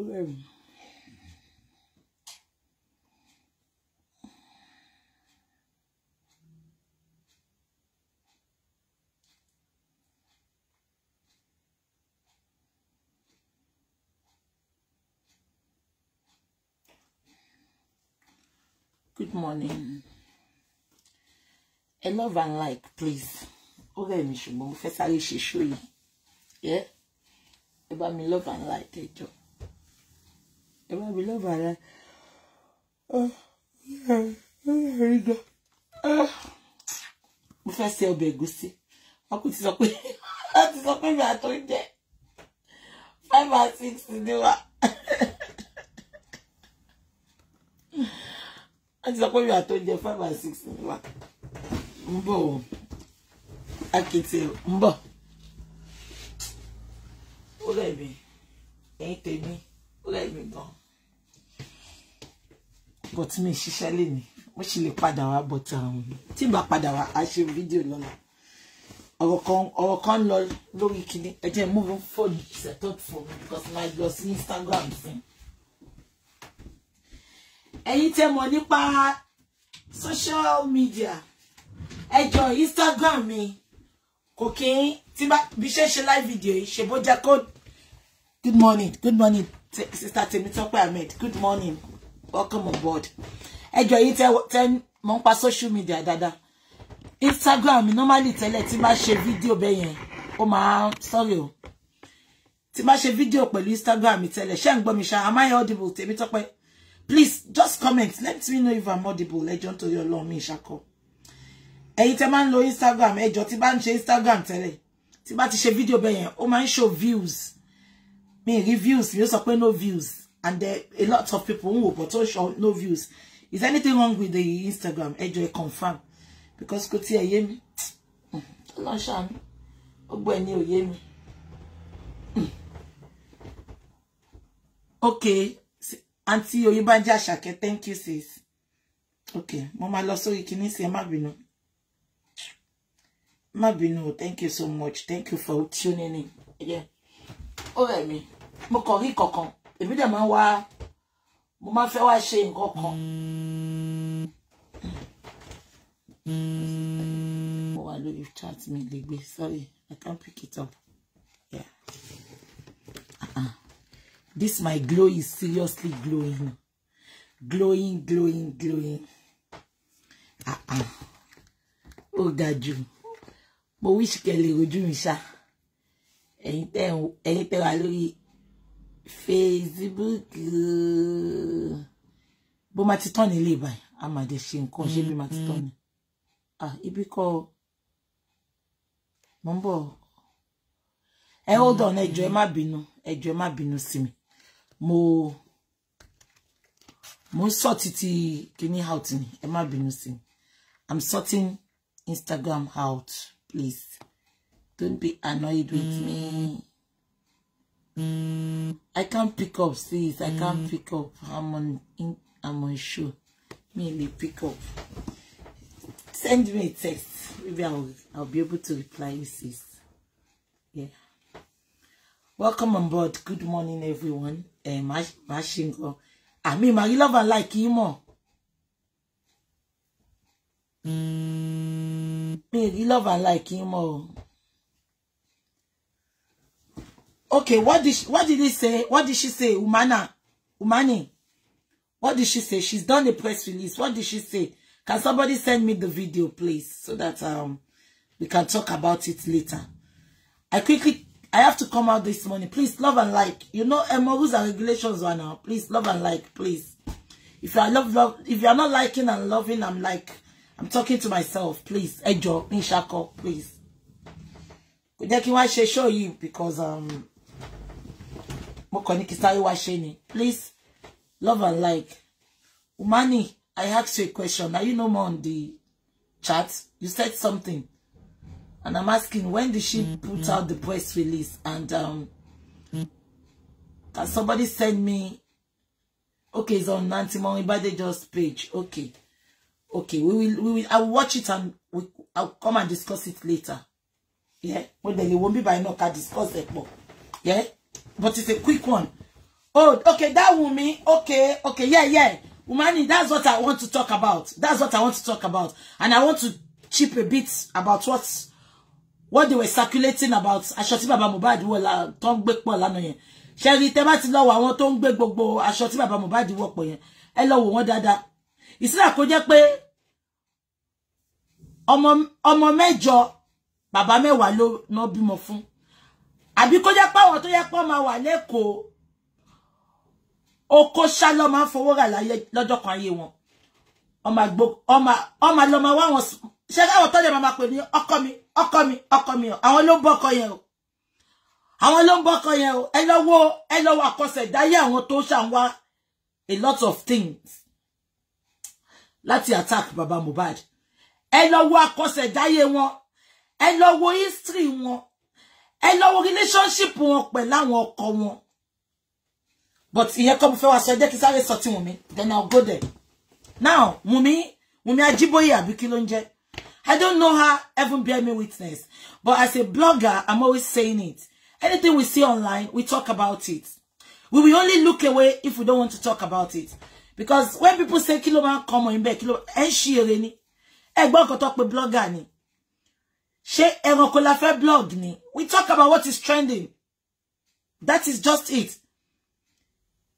ó Good morning. A love and like, please. Okay, rẹ̀ mi ṣùgbọ́n mo fẹ́ sáré ṣe ṣó yìí. Ẹ bá mi love and like ẹ jọ̀ọ́ ẹ bá mi lọ́ọ̀bù ara ah, ah, mo fẹ́ ṣe ọbẹ̀ ẹ̀gúsí ọkùnrin ti sọ pé wọ́n ti sọ pé mi àtò ń jẹ five and six to do wọ́n ti sọ pé mi àtò ń five and six ni wa ń bọ̀ akitì ń bọ̀ ó rẹ̀ mí ẹ̀yìn tèmi ó rẹ̀ mí but me, ṣiṣẹ́ lénìí mo ṣì lè padà wá but um, tí n bá padà wá a ṣe fídíò lọ́la ọ̀rọ̀ kan ọ̀rọ̀ kan lọ lórí kìíní ẹ jẹ́ move on phone set up for me because my lọ Instagram sí. ẹ̀yin tẹ́ mọ̀ nípa social media ẹ Instagram mi kò kí n tí bí ṣe ṣe live video yìí ṣe bó jẹ́ kó good morning good morning sister Temitope Ahmed good morning welcome on board ẹjọ yìí tẹ tẹ mọ pa social media dada. instagram normally tẹ́lẹ̀ tí máa ṣe video bẹ́ẹ̀ yẹn ó máa sorry o tí máa ṣe fídíò pẹ̀lú instagram tẹ́lẹ̀ ṣé ń gbọ́ mi ṣá am I audible tèmi tọ́pẹ́ please just comment let me know if I'm audible ẹjọ́ nítorí ọlọ́run mi ìṣàkọ ẹ̀yin tẹ́ máa ń lo instagram ẹjọ́ tí bá ń instagram tẹ́lẹ̀ tí bá ti ṣe video bẹ́ẹ̀ yẹn ó máa show views Me reviews. views so ó no views and there a lot of people who but also no views is anything wrong with the Instagram ẹ confirm because kò tí ẹ yé mi Ọlọ́run ṣàánú gbogbo ẹ̀ ní okay àǹtí Oyèbánjí Àṣàkẹ́ thank you sis okay Mama, máa lọ sórí kìíní sí thank you so much thank you for tuning in Yeah. jẹ́ ó rẹ̀ mí mo kọ̀ rí kankan. Ebi dẹ̀ máa ń wá mo máa fẹ́ wá ṣe nǹkan kan. mo wà lórí chat mi lè sorry I can't pick it up. Yeah. Uh-uh. This my glow is seriously glowing glowing glowing glowing. Uh-uh. ó ga jù mo wíṣì kẹ́ lè rojú mi ṣá ẹ̀yin tẹ́ wà lórí Facebook eh, bó ma ti tán ní ilé ìbàyàn a máa dẹ̀ ṣe nǹkan ṣé bí ma ti tán mm-hmm. ah ibi kọ́ mo ń bọ̀ ẹ hold on ẹjọ́ ẹ má bínú ẹjọ́ ẹ má bínú sí mi mo mo ń sọ títí kíní out ni ẹ má bínú sí mi I'm sorting Instagram out please don't be annoyed with mm. me. I can't pick up, sis. I can't mm. pick up. I'm on in, I'm on show. Maybe pick up. Send me a text. Maybe I'll I'll be able to reply you, sis. Yeah. Welcome on board. Good morning, everyone. Eh, Mashingo. I mean, my love and like you more. Me, love and like you more. Okay, what did she, what did he say? What did she say, Umana? Umani? What did she say? She's done a press release. What did she say? Can somebody send me the video, please, so that um we can talk about it later. I quickly I have to come out this morning. Please love and like. You know, Emma rules and regulations are now. Please love and like, please. If you are love, love if you are not liking and loving, I'm like I'm talking to myself. Please, Ejo, Nshako, please. Kò jẹ́ kí show you because um mo kàn ní kí sáré please love and like umani i asked you a question are you no more on the chat you said something and i'm asking when did she put out the press release and um can somebody send me okay it's on Nancy by the just page okay okay we will we will i'll watch it and we, i'll come and discuss it later yeah but then it won't be by now can discuss it more yeah But it's a quick one. Oh, okay, that woman, okay, okay, yeah, yeah. Umani, that's what I want to talk about. That's what I want to talk about. And I want to chip a bit about what what they were circulating about. Aṣọ tí Baba Mohbad wọ̀ la tongue break gbé pọ̀ lánàá yẹn. Ṣé rí tẹ́ bá ti lọ wọ àwọn tó ń gbé gbogbo aṣọ tí Baba Mohbad work boy. Hello, Ẹ Dada. Is wọ́n a Ìsìlá kò Omo pé ọmọ ọmọ mẹ́jọ no bimofun àbí kó jẹ́ pé àwọn tó yẹ pé máa wà lẹ́kọ̀ọ́ oko ṣá lọ máa ń fowó rà láyé lọ́jọ́ kan ayé wọn ọmọ lọ máa wá wọn ṣe káwọn tó lè máa pè ní ọkọ mi ọkọ mi ọkọ mi àwọn ló ń bọ́ ọkọ yẹn o àwọn ló ń bọ́ ọkọ yẹn o ẹ lọ wo ẹ lọ wo àkọsẹ̀dáyé àwọn tó ṣàwọn a lot of things láti attack baba Mohbad ẹ lọ wo àkọsẹ̀dáyé wọn ẹ lọ history wọn ẹ lọ relationship wọn pẹ̀lú àwọn ọkọ wọn but ìyẹn kọ́ mo fẹ́ wá sọ jẹ́ kí sáré sọ ti Wùnmí then I'll go there now Wùnmí Wùnmí Ajíbóyè àbí kí ló ń jẹ́ I don't know her even bear me witness but as a blogger I'm always saying it anything we see online we talk about it we will only look away if we don't want to talk about it because when people say kí ló máa ń kọ́ ọmọ yín bẹ́ẹ̀ kí ló ẹ̀ ń ṣí eré ni ẹ gbọ́ nǹkan tó pe blogger ni She ẹranko la fẹ́ blog ni we talk about what is trending that is just it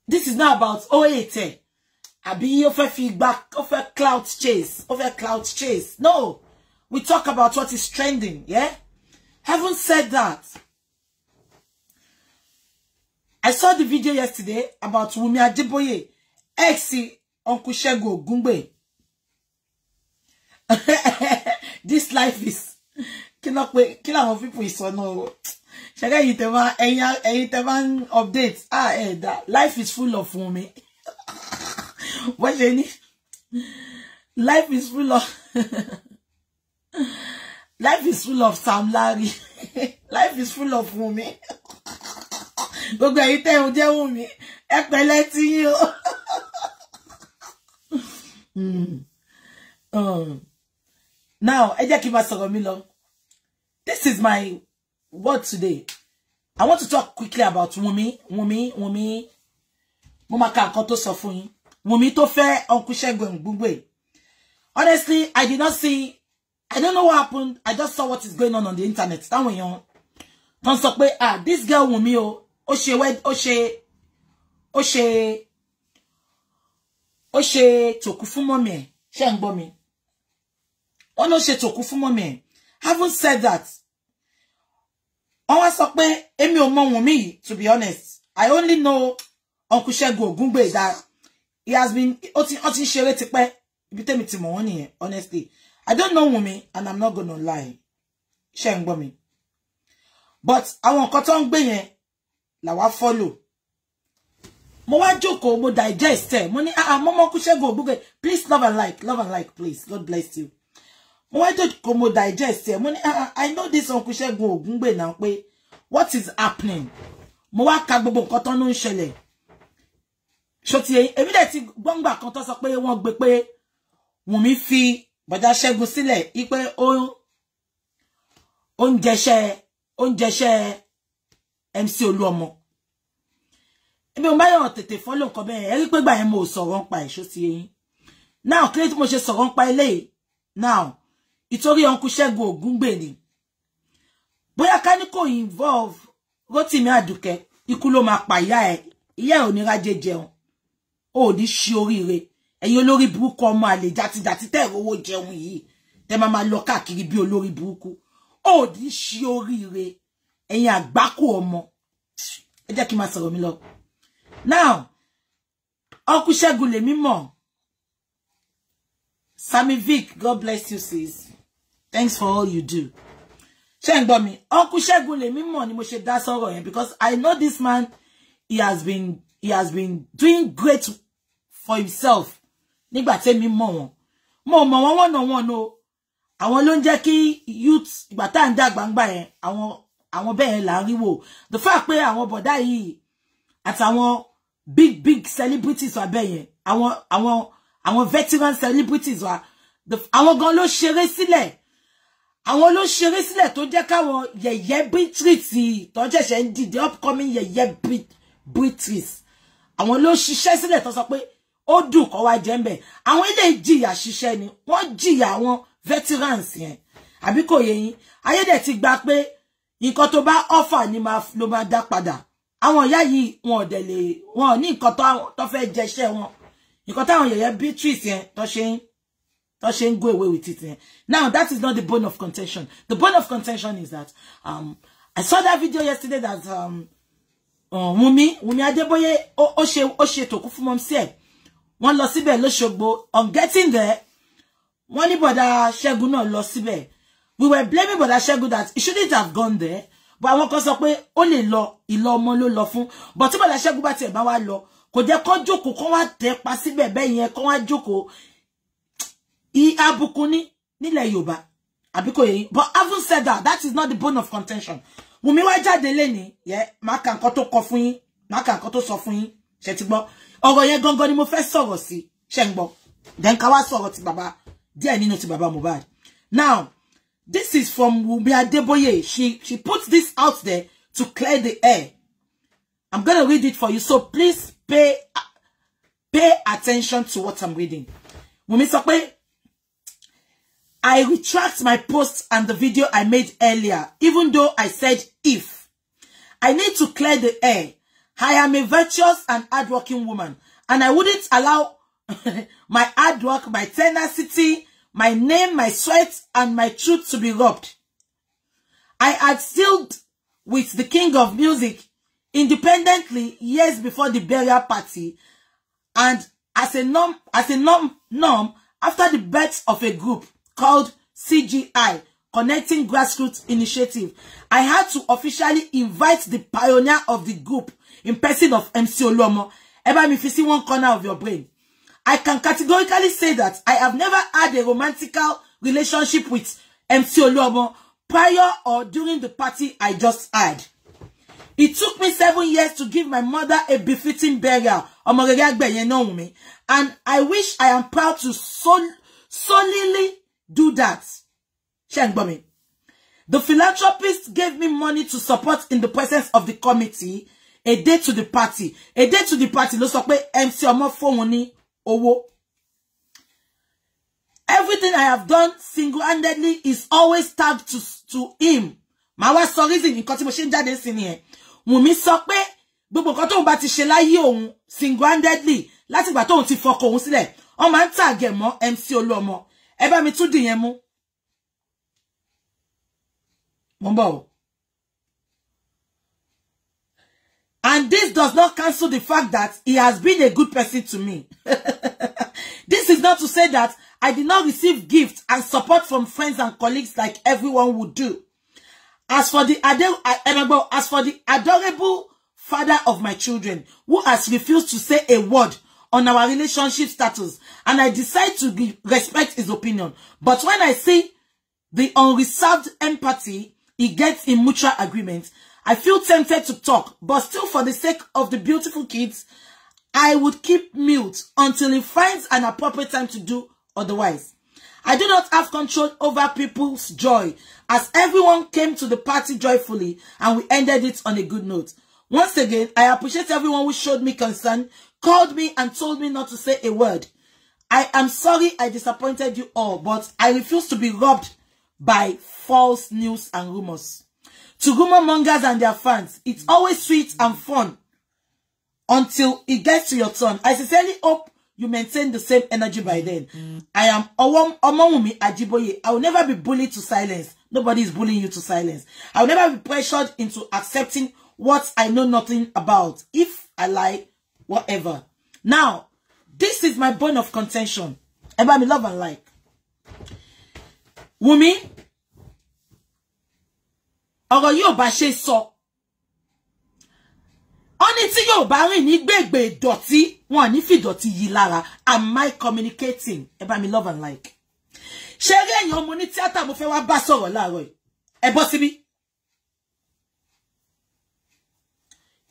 this is not about oete oh, àbí ó fẹ́ fi gba ó fẹ́ clout chase ó fẹ́ clout chase no we talk about what is trending yeah haven't said that I saw the video yesterday about Wumi Adeboye, ex Uncle Shego Gungbe this life is kí náà pé kí làwọn fífò ìsọnà o ṣẹgẹ yìí tẹ máa ẹyin ẹyin tẹ máa ń update ah ẹ dá life is full of Wunmi wọ́n ṣe ní life is full of life is full of Sam Larry life is full of Wunmi gbogbo ẹyin tẹ ń jẹ Wunmi ẹ pẹ̀lẹ́ tí yín o. Hmm. Um, now ẹ jẹ́ kí n máa sọ̀rọ̀ mi lọ. This is my word today. I want to talk quickly about Wumi, Wumi, Wumi. Mama máa ka nǹkan tó sọ fún yín. Wumi tó fẹ́ Uncle Segun Honestly, I did not see I don't know what happened. I just saw what is going on on the internet. Táwọn èèyàn tán sọ pé ah this girl Wumi o, ó ṣe wed, ó ṣe ó ṣe ó ṣe tòkú fún mọ́mì ẹ̀. Ṣé ń gbọ́ mi? Ó ló ṣe tòkú fún mọ́mì having said that wọ́n wá sọ pé èmi ò mọ Wunmi to be honest I only know Uncle Ṣẹ́gun Ògúngbè that he has been ó ti ó ti ń ṣeré tipẹ́ ibi tẹ́mi ti mọ̀ wọ́n nìyẹn honestly I don't know Wunmi and I'm not gonna lie ṣe ń gbọ́ mi but àwọn nǹkan tó ń gbé yẹn làwa follow mo wa joko mo digest ẹ mo ní ah, ah mọ́mọ́ kú Ṣẹ́gun Ògúngbè please love and like love and like please God bless you mo wá jẹ́ kó mo digest ẹ̀ mo ní ah, ah, i know this uncle Ṣẹ́gun Ògúngbè náà pé what is happening mo wá ka gbogbo nǹkan tán ló ń ṣẹlẹ̀ ṣòtì èmi dẹ̀ ti gbọ́ngbà kan tó sọ pé wọ́n gbé pé Wùnmí fi bọ̀dá Ṣẹ́gun sílẹ̀ ipe oúnjẹṣẹ́ oúnjẹṣẹ́ MC Olúọmọ ebi mo báyọ̀ tètè fọ́lọ̀ nǹkan bẹ́ẹ̀ ẹ rí pé gbà yẹn mo sọ̀rọ̀ ń pa ẹ̀ ṣòtì eyín now create mo ṣe sọ̀rọ̀ ń pa eléyìí now ìtorí ọ̀nkú Ṣẹ́gun Ògúngbè ni bóyá ká ní kò involve Rótìmí Àdùkẹ́ ikú ló máa pa ìyá ẹ̀ ìyá ẹ̀ ò ní rájẹ jẹun ò ní ṣe oríire ẹ̀yin olórí burúkú ọmọ àlè jàtijàti tẹ́ ìrówó jẹun yìí tẹ́ máa máa lọ káàkiri bí olórí burúkú ò ní ṣe oríire ẹ̀yin àgbákò ọmọ ẹ jẹ́ kí n máa sọ̀rọ̀ mi lọ now ọkú Ṣẹ́gun lèmi mọ̀ Sami Vic God bless you sis. Thanks for all you do. Ṣé ń Uncle Ṣẹ́gun lè mímọ̀ ni mo ṣe dá sọ̀rọ̀ because I know this man he has been he has been doing great for himself nígbà tẹ́mi mọ̀ more. More mọ̀ wọ́n wọ́n no wọ́n náà àwọn ló ń jẹ́ kí youth ìgbà tá à ń dà gbangba yẹn àwọn àwọn bẹ́ẹ̀ là ń ríwò the fact pé àwọn bọ̀dá yìí àtàwọn big big celebrities wa want I want I want veteran celebrities wa àwọn gan ló ṣeré sílẹ̀ àwọn ló ṣeré sílẹ̀ tó jẹ́ káwọn yẹ̀yẹ́ Beatrice tó ṣẹ̀ṣẹ̀ ń dìde upcoming yẹ̀yẹ́ Beatrice àwọn ló ṣiṣẹ́ sílẹ̀ tó sọ pé ó dùn kọ́ wa jẹ́ ń bẹ̀ àwọn ilé ìjìyà ṣiṣẹ́ ni wọ́n jìyà àwọn veterans yẹn àbí kò yẹ yín ayédè ti gba pé nǹkan tó bá ọ́fà ni ló máa dá padà àwọn ìyá yìí wọn ò dẹ̀ lè wọn ò ní nǹkan tó fẹ́ jẹṣẹ́ wọn nǹkan táwọn yẹ̀yẹ́ Beatrice yẹn tó ṣe ń That shouldn't go away with it. Eh? Now, that is not the bone of contention. The bone of contention is that um, I saw that video yesterday that um, uh, Wumi, Wumi Adeboye, ó ṣe ó ṣe toku fún mom se. Wọ́n lọ síbẹ̀ l'Óṣogbo. On getting there, One ní bọ̀dá Ṣẹ́gun náà lọ We were blaming bọ̀dá Ṣẹ́gun that he shouldn't have gone there. But I want to say only lè ilo ìlọ lo ló lọ But tí bọ̀dá Ṣẹ́gun bá tiẹ̀ bá wá lọ, kò jẹ́ kó jókòó kó wá tẹ̀ pa síbẹ̀ bẹ́ẹ̀ yẹn kó wá jókòó àbùkù ni nílẹ̀ Yorùbá àbí kò but having said that that is not the bone of contention Wùmí wá jáde lénìí yẹ má ka nǹkan tó kọ fún yín má ka nǹkan tó sọ fún yín ṣe ti gbọ́ ọ̀rọ̀ yẹn gangan ni mo fe soro si ṣe ń then ká wá sọ̀rọ̀ ti bàbá díẹ̀ nínú ti bàbá Mohbad now this is from Wumi Adeboye she she puts this out there to clear the air I'm gonna read it for you so please pay pay attention to what I'm reading Wumi sọ pé I retract my post and the video I made earlier, even though I said if. I need to clear the air. I am a virtuous and hardworking woman, and I wouldn't allow my hard work, my tenacity, my name, my sweat, and my truth to be robbed. I had sealed with the king of music independently years before the burial party, and as a norm, as a norm, norm after the birth of a group called CGI, Connecting Grassroots Initiative. I had to officially invite the pioneer of the group in person of MC Oluomo. Ẹ me mi one corner of your brain. I can categorically say that I have never had a romantical relationship with MC Oluomo prior or during the party I just had. It took me seven years to give my mother a befitting burial. Ọmọ rere àgbẹ̀ yẹn náà wù And I wish I am proud to sol solely do that. Shengbomi. The philanthropist gave me money to support in the presence of the committee a day to the party. A day to the party ló sọ MC Omo fóun ní owó. Everything I have done single-handedly is always tagged to, to him. Màá wá sọ reason in tí mo ṣe ń jáde sí nìyẹn. Wùnmí sọ pé gbogbo nǹkan tóun ti ṣe láyé single-handedly láti bato tóun ti fọkọ òun sílẹ̀. Wọ́n máa ń tàgẹ̀ mọ́ MC Olúọmọ ẹ bá mi tún dì yẹn mú mo and this does not cancel the fact that he has been a good person to me this is not to say that I did not receive gifts and support from friends and colleagues like everyone would do. As for the adorable, as for the adorable father of my children, who has refused to say a word on our relationship status and I decide to respect his opinion. But when I see the unreserved empathy he gets in mutual agreement, I feel tempted to talk, but still for the sake of the beautiful kids, I would keep mute until he finds an appropriate time to do otherwise. I do not have control over people's joy as everyone came to the party joyfully and we ended it on a good note. Once again, I appreciate everyone who showed me concern, called me and told me not to say a word. I am sorry I disappointed you all, but I refuse to be robbed by false news and rumors. To rumor mongers and their fans, it's always sweet and fun until it gets to your turn. I sincerely hope you maintain the same energy by then. I am Omowumi Ajiboye. I will never be bullied to silence. Nobody is bullying you to silence. I will never be pressured into accepting what I know nothing about. If I lie, whatever. Now, this is my bone of contention. About me love and like. Wumi, ọ̀rọ̀ yóò bá ṣe sọ. Ó ní tí yóò bá rìn ní gbègbè ìdọ̀tí, wọn ní fìdọ̀tí yìí lára. Am I communicating? Ẹ bá mi love and like. Ṣeré èèyàn mo ní tíátà mo fẹ́ wá bá sọ̀rọ̀ láàárọ̀ yìí. Ẹ bọ́ síbí.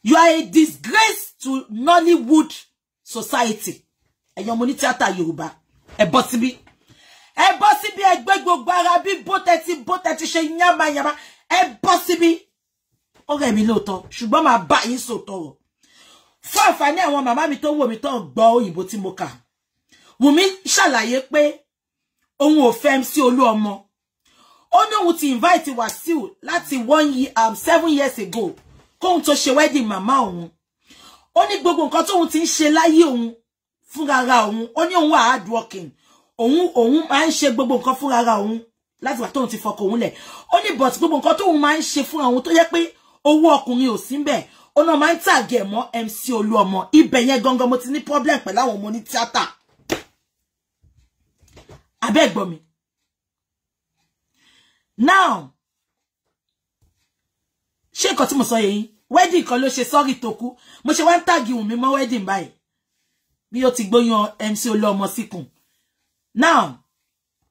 you are a disgrace to Nollywood society ẹ̀yin ọmọ onítíátà Yorùbá ẹ bọ́ síbí ẹ bọ́ síbí ẹ gbé gbogbo ara bí bó tẹ ti bó tẹ ti ṣe yánmayànmá ẹ bọ́ síbí ọ̀rẹ́ mi lóòótọ́ ṣùgbọ́n màá bá yín sòótọ́ rọ̀ fún àǹfààní àwọn màmá mi tó wò mí tó ń gbọ́ òyìnbó tí mo kà Wùmí ṣàlàyé pé òun ò fẹ́ MC Olúọmọ ó ní òun ti invite Wàsíù láti one year um, seven years ago kóhun tó ṣe wedding màmá òun ó ní gbogbo nǹkan tóun ti ń ṣe láyé òun fúnrara òun ó ní òun wà hard working òun òun máa ń ṣe gbogbo nǹkan fúnrara òun láti wà tóun ti fọkàn òun lẹ̀ ó ní but gbogbo nǹkan tóun máa ń ṣe fúnra òun tó yẹ pé owó ọkùnrin ò sí ń ó náà máa ń tàgé ẹ̀ mọ́ MC Olúọmọ ibẹ̀ yẹn gangan mo ti ní problem pẹ̀lú àwọn ọmọ onítíátà abẹ́ gbọ́ mi now ṣé nǹkan tí mo sọ yẹn wedding kan ló ṣe sọ́rí tó kú mo ṣe wá ń tàgì wùn mi mọ́ wedding báyìí bí ó ti gbóyan MC olóòmọ síkùn now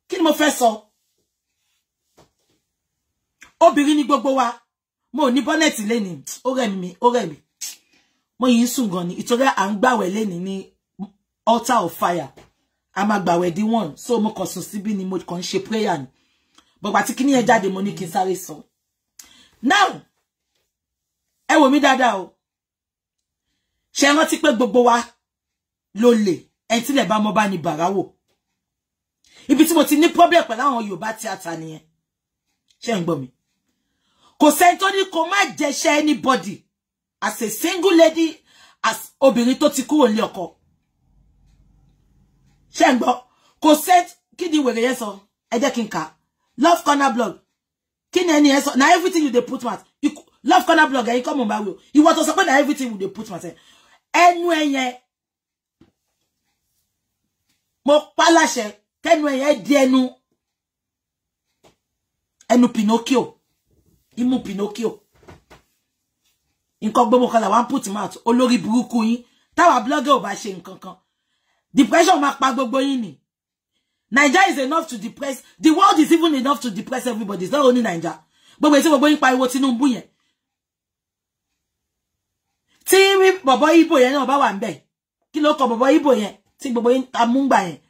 kí ni mo fẹ́ sọ obìnrin ni gbogbo wa mo ní bọ́nẹ̀tì lẹ́ni ó rẹ̀ mi ó rẹ̀ mi mo yìí ń sùn gan ni ìtorí à ń gbàwẹ̀ lẹ́ni ní altar of fire a máa gbàwẹ̀ di one so mo kàn sùn síbí ni mo kàn ń ṣe prayer ni bọ̀gbà tí kíní yẹn jáde mo ní kí n sáré sọ now ẹ wò mí dáadáa o ṣe rántí pé gbogbo wa ló lè ẹni tí lè bá mọ bá ní bàráwò ibi tí mo ti ní problem pẹ̀lú àwọn Yorùbá tíátà nìyẹn ṣe ń gbọ́ mi kò sẹ́ni tó ní kó má jẹṣẹ́ anybody as a single lady as obìnrin tó ti kúrò nílé ọkọ ṣe ń gbọ́ kò sẹ́ni kí ni wèrè yẹn sọ ẹ jẹ́ kí n kà love corner blog kí ni ẹni yẹn sọ na everything you dey put mouth love corner blogger yìí kọ́mọ̀ bá wí o ìwọ tó sọ pé na everything Would they put myself Anyway, mo pa láṣẹ kẹnu ẹ yẹn di ẹnu ẹnu Pinocchio imú Pinocchio nǹkan gbogbo kala wan put mouth Olori buruku yín táwa blogger ò bá in nǹkan kan depression máa pa gbogbo yín ni Nigeria is enough to depress the world is even enough to depress everybody it's not only Nigeria gbogbo èyí tí gbogbo yín pariwo Tinubu yẹn tí bọ̀bọ̀ ibo yẹn náà bá wà ńbẹ̀ kí ló kọ bọ̀bọ̀ ibo yẹn tí gbogbo amúngbà yẹn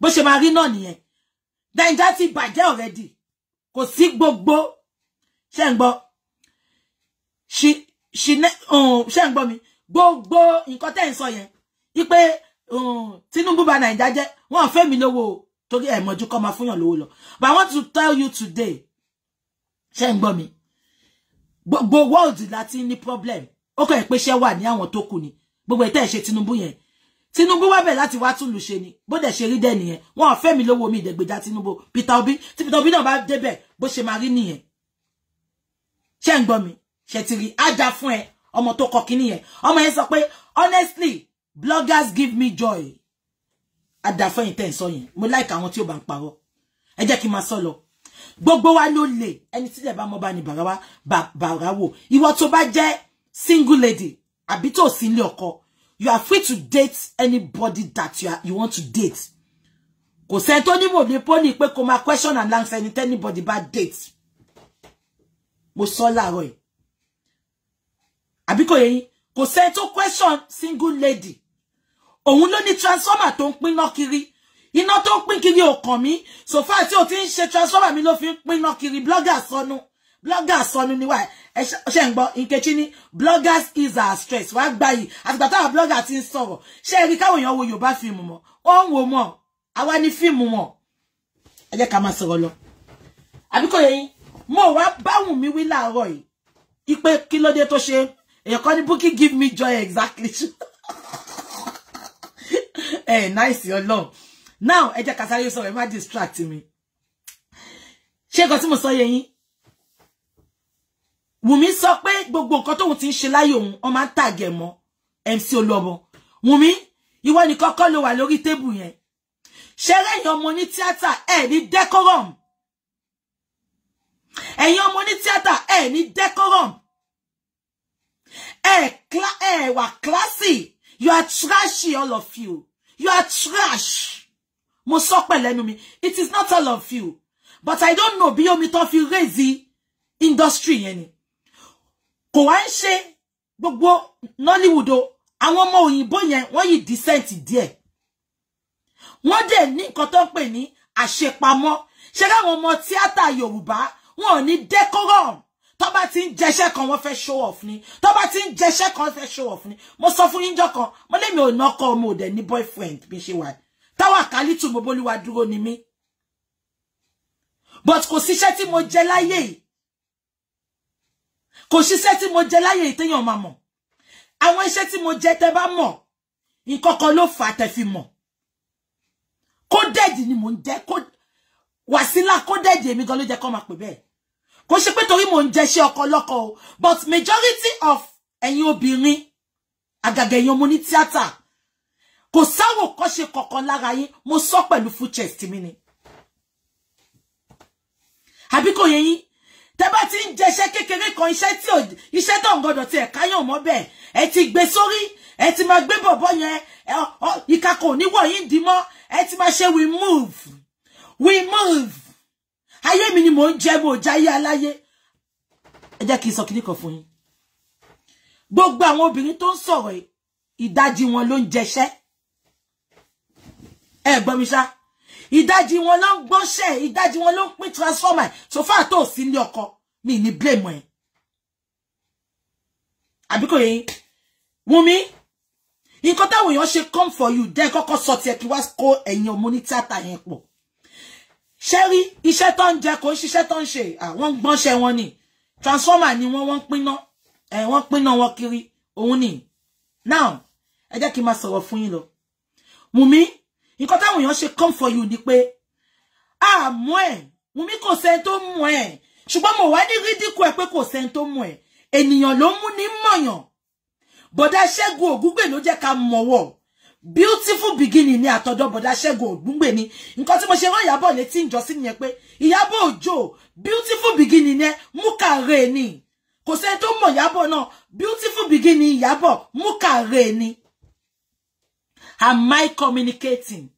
bó ṣe máa rí náà nìyẹn Naija ti bàjẹ́ already kò sí gbogbo ṣe ń gbọ́ ṣì ṣì ṣe um, ń gbọ́ mi gbogbo nǹkan tẹ́ ń sọ yẹn wípé um, Tinubu bà Naija jẹ́ wọ́n fẹ́ mi lówó torí ẹ̀ mọ̀jú kọ́ máa fúnyàn lówó lọ but I want to tell you today ṣe ń gbọ́ mi gbogbo world láti ní problem ó kàn pé iṣẹ́ wà ní to tó ni gbogbo ìtẹ́ ìṣe Tinubu yẹn Tinubu wá bẹ̀ láti wá tún lù ṣe ni bó dẹ̀ ṣe rí dẹ̀ nìyẹn wọn ò fẹ́ mi lówó mi ìdẹ̀gbẹ̀dá Tinubu Peter Obi tí Peter Obi náà bá débẹ̀ bó ṣe máa rí nìyẹn ṣé ń gbọ́ mi ṣe ti rí ájá fún ẹ ọmọ to kọ kíní yẹn ọmọ yẹn sọ pé honestly bloggers give me joy àdàfẹ́ yìí tẹ̀ ń sọ yẹn mo like àwọn tí ó bá ń parọ́ ẹ jẹ́ kí n máa sọ lọ gbogbo wa ló lè ẹni tí lè bá mọ́ bá ní bàrà wá bàrà wò ìwọ tó bá jẹ́ single lady abito tó sí you are free to date anybody that you, are, you want to date kò sẹ́ni tó ní mò ní pọ́nì pé kò máa question and answer ẹni tẹ́nibọ̀dì bá date mo sọ láàárọ̀ yìí Abiko kò yẹ yín kò question single lady òun ló ni transformer tó ń nokiri. Ina kiri iná kiri ò kàn so far tí o ti ń ṣe transformer mi ló fi ń pín blogger sọnù. no bloggers sọnù ni wà ẹ ṣe ń gbọ́ Nkechi ní bloggers is our stress wàá gbà yìí àtìgbà táwọn blogger ti ń sọ̀rọ̀ ṣé ẹ rí káwọn èèyàn wo Yorùbá fíìmù mọ́ ó ń wo mọ́ àwa ní fíìmù mọ́ ẹ jẹ́ ká máa sọ̀rọ̀ lọ àbí kò mo wá báwùn mi wí láàárọ̀ yìí ipe kí ló dé tó ṣe èèyàn kan ní Bukky give me joy exactly ẹ eh, náìsì Ọlọ́run now ẹ jẹ́ ká sáré sọ̀rọ̀ ẹ má distract mi ṣé nǹkan tí mo sọ yẹ yín Wùmí sọ pé gbogbo nǹkan tóun ti ń ṣe láyé òun ọmọ ń tàgẹ̀ mọ́ MC Olúọmọ Wùmí ìwọ nìkan kọ́ ló wà lórí tébù yẹn ṣeré ẹ̀yin ọmọ ní tíátà ẹ̀ ní decorum ẹ̀yin ọmọ ní tíátà ẹ̀ ní decorum ẹ̀ ẹ̀ wà classy you are trashy all of you you are trash mo sọ pẹ̀ lẹ́nu mi it is not all of you but I don't know bí omi tán fi raise industry yẹn ni Ko wá ń ṣe gbogbo Nollywood o àwọn ọmọ òyìnbó yẹn wọ́n yìí decent díẹ̀ wọ́n dẹ̀ ní nǹkan tó ń pè ní àṣepamọ́ ṣé káwọn ọmọ tíátà Yorùbá wọn ò decorum tó bá ti ń kan wọ́n fẹ́ show off ni tó bá ti ń jẹṣẹ́ kan wọ́n show off ni mo sọ fún yín kan mo lèmi ò ná ọkọ mo ò dẹ̀ ní boyfriend bí ṣe wà táwa kálítù mo bólúwa dúró ni mi. but kò síṣẹ́ tí mo jẹ láyé yìí kò ṣiṣẹ́ tí mo jẹ láyé ìtẹ́yàn máa mọ̀ àwọn iṣẹ́ tí mo jẹ tẹ bá mọ̀ nǹkan kan ló fà á tẹ fi mọ̀ ni mò ń jẹ́ wàsílà kódẹ́ẹ̀dì èmi gan ló jẹ́ kó máa pè bẹ́ẹ̀ kò ṣe pé torí mò ń jẹ́ ṣe ọkọ o but majority of ẹ̀yin obìnrin àgàgà ẹ̀yin ọmọ ní tíátà kò sáwò kọ́ṣe kankan lára yín mo sọ pẹ̀lú full chest mi ni àbí kò yẹ yín tẹ́ bá ti ń jẹṣẹ́ kékeré kan iṣẹ́ tí ò iṣẹ́ tó ń gbọdọ̀ tiẹ̀ káyàn mọ́ bẹ́ẹ̀ ẹ ti gbé sórí ẹ ti máa gbé bọ̀bọ̀ yẹn ìka kò ní wọ̀ yín dì mọ́ ẹ ti máa ṣe we move we move ayé mi ni mò ń jẹ́ mo jáyé aláyé ẹ jẹ́ kí n sọ kíní kan fún yín gbogbo àwọn obìnrin tó ń sọ̀rọ̀ ìdajì wọn ló ń jẹṣẹ́ ẹ mi ṣá ìdajì wọn ló ń gbọ́ṣẹ́ ìdajì wọn ló ń pín transformer so far tó sí ní ọkọ mi ní blame ẹ àbí kò yẹn Wùmí nǹkan táwọn èèyàn ṣe come for you dẹ́ kọ́kọ́ sọ tiẹ̀ kí wá kó ẹ̀yìn ọmọ ní tíátà yẹn pọ̀ ṣé rí iṣẹ́ tó ń jẹ kò ń ṣiṣẹ́ tó ń ṣe àwọn gbọ́nṣẹ́ wọn ni transformer ni wọ́n wọ́n pinná ẹ̀ wọ́n pinná wọn kiri òun ni now ẹ jẹ́ kí n máa sọ̀rọ̀ fún yín lọ Wùmí nǹkan táwọn èèyàn ṣe come for you ni pé àmọ́ ẹ̀ Wùmí kò sẹ́ni tó mú ẹ̀ ṣùgbọ́n mo wá ní rídíkù ẹ̀ pé kò sẹ́ni tó mú ẹ̀ ènìyàn ló mú ní mọ̀yàn bọ̀dá Ṣẹ́gun Ògúngbè ló jẹ́ ká mọ̀wọ́ beautiful beginning ni àtọ̀dọ̀ boda Ṣẹ́gun Ògúngbè ni nǹkan tí mo ṣe rán Ìyábọ̀ létí ìjọsí nìyẹn pé Ìyábọ̀ Òjó beautiful beginning ni mú kàre ni kò sẹ́ni tó mọ̀ Ìyábọ̀ náà beautiful beginning Ìyábọ̀ mú kàre ni. Am I communicating?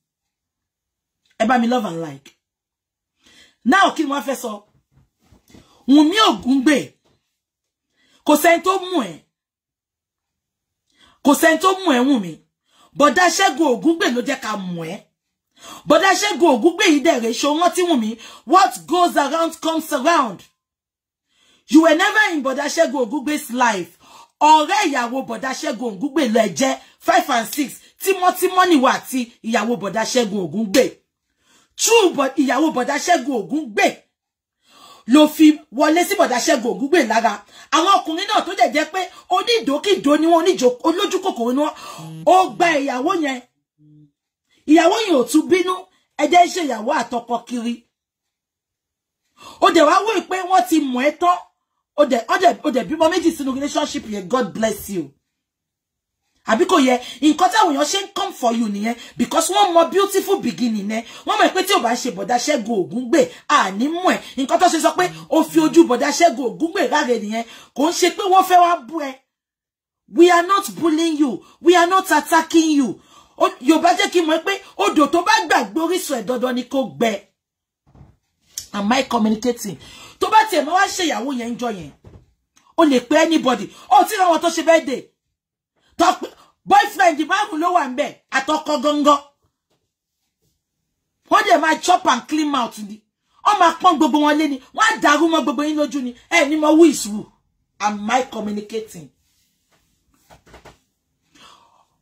Ẹ mi love and like. Now kí wọ́n fẹ́ sọ. Wùnmí Ògúngbè. Kò sẹ́ni tó mú ẹ. Kò sẹ́ni tó mú ẹ Wùnmí. Bọ̀dá Ṣẹ́gun Ògúngbè ló jẹ́ ká mú ẹ. Bọ̀dá Ṣẹ́gun Ògúngbè yìí dẹ̀rẹ̀ ṣe rántí Wùnmí. What goes around comes around. You were never in Bọ̀dá Ṣẹ́gun Ògúngbè's life. Ọ̀rẹ́ ìyàwó Bọ̀dá Ṣẹ́gun Ògúngbè ló ẹ jẹ́ five and six tímọ́tímọ́ nìwọ àti ìyàwó bọ̀dá Ṣẹ́gun Ògúngbè true but ìyàwó bọ̀dá Ṣẹ́gun Ògúngbè ló fi wọlé sí bọ̀dá Ṣẹ́gun Ògúngbè lára àwọn ọkùnrin náà tó dẹ̀ jẹ́ pé onídòókìdó ni wọ́n olójúkòkòrò ni wọ́n ó gba ìyàwó yẹn ìyàwó yẹn ò tún bínú ẹjẹ́ ń ṣe ìyàwó àtọkọ kiri ó dẹ̀ wá wò pé wọ́n ti mọ̀ ẹ́ tán ó dẹ̀ bímọ méjì sínú relationship yẹn God bless you àbí yẹ nǹkan táwọn èèyàn ṣe ń come for you nìyẹn because wọ́n mọ beautiful beginning ẹ wọ́n mọ̀ pé tí o bá ṣe bọ̀dá ṣẹ́gun ògún gbè àní mú ẹ̀ nǹkan tó ṣe sọ pé o fi ojú bọ̀dá ṣẹ́gun ògún gbè ráre nìyẹn kò ń ṣe pé wọ́n fẹ́ wá bú ẹ we are not bullying you we are not attacking you yorùbá jẹ́ kí n mọ̀ pé odò tó bá gbàgbé orísun ẹ̀ dandan ni kò gbẹ am I communicating tó bá tiẹ̀ mọ́ wá ṣèyàwó yẹn ń jọ yẹn o lè pe anybody ó ti ra wọn tó ṣe bẹ́ẹ̀ dé boyfriend márùn ló wà ń bẹ̀ àtọkọ gangan ó dẹ̀ máa chop and clean mouth ni ó máa pọ́n gbogbo wọn lé ni wọ́n á dàrú mọ́ gbogbo yín lójú ni ẹ ní mo who is who am my communicating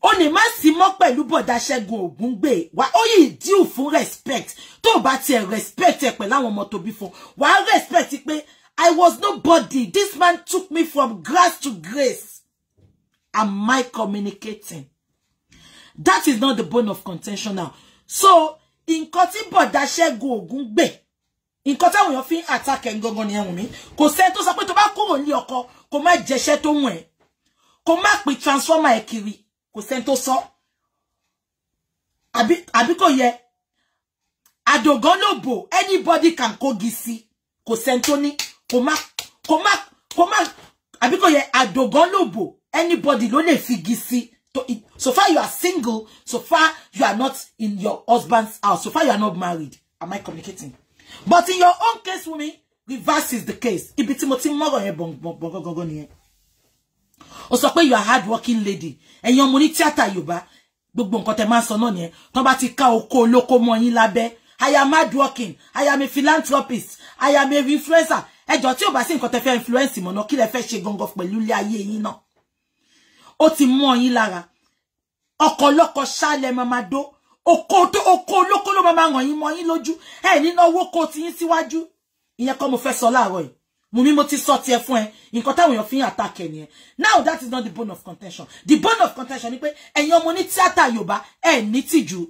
o ní má sì mọ́ pẹ̀lú bọ̀dá Ṣẹ́gun Ògúngbè wá ó yìí díù fún respect tó o bá tiẹ̀ respect ẹ̀ pẹ̀lú àwọn ọmọ tóbi fún wàá respect pé I was nobody this man took me from grass to grace Am I communicating? That is not the bone of contention now. So, in tí bọ̀dá Ṣẹ́gun Ògúngbè, nǹkan táwọn èèyàn fi ń attack ẹ̀ gangan ni ẹ̀wùn mi, kò sẹ́ni tó sọ pé tó bá kúrò ní ọkọ, kò má jẹṣẹ́ tó wù ẹ́, kò má pè transformer ẹ̀ kiri, kò sẹ́ni tó sọ. Àbí kò yẹ, anybody can go gisi. kò sẹ́ni tó ní, kò má, kò má, kò má, àbí kò yẹ, anybody ló lè figi to. so far you are single so far you are not in your husband's house so far you are not married am I communicating but in your own case woman reverse is the case ibi tí mo ti mọ̀rọ̀ yẹn gbọ̀ngbọ̀ngbọ̀ngbọ̀n nìyẹn ó sọ pé you are hardworking lady ẹ̀yin ọmọ ní tíátà Yorùbá gbogbo nǹkan tẹ́ máa sọ náà nìyẹn tọ́n bá ti ká oko olóko mọ́ yín lábẹ́ I am hardworking. I am a philanthropist I am a influencer ẹjọ́ tí ò bá sí nǹkan tẹ́ fẹ́ influence mọ́ náà kí lẹ fẹ́ ṣe gangan pẹ̀lú ilé ayé yín náà ó ti mọ́ yín lára ọ̀kọ̀lọ́kọ̀ ṣálẹ̀ mamado oko tó oko olóko ló máa ràn yín mọ́ yín lójú ẹ nínú owó kó ti yín síwájú ìyẹn kọ́ mo fẹ́ sọ láàárọ̀ yìí Mumi mo ti sọ tiẹ̀ fún ẹ nǹkan táwọn èèyàn fi ń attack ẹ nìyẹn now that is not the bone of contention the bone of contention ni pé ẹ̀yin ọmọ ní tíátà Yorùbá ẹ ní tìjú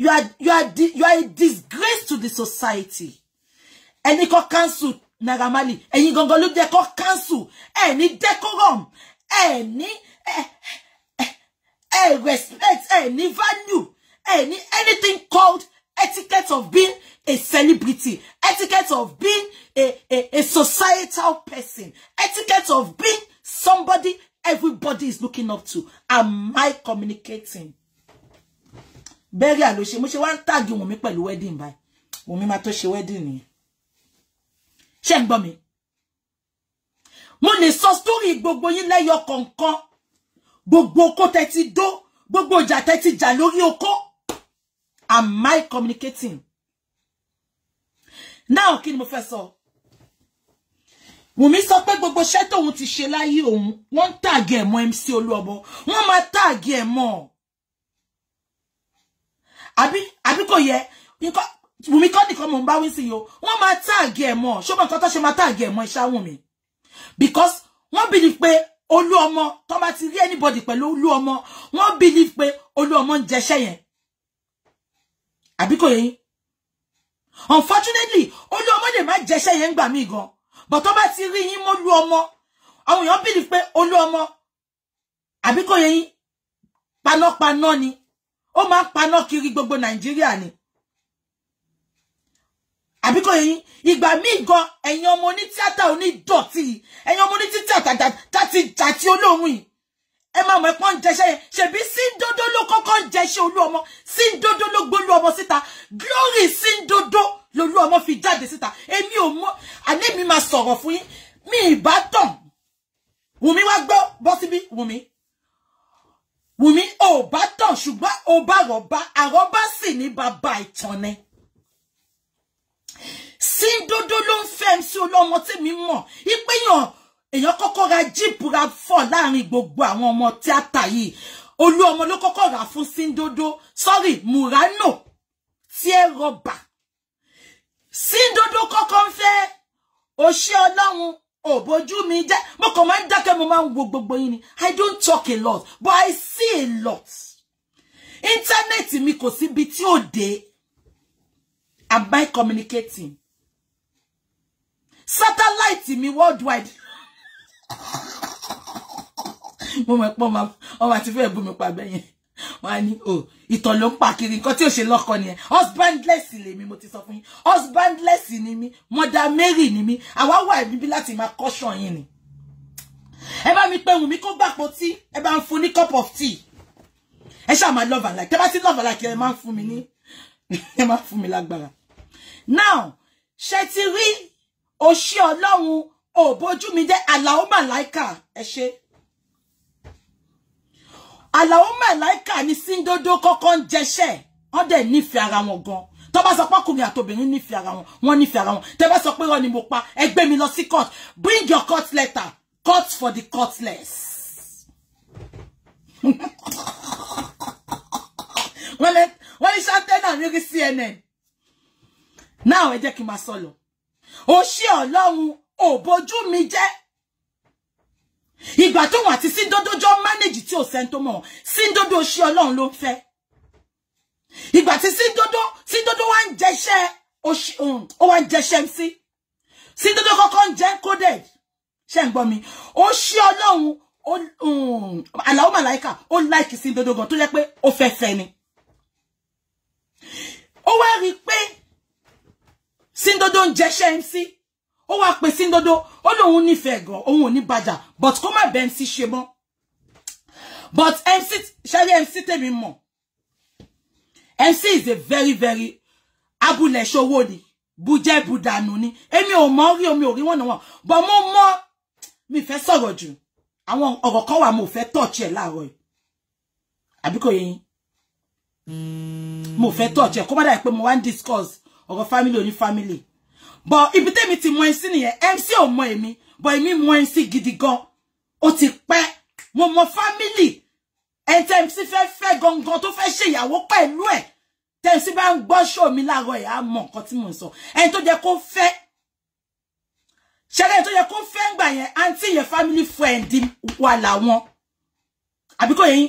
you are you are you are a disgrace to the society ẹni kọ́ cancel Naira Marley ẹ̀yin gangan ló jẹ́ kọ́ cancel ẹ ní decorum ẹ ní ẹ ẹ respect ẹ ní value ẹ ní anything called etiquette of being a celebrity etiquette of being a a, a societal person etiquette of being somebody everybody is looking up to am I communicating bẹ́ẹ̀rì àlóṣe mo ṣe wá ń tàgì wùnmí pẹ̀lú wedding báyìí wùnmí máa tó ṣe wedding nìyẹn ṣé ń gbọ́ mi mo lè sọ story gbogbo yín lẹ́yọ kọ̀ọ̀kan gbogbo oko tẹ́ ti dó gbogbo ìjà tẹ́ ti jà lórí oko am I communicating now kí ni mo fẹ́ sọ Wùmí sọ pé gbogbo iṣẹ́ tóun ti ṣe láyé òun wọ́n ń tàgé ẹ̀ MC Olúọmọ wọ́n máa tàgé ẹ̀ mọ́ Abi Abi kò yẹ Wùmí kọ́ nìkan mò ń bá wí sí yìí o wọ́n máa tàgé ẹ̀ mọ́ ṣé o mọ̀ nǹkan tó ṣe máa tàgé ẹ̀ mọ́ ìṣáwùmí because wọ́n believe pé olú ọmọ tó bá ti rí anybody pẹ̀lú olú ọmọ wọ́n believe pé olú ọmọ ń jẹṣẹ́ yẹn àbí kò yẹ unfortunately olú ọmọ lè má jẹṣẹ́ yẹn gbà mí gan but tó bá ti rí yín mọ́ olú ọmọ àwọn èèyàn believe pé olú ọmọ àbí kò yẹ yín panápaná ni ó máa ń kiri gbogbo Nigeria ni àbí kò yẹyin ìgbà míì gan ẹ̀yin ọmọ oní tíátà onídọ̀tí ẹ̀yin ọmọ oní tíátà tàti tàti olóhùn yìí ẹ máa mọ ẹpọn jẹṣẹ yẹn ṣèbí síndodo ló kọ́kọ́ ń jẹṣẹ olú ọmọ síndodo ló gbólú ọmọ síta glory síndodo lolú ọmọ fi jáde síta èmi ò mọ àlẹ́ mi máa sọ̀rọ̀ fún yín mi ìbá tàn wùmí wá gbọ́ bọ́ síbí wùmí wùmí ò bá tàn ṣùgbọ́n ò bá rọ̀ bá àrọ́bá sì ní bàbá ìtàn ni. Baba, síndodo ló ń fẹ́ MC olómọ tèmi mọ̀ ìpéyàn èèyàn kọ́kọ́ ra jíìpù ra fọ̀ láàrin gbogbo àwọn ọmọ tíátà yìí olú ọmọ ló kọ́kọ́ rà fún síndodo sọ́rí murano tí ẹ rọ̀bà síndodo kọ́kọ́ ń fẹ́ òṣì ọlọ́run òbójú mi jẹ́ mo kàn máa ń dákẹ́ mo máa ń wo gbogbo yín ni i don't talk a lot but i see a lot íńtánẹ́ẹ̀tì mi kò síbi tí ò dé and by communicating satellite me worldwide mo mọ̀ pé ọmọ àti fẹ́ẹ̀ bú mi pa Oh wọ́n á ní o oh, ìtàn ló ń pa kiri nǹkan tí ò ṣe lọ́kọ nìyẹn husbandless lèmi mo ti sọ fún yín husbandless ni mí mother Mary ni mí àwa wà níbí láti my caution yín ni ẹ bá mi pé wùn mí kó gbàpọ̀ tí ẹ bá ń fún ní cup of tea ẹ ṣáà máa love and like tẹ́ bá sí love and like ẹ máa ń fún mi ní ẹ máa ń fún mi lágbára now ṣe ti rí òṣì ọlọ́run ò bójú mi jẹ́ àlàó màláìkà ẹ ṣe àlàó màláìkà ni síndódó kọ́kọ́ ń jẹṣẹ́ wọ́n dẹ̀ nífẹ̀ẹ́ ara wọn gan tó bá sọ pé ọkùnrin àtòbìnrin nífẹ̀ẹ́ ara wọn wọ́n nífẹ̀ẹ́ ara wọn tẹ́ bá sọ pé wọ́n ni mo pa ẹ gbé mi lọ sí court bring your court letter court for the courtless. wọ́n lè wọ́n lè ṣáńtẹ́ náà ní CNN náà ẹ jẹ́ kí n máa sọ lọ ó ṣí ọlọ́run ò bójú mi jẹ́ ìgbà tóun àti síndodo jọ mánéjì tí ò sẹ́ni tó mọ̀ síndodo ṣí ọlọ́run ló ń fẹ́ ìgbà tí síndodo síndodo wá ń jẹṣẹ́ um, ó wá ń jẹṣẹ́ sí síndodo kọ́kọ́ ń jẹ́ kódẹ̀ ṣe ń gbọ́ mi ó ṣí ọlọ́run àlàó màláìkà ó láìkì síndodo gan tó jẹ́ pé ó fẹ́ fẹ́ ni ó wá rí i pé Síndodo ń jẹ́ṣẹ́ MC ó wá pe Síndodo ó lóun nífẹ̀ẹ́ gan òun ò ní bàjá but kó má bẹ MC ṣe mọ́ but MC ṣẹ́rí MC tèmi mọ̀ MC is a very very abúlé ṣòwò ni bùjẹ́ bùdànù ni èmi ò mọ̀ rí omi ò rí wọ́n but mo mọ̀ mi fẹ́ sọ̀rọ̀ jù àwọn ọ̀rọ̀ kan wà mo fẹ́ tọ́ọ̀chì ẹ̀ láàárọ̀ yìí àbí kò mo fẹ́ tọ́ọ̀chì ẹ̀ kó má dà pé mo wá ń discuss ọ̀rọ̀ family oní family but ibi tẹ́mi ti mọ MC nìyẹn MC ò mọ èmi but èmi mọ MC gidi gan ó ti pẹ́ mo mọ family ẹni tẹ́ MC fẹ́ fẹ́ gangan tó fẹ́ ṣèyàwó pẹ̀lú ẹ̀ tẹ́ MC bá ń gbọ́ ṣó mi láàárọ̀ ẹ̀ á mọ nǹkan tí mò ń sọ ẹni tó jẹ́ kó fẹ́ ṣẹlẹ̀ tó yẹ kó fẹ́ ń gbà yẹn àǹtí yẹn family friend wà láwọn àbíkó yẹn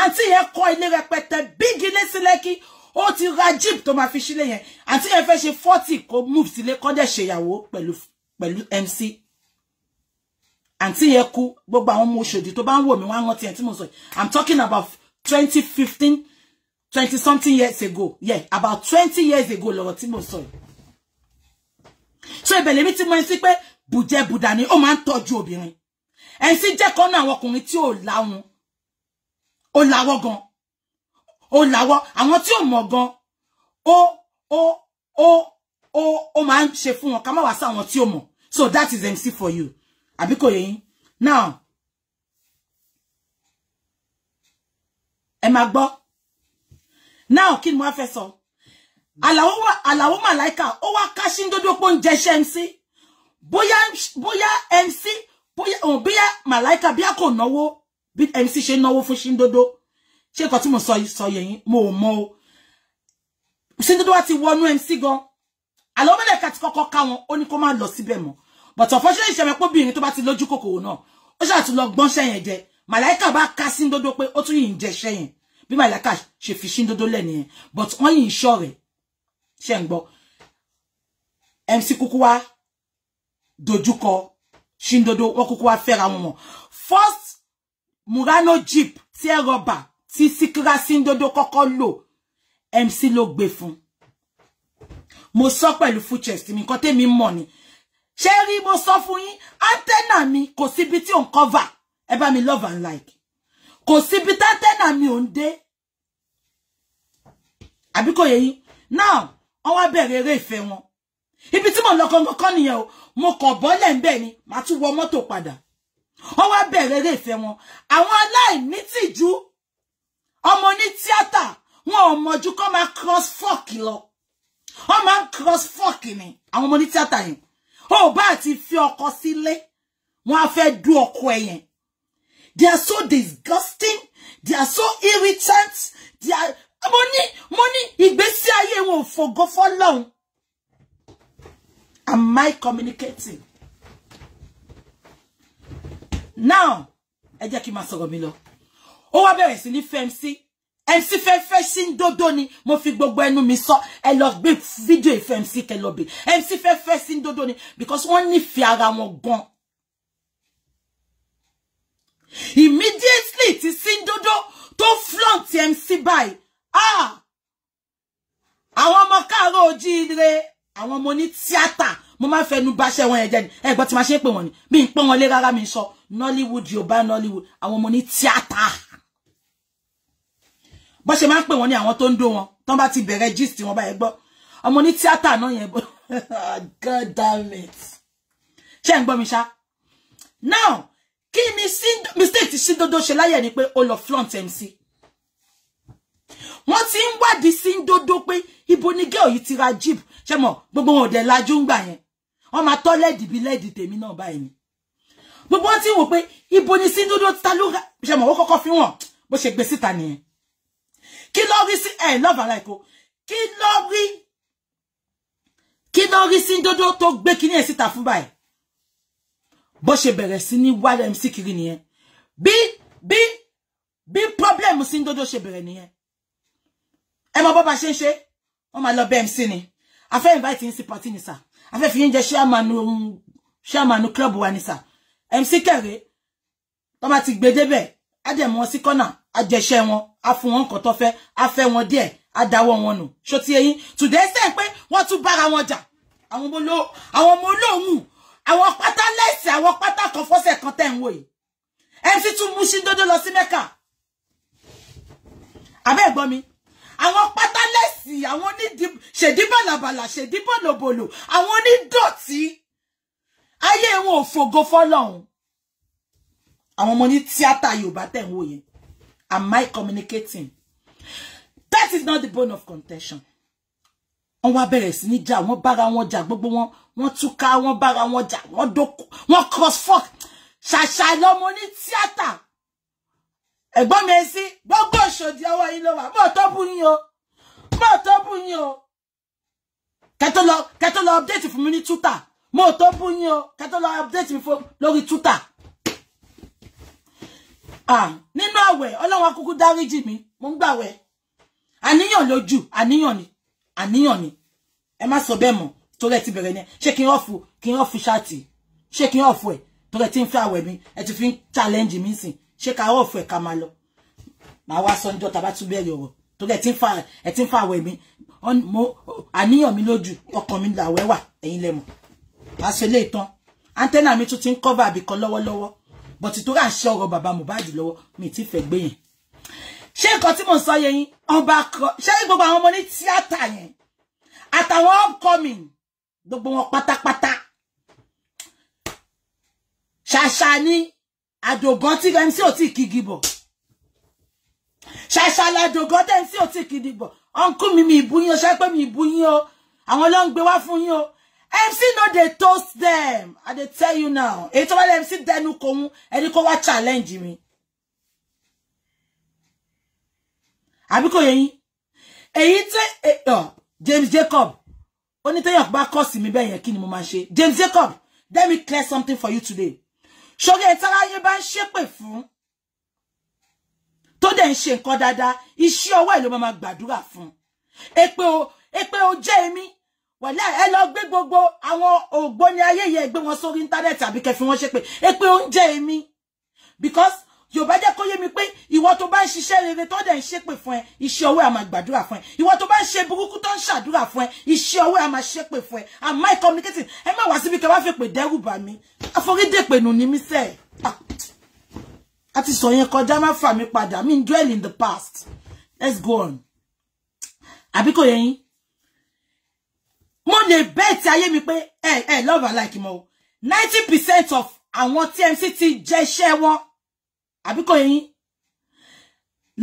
àǹtí yẹn kọ́ ilé rẹpẹtẹ bígi ilé sí lẹ́kí ó ti ra jeep tó máa fi sílé yẹn àti ẹ fẹ́ ṣe forty kó move sílé kọ́ ṣèyàwó pẹ̀lú pẹ̀lú MC àǹtí yẹn kú gbogbo àwọn ọmọ Òṣòdì tó bá ń wò mí wá rántí ẹ̀ tí mo sọ I'm talking about twenty fifteen twenty something years ago yeah about twenty years ago lọ́rọ̀ tí mo sọ so ìbẹ̀lẹ̀ mi ti mọ ẹni sí pé bùjẹ́ bùdà ni ó máa ń tọ́jú obìnrin ẹni sí jẹ́ kan àwọn ọkùnrin tí ò láwọn ó láwọ́ gan ó làwọ́ àwọn tí ò mọ̀ gan ó ó ó ó ó máa ń fun. fún wọn ká má wá sáwọn tí ò mọ̀ so that is MC for you Abi kò yé now ẹ máa gbọ́ now kí ni mo fẹ́ sọ àlàó màláìka ó wá káṣíńdódó pé ó ń jẹṣẹ́ MC boya, bóyá MC bóyá màláìka bí a kò náwó bí MC ṣe náwó fún ṣíńdódó ṣé nǹkan tí mo sọ yìí sọ yẹ̀yìn mo ò mọ o ṣé tó wá ti wọnú MC gan àlọ́ mẹ́lẹ̀ka ti kọ́kọ́ ká wọn ó ní kó má lọ síbẹ̀ mọ́ but unfortunately ìṣẹ̀mẹ̀ pé obìnrin tó bá ti lójú kòkòrò náà ó ṣàtú lọ gbọ́n ṣẹ̀yìn jẹ màláìkà bá ká sí dodo pé ó tún yìí ń jẹ ṣẹ̀yìn bí màláìkà ṣe fi sí dodo nìyẹn but wọ́n yìí ń ṣọ́ rẹ̀ ṣe ń gbọ́ MC kúkú wá dojúkọ ṣí dodo wọ́n kúkú wá fẹ́ra wọn mọ̀ first Murano jeep tí ẹ rọba tí Síkírá Síndodo kọ́kọ́ lò MC ló gbé fún mo sọ pẹ̀lú full chest mi nǹkan tèmi mọ̀ ni ṣé rí mo sọ fún yín antenna mi kò síbi tí ò ń cover ẹ bá mi love and like kò síbi tí antenna mi ò ń dé àbí kò yẹ now wọ́n wá bẹ̀rẹ̀ re ife wọn ibi tí mo lọ kankan nìyẹn o mo kọ̀ bọ́lẹ̀ ń bẹ̀ ni màá tún wọ mọ́tò padà wọ́n wá bẹ̀rẹ̀ eré ìfẹ́ wọn àwọn aláìnítìjú ọmọ ní tíátà wọn ò mọ̀jú kọ́ máa cross fork lọ wọ́n máa ń cross fork ni àwọn ọmọ ní tíátà yẹn ó bá àti fi ọkọ sílé wọ́n á fẹ́ dú ọkọ ẹ̀ yẹn they are so disgusting they are so irritant they are mo ní mo ní ìgbésí ayé wọn ò fògo fọ́lọ́run am I communicating now ẹ jẹ́ kí n máa sọ̀rọ̀ mi lọ ó wá bẹ̀rẹ̀ sí ní fẹ́ MC MC fẹ́ fẹ́ sí ń dódó ni mo fi gbogbo ẹnu mi sọ ẹ lọ gbé fídíò ìfẹ́ MC kẹ lọ bè MC fẹ́ fẹ́ sí ń dódó ni because wọ́n nífẹ̀ẹ́ ara wọn gan immediately ti sí ń dódó tó flaunt MC báyìí ah àwọn ọmọ káàárọ̀ ojíire àwọn ọmọ ní tíátà mo máa ń fẹnu báṣẹ wọn ẹjẹ ni ẹgbọn tí máa ṣe ń pè wọn ni mi ń pọn wọn lé rárá mi ń sọ Nollywood Yorùbá Nollywood àwọn ọmọ ní tíátà bó ṣe máa ń pè wọ́n ní àwọn tó ń dó wọn tán bá ti bẹ̀rẹ̀ gist wọn báyẹn gbọ́ ọmọ ní tíátà náà yẹn bọ́ god damn it ṣé ń gbọ́ mi ṣá now kí ni mistake ti síndódó ṣe láyẹ̀ ni pé ó lọ flaunt mc wọ́n ti ń wádìí síndódó pé ibo ni girl yìí ti ra jeep ṣé mọ̀ gbogbo wọn ò dẹ̀ lajú ń gbà yẹn wọ́n máa tọ́ lẹ́ẹ̀dì bíi lẹ́ẹ̀dì tèmi náà báyìí ni gbogbo wọn ti wò pé ibo ni síndódó ta ló ra ṣé ó kọ́kọ́ fi wọ́n bó ṣe gbé síta nìyẹn Qui ló rí sí ẹ̀ lọ́ọ̀bù ara ẹ̀kọ́ Qui ló rí kí ló rí sí dódó tó gbé kíní ẹ̀ síta fún báyìí bó ṣe bẹ̀rẹ̀ sí ní wálẹ̀ mc kiri nìyẹn bí bí bí problem sí dódó ṣe bẹ̀rẹ̀ nìyẹn ẹ mọ bó ba ṣe ń ṣe wọn máa lọ bẹ mc ni a fẹ́ invite yín sí party ni sà a fẹ́ fi yín jẹ ṣáàmánu ṣáàmánu club wa ni sà mc kẹrẹ tó bá ti gbé á dẹ̀ mọ́ sí kọ́nà á jẹṣẹ́ wọn á fún wọn nǹkan tó fẹ́ á fẹ́ wọn díẹ̀ á dáwọ́ wọn nù ṣó ti eyín tùdẹ́ sẹ́ pé wọ́n tún bára wọn jà àwọn ọmọ olóhùn àwọn pátá lẹ́sẹ̀ àwọn pátá kan fọ́sẹ̀ kan tẹ̀ ń wò yìí ẹ fi tún mú sí dódó lọ sí mẹ́kà àbẹ́ ẹ̀gbọ́n mi àwọn pátá lẹ́sì àwọn onídìí ṣèdíbàlàbàlà ṣèdíbọ̀lòbòlò àwọn onídọ̀tí ayé wọn ò fògo fọlọ́hún àwọn ọmọ ní tíátà Yorùbá tẹ̀ ń wò yẹn am I communicating that is not the bone of contention wọ́n wá bẹ̀rẹ̀ sí ní jà wọ́n bára wọn jà gbogbo wọn wọ́n túká wọ́n bára wọn jà wọ́n dókò wọ́n cross fork ṣàṣà lọ́mọ ní tíátà ẹ̀gbọ́n mi sí gbogbo òṣòdì ọwọ́ yìí ló wà mọ́ tó bú yín o mọ́ tó bú yín o kẹtọ́ lọ kẹtọ́ lọ update fún mi ní Twitter mọ́ tó bú yín o kẹtọ́ lọ update mi lórí Twitter ah nínú àwẹ̀ Ọlọ́run akúkú dáríjì mi mo ń gbàwẹ̀ àníyàn lójú àníyàn ni àníyàn ni ẹ má sọ bẹ́ẹ̀ mọ́ torí ẹ ti bẹ̀rẹ̀ ni ṣé kí n ọ̀fù kí n ọ̀fù ṣáàtì ṣé kí n ọ̀fù ẹ̀ torí ẹ ti ń fẹ́ àwẹ̀ mi ẹ ti fi ń challenge mi sìn ṣé ká ọ̀fù ẹ̀ ká máa lọ màá wá sọ níjọ́ tàbá tún bẹ̀rẹ̀ ọ̀rọ̀ torí ẹ ti ń fa ẹ ti ń fa àwẹ̀ mi àníyàn mi lójú ọkàn mi làwẹ̀ wà ẹ̀yin lẹ́mọ̀ wá ilé ìtàn antenna mi tún ti ń cover àbíkan lọ́wọ́lọ́wọ́ but torí àṣẹ ọ̀rọ̀ bàbá Mohbad lọ́wọ́ mi ti fẹ́ gbé yẹn ṣé nǹkan tí mò ń sọ yẹn yín ọba kọ ṣé gbogbo àwọn ọmọ ní tíátà yẹn àtàwọn upcoming gbogbo wọn pátápátá ṣàṣà ni àdògán tí mc ò tí kigi bọ̀ ṣàṣà ni àdògán tí mc ò tí kigi bọ̀ ọ̀nkú mi mi ìbú yín o ṣé pé mi ìbú yín o àwọn ló ń gbé wá fún yín o MC no they toast them. I they tell you now. Èyí tó MC dẹnu kò mú ẹni kó wá challenge mi. Àbí kò yé yín? Èyí tẹ́ James Jacob ó ní téèyàn bá kọ́ sí mi bẹ́ẹ̀ yẹn kí ni James Jacob let me clear something for you today. Ṣoge ìtaráyé bá ń ṣépè fún tó dẹ̀ ń ṣe nǹkan dáadáa iṣẹ́ ọwọ́ ẹ̀ ló máa gbàdúrà fún. Èpè o èpè o wàlá ẹ lọ gbé gbogbo àwọn ògbóni ayé yẹn gbé wọn sórí íńtánẹ́ẹ̀tì àbí kẹfì wọn ṣe pé ẹ pé oúnjẹ èmi because yorùbá jẹ́ kó yé mi pé ìwọ tó bá ń ṣiṣẹ́ rere tó dẹ̀ ń ṣépè fún ẹ iṣẹ́ ọwọ́ ẹ̀ máa gbàdúrà fún ẹ ìwọ tó bá ń ṣe burúkú tó ń ṣàdúrà fún ẹ iṣẹ́ ọwọ́ ẹ̀ máa ṣépè fún ẹ am I communicating ẹ má wá síbi kẹwàá fèpè dẹ́rù bà mí àforídèpè nù ní mí sẹ́ẹ̀ ah. a ti sọ yẹn kọjá má fà mí padà mi ń dwell in the past let's go on àbí kò yẹ yín mo lè bẹ́ẹ̀ ti mi pé ẹ ẹ love and like mọ́ o ninety percent of àwọn TMC ti jẹ́ iṣẹ́ wọn àbí kò yín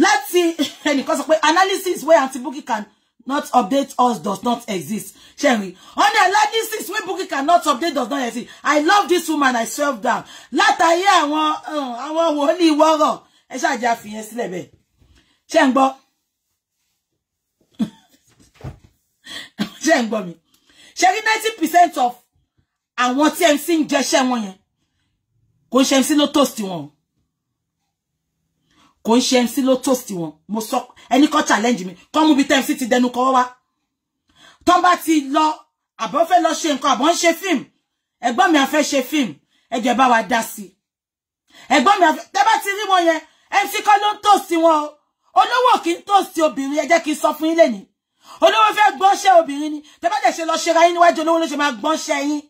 láti ẹnìkan sọ pé analysis where Aunty bookie can not update us does not exist sherry on the analysis where bookie cannot update does not exist i love this woman i serve down látàyé àwọn uh, àwọn wòlíì wọ́rọ̀ ẹ ṣáàjì àfihàn sílẹ̀ bẹ́ẹ̀ ṣé ń gbọ́ ṣé ń gbọ́ mi ṣe ninety percent of àwọn tí MC ń jẹṣẹ́ wọn yẹn kò ń ṣe MC ló toast wọn kò ń ṣe MC ló toast wọn mo sọ ẹni kọ́ challenge mi kọ́ mú bí tẹ́ MC ti dẹnu kọ́ wá tọ́ bá ti lọ àbọ̀ fẹ́ lọ ṣe nǹkan àbọ̀ ń ṣe fíìmù ẹ̀gbọ́n mi àfẹ́ ṣe fíìmù ẹjọ́ bá wa dá sí ẹ̀gbọ́n mi àfẹ́ tẹ́ bá ti rí wọn yẹn MC kọ́ ló ń toast wọn o olówó kì í toast obìnrin ẹ jẹ́ kí n sọ fún yín lẹ́yìn olówó fẹ́ gbọ́nṣẹ́ obìnrin ni tẹ́ bá dẹ̀ ṣe lọ ṣera yín níwájú olówó ló ṣe máa gbọ́nṣẹ́ yín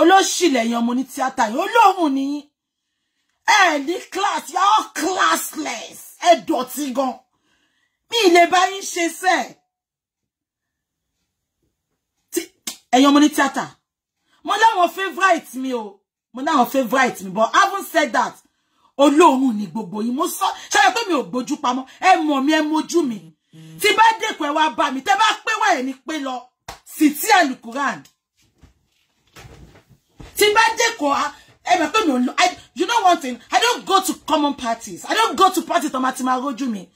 olóṣìlẹ̀ yín ọmọ ní tíátà yín olóhùn ni yín ẹ ní class you are all classless ẹ dọ̀tí gan mi lè bá yín ṣe sẹ́ ẹ̀yin ọmọ ní tíátà mo láwọn favourite mi o mo láwọn favourite mi but having said that olóhùn ni gbogbo yín mo sọ ṣáyẹ pé mi ò gbójú pamọ́ ẹ mọ̀ mi ẹ mojú mi tí bá dẹ̀kọ̀ ẹ̀ bá mi tẹ́ bá pé wà ẹ̀ pé lọ sí tí alukuran tí bá dẹ̀kọ̀ ẹ̀ pé mi ò lọ you know one thing I don't go to common parties I don't go to parties tọ́mọ àti máa rójú mi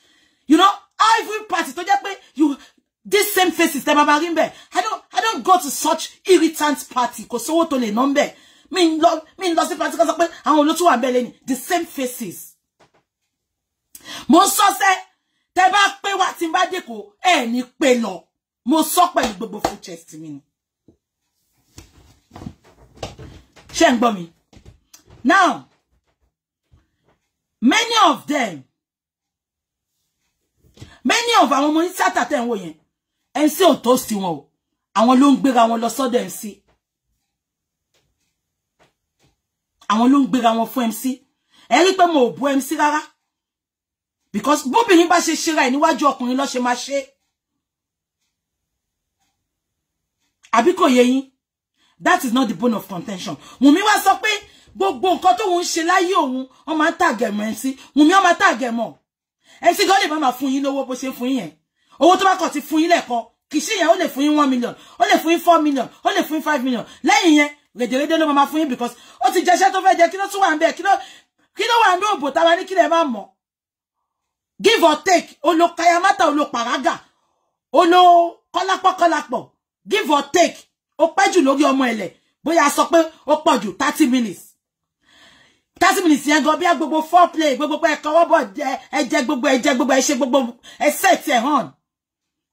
you know every party tó jẹ́ pé you this same faces tẹ́ bàbá rí mbẹ̀ I don't I don't go to such irritant party kò sówó tó lè ná mbẹ̀ mi ń lọ mi ń lọ sí party kan sọ pé àwọn olótú wà mbẹ̀ lẹ́yìn the same faces mo ń sọ́sẹ́. So tẹ́ bá pé wá tí n bá dèkó ẹ ní pé mo sọ pẹ̀lú gbogbo full chest mi ni ṣé ń gbọ́ mi now many of them many of àwọn ọmọ oníṣàtà tẹ̀ ń wò yẹn MC ò tó sí wọn o àwọn ló ń gbéra wọn lọ sọ́dọ̀ MC àwọn ló ń gbéra wọn fún MC ẹ rí i pé mo ò MC rárá because bóbìnrin bá ṣe ṣera ẹ̀ níwájú ọkùnrin ló ṣe máa ṣe àbí kò yé yín that is not the bone of contention Wùnmí wá sọ pé gbogbo nǹkan to ń ṣe láyé òun wọ́n máa ń tàgẹ̀mọ́ ẹ̀ sí Wùnmí wọ́n máa tàgẹ̀mọ́ ẹ̀ sí gan lè má máa fún yín lówó bó ṣe fún yín yẹn owó tó bá kàn ti fún yín lẹ́ẹ̀kan kì í ṣe yẹn ó lè fún yín one million ó lè fún yín four million ó lè fún yín five million lẹ́yìn yẹn rèdèrèdè ló máa fún yín because ó ti jẹṣẹ́ tó fẹ́ jẹ kí ló tún wà ń bẹ̀ kí ló wà ń bẹ̀ òbò táwa ní kí lè give or take olo kayamata olo paraga olo kọlápọ̀ kọlápọ̀ give or take ó pẹ́ jù lórí ọmọ ẹ̀lẹ̀ bóyá sọ pé ó pọ̀ jù thirty minutes thirty minutes yẹn gan bí a gbogbo four play gbogbo pé ẹ̀kọ́ wọ́bọ̀ ẹ̀jẹ̀ gbogbo ẹ̀jẹ̀ gbogbo ẹ̀ṣẹ̀ gbogbo ẹ̀ṣẹ̀ ti ẹ̀ hàn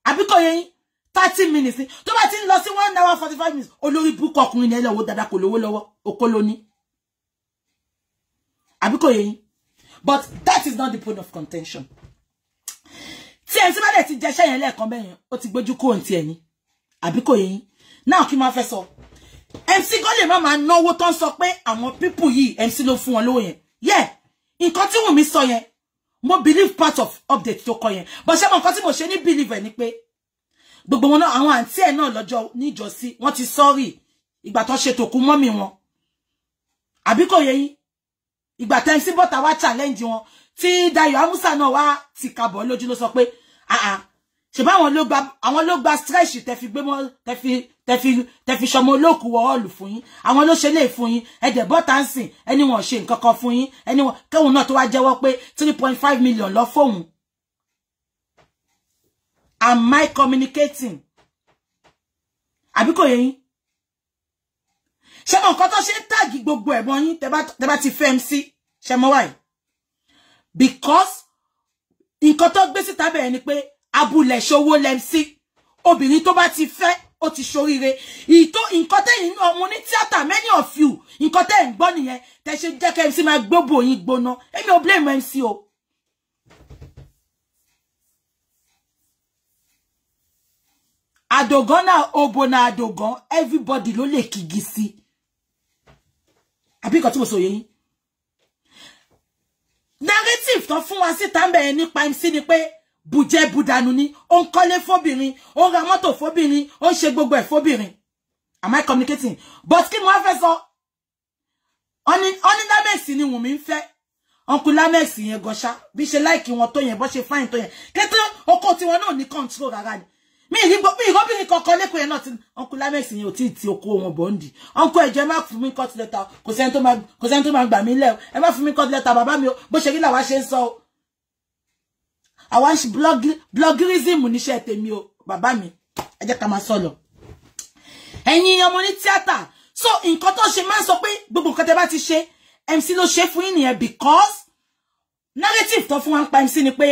àbí kò yẹn thirty minutes tó bá ti ń lọ sí one hour forty five minutes olórí búkọ ọkùnrin ni ẹlẹ́wọ̀ dada kò lówó lọ́wọ́ okó lóní àbí kò yẹn But that is not the point of contention. Tí en ti ba de ti jẹ ṣe yẹn lẹ́ẹ̀kan beyin, ó ti gbójú ko nti ẹ̀yin. Àbí kò yé Now kí ma fẹ́ sọ. MC Gole ma ma náwó ton sọ pé àwọn people yìí MC ló fun wọn lówó yẹn. Yeah. Nǹkan tí Wùmí sọ yẹn. Mo believe part of update tó kọ yẹn. But ṣé mo nǹkan tí mo ṣe ní believe ẹ̀ ni pé gbogbo wọn náà àwọn àǹtí ẹ̀ náà lọ́jọ́ níjọ́sí wọ́n ti sọ́ọ̀rì ìgbà tó ṣètò kú mọ́mì wọn àbí kò yẹ yín ìgbà tẹ́ sí bọ́ta wá challenge wọn tí Dayo Amusa náà wa ti kàbọ̀ lójú ló Ah ah. ṣe bá àwọn ló gba àwọn ló gba stretch tẹ́ fi gbé mọ́ tẹ́ fi tẹ́ fi tẹ́ fi ṣọmọ olóòkú wọ hall fún yín àwọn ló ṣe lè fún yín ẹdẹ bọ́ta ń sìn ẹni wọn ṣe nǹkan kan fún yín ẹni wọn kẹwọn náà tó wá jẹ́wọ́ pé three million lọ fóun am I communicating àbí kò yẹ ṣé mọ nǹkan tó ṣe tag gbogbo ẹ̀bọn yín tẹ́ bá tẹ́ bá ti fẹ́ MC ṣé mọ because nǹkan tó gbé síta bẹ́ẹ̀ ni pé abúlé ṣòwò lẹ́mc obìnrin tó bá ti fẹ́ ó ti ṣoríire ìtó nǹkan tẹ́yìn náà mo ní tíátà many of you nǹkan tẹ́yìn gbọ́ nìyẹn tẹ́ ṣe jẹ́ kẹ́ mc máa gbóbo yín gbóná èmi ò blame mc o. àdògán náà obo náà àdògán everybody ló lè kìgì àbí nǹkan tí mo sọ yé yín narrative tó fún wa síta ń bẹ̀rẹ̀ nípa MC ni pé bùjẹ́ budanu ni ó ń kọ́lé fóbìnrin ó ń ra mọ́tò fóbìnrin ó ń ṣe gbogbo ẹ̀ fóbìnrin am I communicating but kí ni wọ́n fẹ́ sọ ọ́ní lámẹ̀sì ni Wùnmí ń fẹ́ uncle lamex yẹn gọṣá bí ṣe láìkí wọn tó yẹn bó ṣe fáìn tó yẹn kété oko tiwọn náà ní control rárá ni mi rí mi rí obìnrin kankan lẹ́kọ̀ọ́ yẹn náà ti uncle lamex yẹn ò tí ì ti oko wọn bọ̀ ń di uncle ẹ̀jẹ̀ má fún mi court letter kò sẹ́ni tó máa kò sẹ́ni tó máa gbà mí lẹ̀ ẹ má fún mi court letter bàbá mi o bó ṣe rí làwa ṣe ń sọ o àwa ń ṣe blogirism níṣẹ́ o bàbá mi ẹ jẹ́ ká máa sọ lọ. ẹ̀yin ọmọ ní tíátà so nǹkan tó ṣe máa ń sọ pé gbogbo nǹkan tẹ bá ti ṣe MC ló ṣe fún yín nìyẹn because narrative tó fún wa ń MC ni pé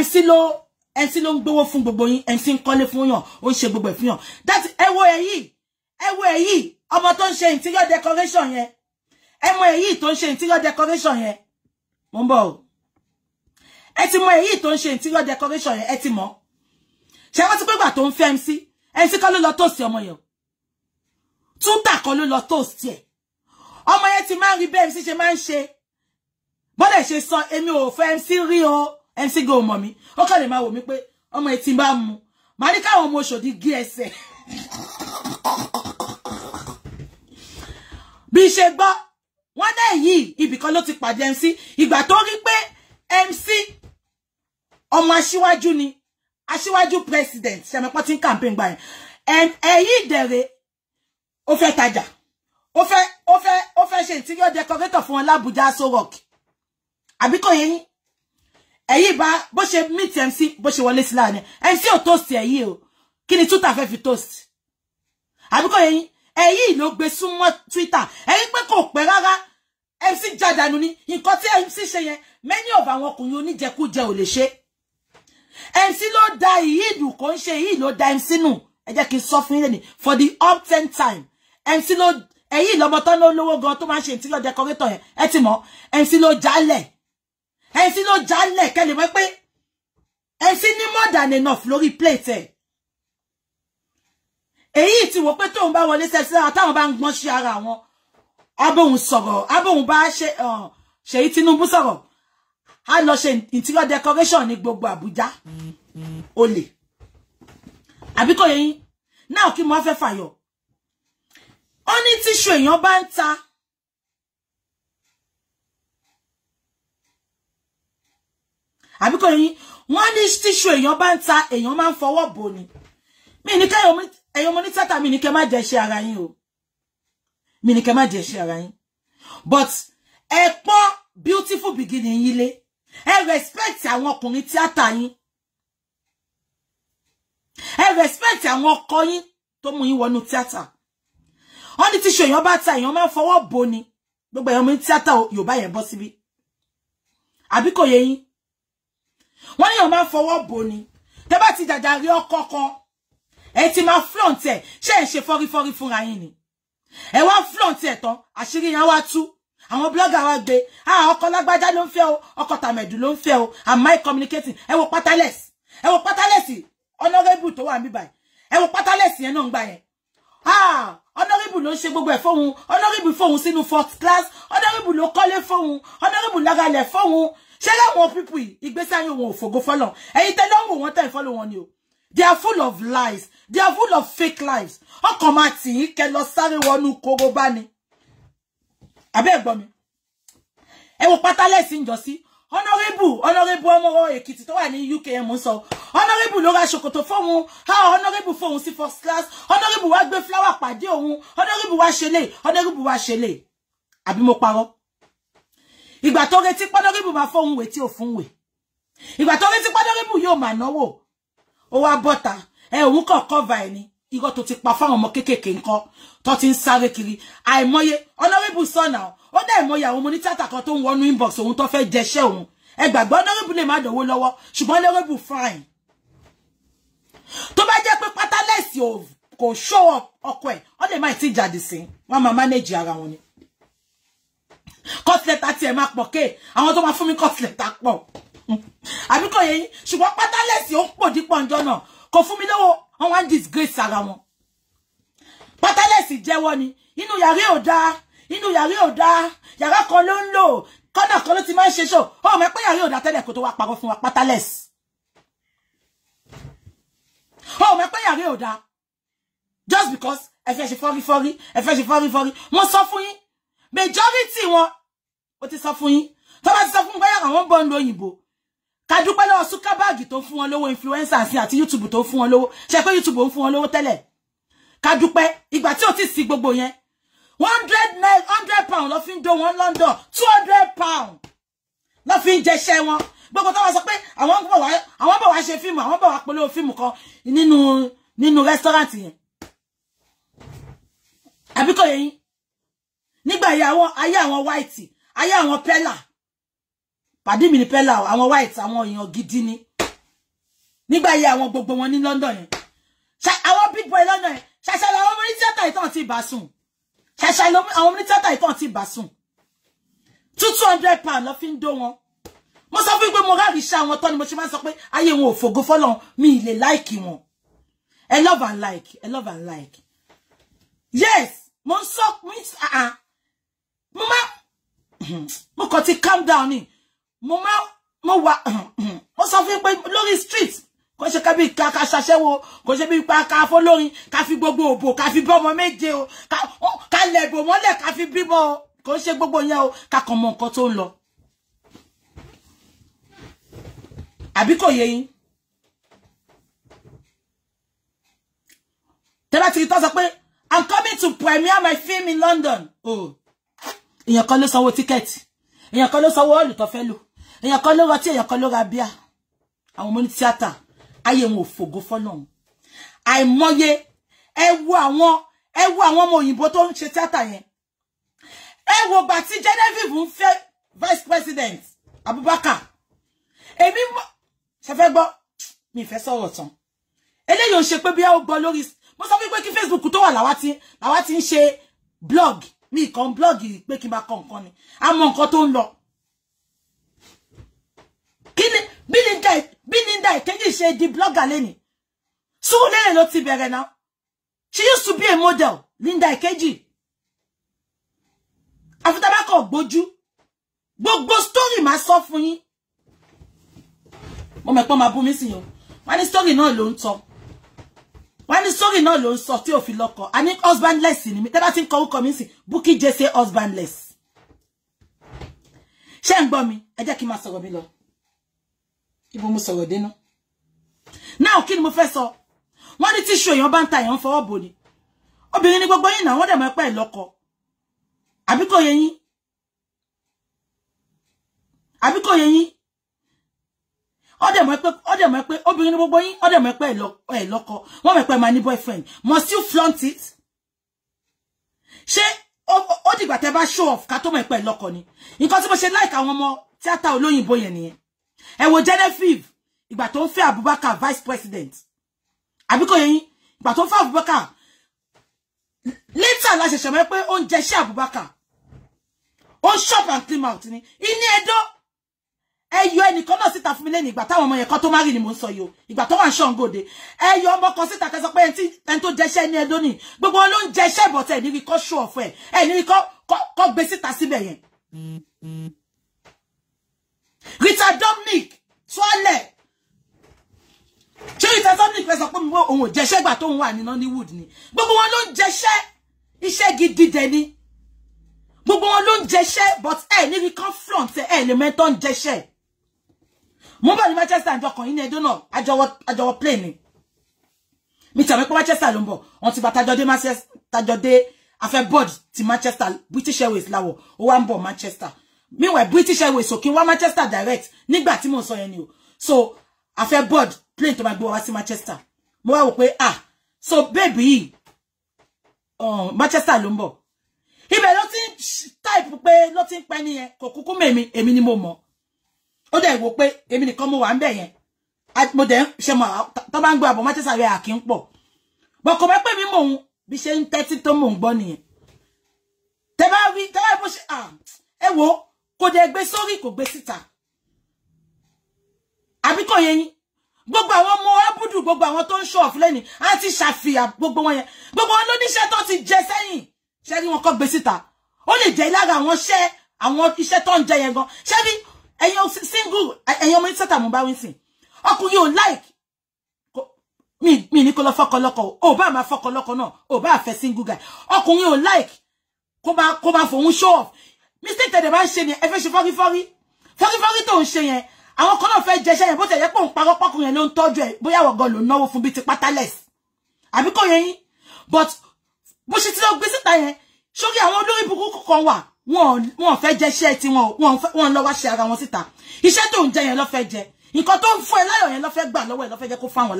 MC lo ẹni tí ló ń gbowó fún gbogbo yín ẹni tí ń kọ́lé fún yàn ó ń ṣe gbogbo ẹ̀ that ẹ wo èyí ẹ wo èyí ọmọ tó ń ṣe interior decoration yẹn ẹ mọ èyí tó ń ṣe interior decoration yẹn mo ń bọ̀ o ẹ ti mọ èyí tó ń ṣe interior decoration yẹn ẹ ti mọ̀ ṣé wọ́n ti pé gbà tó ń fẹ́ MC ẹni tí kọ́ ló lọ tóòsì ọmọ yẹn túntà kọ́ ló lọ tóòsì ẹ̀ ọmọ yẹn ti máa ń rí bẹ́ẹ̀ MC ṣe máa ń ṣe bọ́dẹ̀ ṣe sọ èmi ò fẹ́ MC rí o. MC Gold mọ̀ mi ó kàn lè máa wò mí pé ọmọ ẹ̀ tí bá mu màá ní káwọn ọmọ Òṣòdì gé ẹsẹ̀ bí ṣe gbọ́ wọ́n dẹ̀ yìí ibìkan ló ti pàdé MC ìgbà tó rí pé MC ọmọ aṣíwájú ni aṣíwájú president ṣẹmẹpọ tí ń campaign gbà yẹn ẹyí ìdẹrẹ ó fẹ́ tajà ó fẹ́ ó fẹ́ ó fẹ́ ṣe interior decorator fún wọn lábújá aṣọ rock àbí kò yé yín ẹ̀yìn ba, bó ṣe meet MC bó ṣe wọlé sí láàrin MC ò toast ẹ̀yìn o kí ni Twitter fẹ́ fi toast àbíkọ́ ẹ̀yìn ẹ̀yìn ló gbé súnmọ́ Twitter ẹ̀yìn pé kò pẹ́ rárá MC jádànù ni nǹkan tí MC ṣe yẹn many of àwọn ọkùnrin oníjẹkújẹ ò lè ṣe MC ló da ìyídù kò ń ṣe ìyí ló da MC nù ẹ jẹ́ kí n sọ fún for the up ten time MC ló ẹ̀yìn lọ́mọ tán ló lowo gan to máa ń ṣe ìtìlọ́ decorator yẹn ẹ ti mọ̀ MC ló jale ẹ̀sìn ló jálẹ̀ kẹ́lẹ̀ mọ́ pé ẹ̀sìn ní more than enough lórí plate ẹ̀ èyí tí wò pé tóun bá wọlé sẹ́sí lára táwọn bá ń gbọ́n sí ara wọn abóhun sọ̀rọ̀ abóhun bá ṣe Ṣèyí Tinubu sọ̀rọ̀ a lọ ṣe interior decoration ní gbogbo Abuja. olè àbí kò yẹ yín náà kí mo wá fẹ́ ó ní tíṣù èèyàn bá ń ta àbí kò yín wọ́n ní tíṣù èèyàn bá ń ta èèyàn máa ń fọwọ́ bò ni mi ní kẹ́ èèyàn mo ní tátà mi ní kẹ́ má jẹ́ ṣe ara yín o mi ní kẹ́ má jẹ́ ṣe ara yín but ẹ pọ́n beautiful beginning yín lé ẹ respect àwọn ọkùnrin tíátà yín ẹ respect àwọn ọkọ yín tó mú yín wọnú tíátà wọ́n ní tíṣù èèyàn bá ta èèyàn máa ń fọwọ́ bò ni gbogbo èèyàn mo ní tíátà Yorùbá yẹn bọ́ síbí àbí kò yẹ yín wọ́n níyàn máa fọwọ́ bò ní tẹ́ bá ti jàjàre ọkọ kan ẹ ti máa flaunt ẹ̀ ṣé ẹ̀ ṣe fọ́rífọ́rí fúnra yín ni ẹ wá flaunt ẹ̀ tán àṣírí yẹn wá tú àwọn blogger wa gbé ah ọkọ lágbájá ló ń fẹ́ o ọkọ tàmẹ̀dù ló ń fẹ́ o am I communicating ẹ wo pátálẹ̀sì ẹ wo pátálẹ̀sì honorable tó wà níbàyìí ẹ wo pátálẹ̀sì yẹn náà ń gbà yẹn ah honorable ló ṣe gbogbo ẹ̀ fóun honorable fóun sínú fourth class honorable ló kọ́lé fóun honorable lágalẹ̀ fóun ṣé láwọn pípù ìgbésí ayé wọn ò fògo fọlọ ẹ̀yin tẹ lọ́wọ́ wọn tẹ̀ fọ́lọ́ wọn ni o they are full of lies they are full of fake lies. ọkàn máa tì í kẹ lọ sáré wọnú kóró bá ni àbẹ́ ẹ̀gbọ́n mi ẹ pátá lẹ́sìn ìjọsí honorable honorable ọmọ Èkìtì tó wà ní UK mo sọ honorable ló ra ṣòkòtò fóun ha honorable fóun si first class honorable wá gbé flower pàdé òun honorable wá ṣe lè honorable wá ṣe lè àbí mo parọ́ ìgbà tó retí honorable máa fóun wè tí ò fún wè ìgbà tó retí honorable yóò máa náwó ó wá bọ́ta ẹ òun kàn cover ẹni irọ́ tó ti pa fáwọn ọmọ kéékèèké ńkọ́ tó ti ń sáré kiri àìmọye honorable sọ̀nà ó dá ìmọye àwọn ọmọ onítàtà kan tó ń wọnú inbox òun tó fẹ́ jẹṣẹ́ òun ẹ gbàgbọ́ honorable lè má dánwó lọ́wọ́ ṣùgbọ́n honorable fine tó bá jẹ́ pé pátálẹ́sì kò show up ọkọ ẹ̀ ó lè má ti jáde sí wọn máa manage ara wọn ni kọ́sìlẹ̀tà tiẹ̀ máa pọ̀ kéè àwọn tó máa fún mi kọ́sìlẹ̀tà pọ̀ àbíkọ̀ yẹn ṣùgbọ́n pátálẹ́sì ó ń pòdípọ̀ ǹjọ́ náà kò fún mi lówó wọ́n wá ń disgrace ara wọn pátálẹ̀sì jẹ́wọ́ ni inú yàrá ò dáa inú yàrá ò dáa yàrá kan ló ń lò kọ́nà kan ló ti máa ń ṣe ṣò ó mọ̀ pé yàrá ò dáa tẹ́lẹ̀ kó tó wá parọ́ fún wa pátálẹ̀sì ó mọ̀ pé yàrá ò dáa just because ẹ fẹ́ ṣe fọ́rífọ́rí ẹ fẹ́ ṣe fọ́rífọ́rí mo sọ fún yín majority wọn mo ti sọ fún yín tó bá ti sọ fún mi pé wọn bọ́ ń lo òyìnbó ká dúpẹ́ lọ́wọ́ Zuckerberg tó fún wọn lówó influencer sí àti YouTube tó fún wọn lówó ṣe pé YouTube ń fún wọn lówó tẹ́lẹ̀ ká dúpẹ́ ìgbà tí ò ti sí gbogbo yẹn one hundred nine hundred pound lọ fi ń do wọn London two hundred pound lọ fi ń jẹṣẹ wọn gbogbo táwọn sọ pé àwọn bọ̀ wá àwọn bọ̀ wá ṣe fíìmù àwọn bọ̀ wá polówó fíìmù kan nínú nínú rẹ́sítọ́rántì yẹn àbíkọ̀ yẹn nígbà ayé àwọn ayé àwọn white ayé àwọn pẹ́là pàdé mi ní pẹ́lá àwọn white àwọn èèyàn gidi ni nígbà yẹ àwọn gbogbo wọn ní London yẹn àwọn big boy London yẹn ṣẹṣẹ làwọn ọmọ ní tíátà ìtàn ti bà sùn ṣẹṣẹ àwọn ọmọ ní tíátà ìtàn ti bà sùn two two hundred pound lọ fi ń dó wọn mo sọ fún pé mo ráàrí iṣẹ́ àwọn tọ́ ni mo ṣe máa ń sọ pé ayé wọn ò fògo fọ́lọ́run mi ì lè láìkì wọn I love and like I love and like yes mo ń sọ mo ń sọ ah, ah. mo máa mo kàn ti calm down ni mo máa mo wà mo sọ fún pé lórí street kò ṣe ká bí ká ká ṣaṣẹ́wó kò ṣe bí pa ká fọlórin ká fi gbogbo òbò ká fi bí ọmọ méje o ká lẹ̀bò mọ́lẹ̀ ká fi bímọ o kò gbogbo yẹn o ká kàn mọ nǹkan tó ń lọ. àbí kò yé yín. ti rí tán sọ I'm coming to premiere my film in London. Oh, èèyàn kan ló sanwó tíkẹ́ẹ̀tì èèyàn kan ló sanwó ọ̀lù tó fẹ́ lò èèyàn kan ló rọtí èèyàn kan ló ra bíà àwọn ọmọ ní tíátà ayé wọn ò fògo fọ́lọ́run àìmọye ẹ wo àwọn ẹ wo àwọn ọmọ òyìnbó tó ń ṣe tíátà yẹn wo gbà tí Genevieve ń vice president Abubakar èmi ṣe fẹ́ gbọ́ mi fẹ́ sọ̀rọ̀ tán eléyìí ò ń ṣe pé bí a ó gbọ́ lórí mo sọ Facebook tó wa làwa ti làwa ti ń blog mi kàn blog pé kí n bá kọ ni a mọ nǹkan tó ń kíni Bínídà Bínídà Ìkejì ṣe di blogger lẹ́ni So Lérè ló ti bẹ̀rẹ̀ náà she used to be a model Linda Ìkejì àfi tá bá kọ̀ gbójú gbogbo story máa sọ fún yín mo mẹ́pọ́ máa bú mi sìn o wọ́n ní story náà ló ń tọ́ wọ́n story náà ló ń sọ tí ò fi lọ́kọ a ní husbandless ni mi tẹ́lá tí ń kọ orúkọ mi sìn Bukky Jesse husbandless ṣé ń gbọ́ mi ẹ jẹ́ kí n máa mi lọ ibo mo sọ̀rọ̀ dénú náà kí ni mo fẹ́ sọ wọ́n ní tíṣù èèyàn bá ń ta èèyàn fọwọ́ bò ni obìnrin ni gbogbo yín náà wọ́n dẹ̀ mọ́ pẹ́ lọ́kọ àbí kò yẹ yín àbí kò yẹ yín ó dẹ̀ mọ̀ pé ó dẹ̀ mọ̀ pé obìnrin ni gbogbo yín ó dẹ̀ mọ̀ pé ẹ̀ lọ́kọ wọ́n mọ̀ pé ẹ̀ máa ní boyfriend must you flaunt it ṣé ó dìgbà tẹ́ bá show off ká tó mọ̀ pé ẹ̀ lọ́kọ ni nǹkan tí mo ṣe like àwọn ọmọ tíátà olóyìnbó yẹn nìyẹn ẹ wo Genevieve ìgbà tó ń Abubakar vice president Abiko kò yẹyin ìgbà tó ń fẹ́ Abubakar later la ṣẹ̀ṣẹ̀ mọ̀ pé ó ń jẹ iṣẹ́ Abubakar ó shop and clean mouth ni iní Ẹdó ẹyọ ẹnìkan náà síta fún mi lẹ́nu ìgbà táwọn ọmọ yẹn kan tó má rí ni mo ń sọ yìí o ìgbà tó gode. E ṣọ́ngòde ẹyọ ọmọ kan síta kẹsọ pé ẹni tó jẹṣẹ́ ní Ẹdó ni gbogbo ló ń jẹṣẹ́ ìbọ̀tẹ̀ ẹ̀ní rí kọ́ ni ọ̀fọ̀ ẹ̀ ẹ̀ní rí kọ́ gbé síta síbẹ̀ yẹn. Richard Dominic Twale ṣé Rita Dominic fẹ́ sọ pé mo òun ò jẹ́ṣẹ́ gbà tóun wà ní Nollywood ni gbogbo wọn ló ń jẹ́ṣẹ́ iṣẹ́ gidi dẹ̀ ni gbogbo wọn ló ń jẹ́ṣẹ́ but ẹ̀ níbi kan front ẹ̀ lè mẹ́tọ́ ń jẹ́ṣẹ́ mo bọ̀ ní Manchester àjọ kan yìí ní ẹjọ́ náà àjọwọ́ plane ni mi tàbí pé Manchester ló ń bọ̀ wọn ti bá tajọ́ dé Manchester tajọ́ afẹ́ board ti Manchester British Airways láwọ̀ ó wá ń bọ̀ Manchester meanwhile British Airways òkè wá Manchester direct nígbà tí mò ń sọ yẹn o so a fẹ́ board plane to máa gbé wá sí Manchester mo wá wò pé ah so baby oh Manchester ló ń bọ̀ ibẹ̀ ló type pé ló ti ń pẹ́ nìyẹn kò kúkú mèmi èmi ni mo mọ̀ ó dẹ̀ wò pé èmi nìkan mo wà ń bẹ̀ yẹn mo dẹ̀ ṣe mọ̀ tó bá ń gbọ́ àbọ̀ Manchester rẹ̀ àkí ń pọ̀ bọ̀ kò mọ̀ pé mi mò ń bí ṣe ń tẹ́tí tó mò ń gbọ́ nìyẹn tẹ bá rí tẹ bá rí bó ṣe ah, ẹ wo kò dẹ̀ gbé sórí kò gbé síta àbí kò yẹ yín gbogbo àwọn ọmọ abudu gbogbo àwọn tó ń ṣọ́ ọ̀fúlẹ́ni á ti ṣàfihàn gbogbo wọn yẹn gbogbo wọn ló níṣẹ́ tó ti jẹ sẹ́yìn ṣé rí wọn kọ́ gbé síta ó lè jẹ́ lára àwọn iṣẹ́ àwọn iṣẹ́ tó ń jẹ yẹn gan ṣé rí ẹ̀yin single ẹ̀yin ọmọ ìṣẹ́ta mo bá wí sìn ọkùnrin ò like mi mi ní kó lọ fọ́kọ lọ́kọ o bá máa fọ́kọ náà o bá fẹ́ single guy ọkùnrin ò like kó bá kó bá fohun show off Mr. tẹ̀lé bá ni ṣe yẹn ẹ fẹ́ ṣe fọ́rífọ́rí fọ́rífọ́rí tó ń ṣe yẹn àwọn kan náà fẹ́ jẹṣẹ́ yẹn bó tẹ̀lé pò ń parọ́ pọ́kùn yẹn ló ń tọ́jú ẹ̀ bóyá wọ̀gọ́ ló náwó fún bíi ti pátálẹ̀s àbí kò yẹn yín but bó ṣe ti lọ gbé síta yẹn sórí wa. olórí burúkú kan wà wọn fẹ́ jẹṣẹ́ tí wọn lọ wá ṣe ara wọn síta iṣẹ́ tó ń jẹ yẹn ló fẹ́ jẹ nǹkan tó ń fún ẹ láyọ̀ yẹn ló fẹ́ gbà lọ́wọ́ ẹ ló fẹ́ jẹ́ kó fáwọn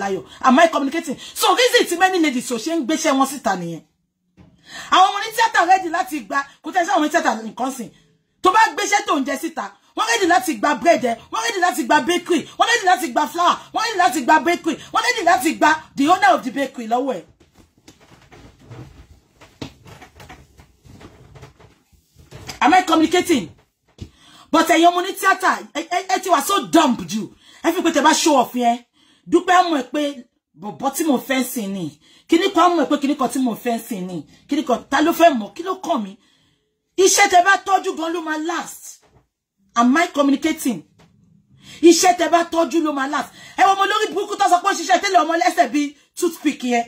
am I communicating so reason ti many ladies ò ṣe ń gbéṣẹ́ wọn síta nìyẹn àwọn ọmọ ní tíátà rẹ́dì láti gba kò tẹ́ sí àwọn ọmọ ní tíátà nǹkan sìn tó bá gbéṣẹ́ tó ń jẹ síta wọ́n rẹ́dì láti gba búrẹ́dì wọ́n rẹ́dì láti gba bakery wọ́n rẹ́dì láti gba flour wọ́n rẹ́dì láti gba bakery wọ́n rẹ́dì láti gba the owner of the bakery lọ́wọ́ ẹ̀. am I communicating? but ẹ̀yin ọmọ ní tíátà ẹ ti wà so dumb ju. ẹ fi pé tẹ bá show off yẹn dúpẹ́ mọ̀ pé bọ̀bọ̀ tí mo fẹ́ sìn ni Kini kan mọ̀ pé kíní kan tí mo fẹ́ ń ni kini kan ta ló fẹ́ mọ̀ kí ló kàn mí iṣẹ́ tẹ bá gan ló máa last am I communicating iṣẹ́ tẹ bá tọ́jú ló máa last e wọ́n mo lórí burúkú tó sọ pé ó ṣiṣẹ́ tẹ́lẹ̀ ọmọ lẹ́sẹ̀ bíi toothpick yẹn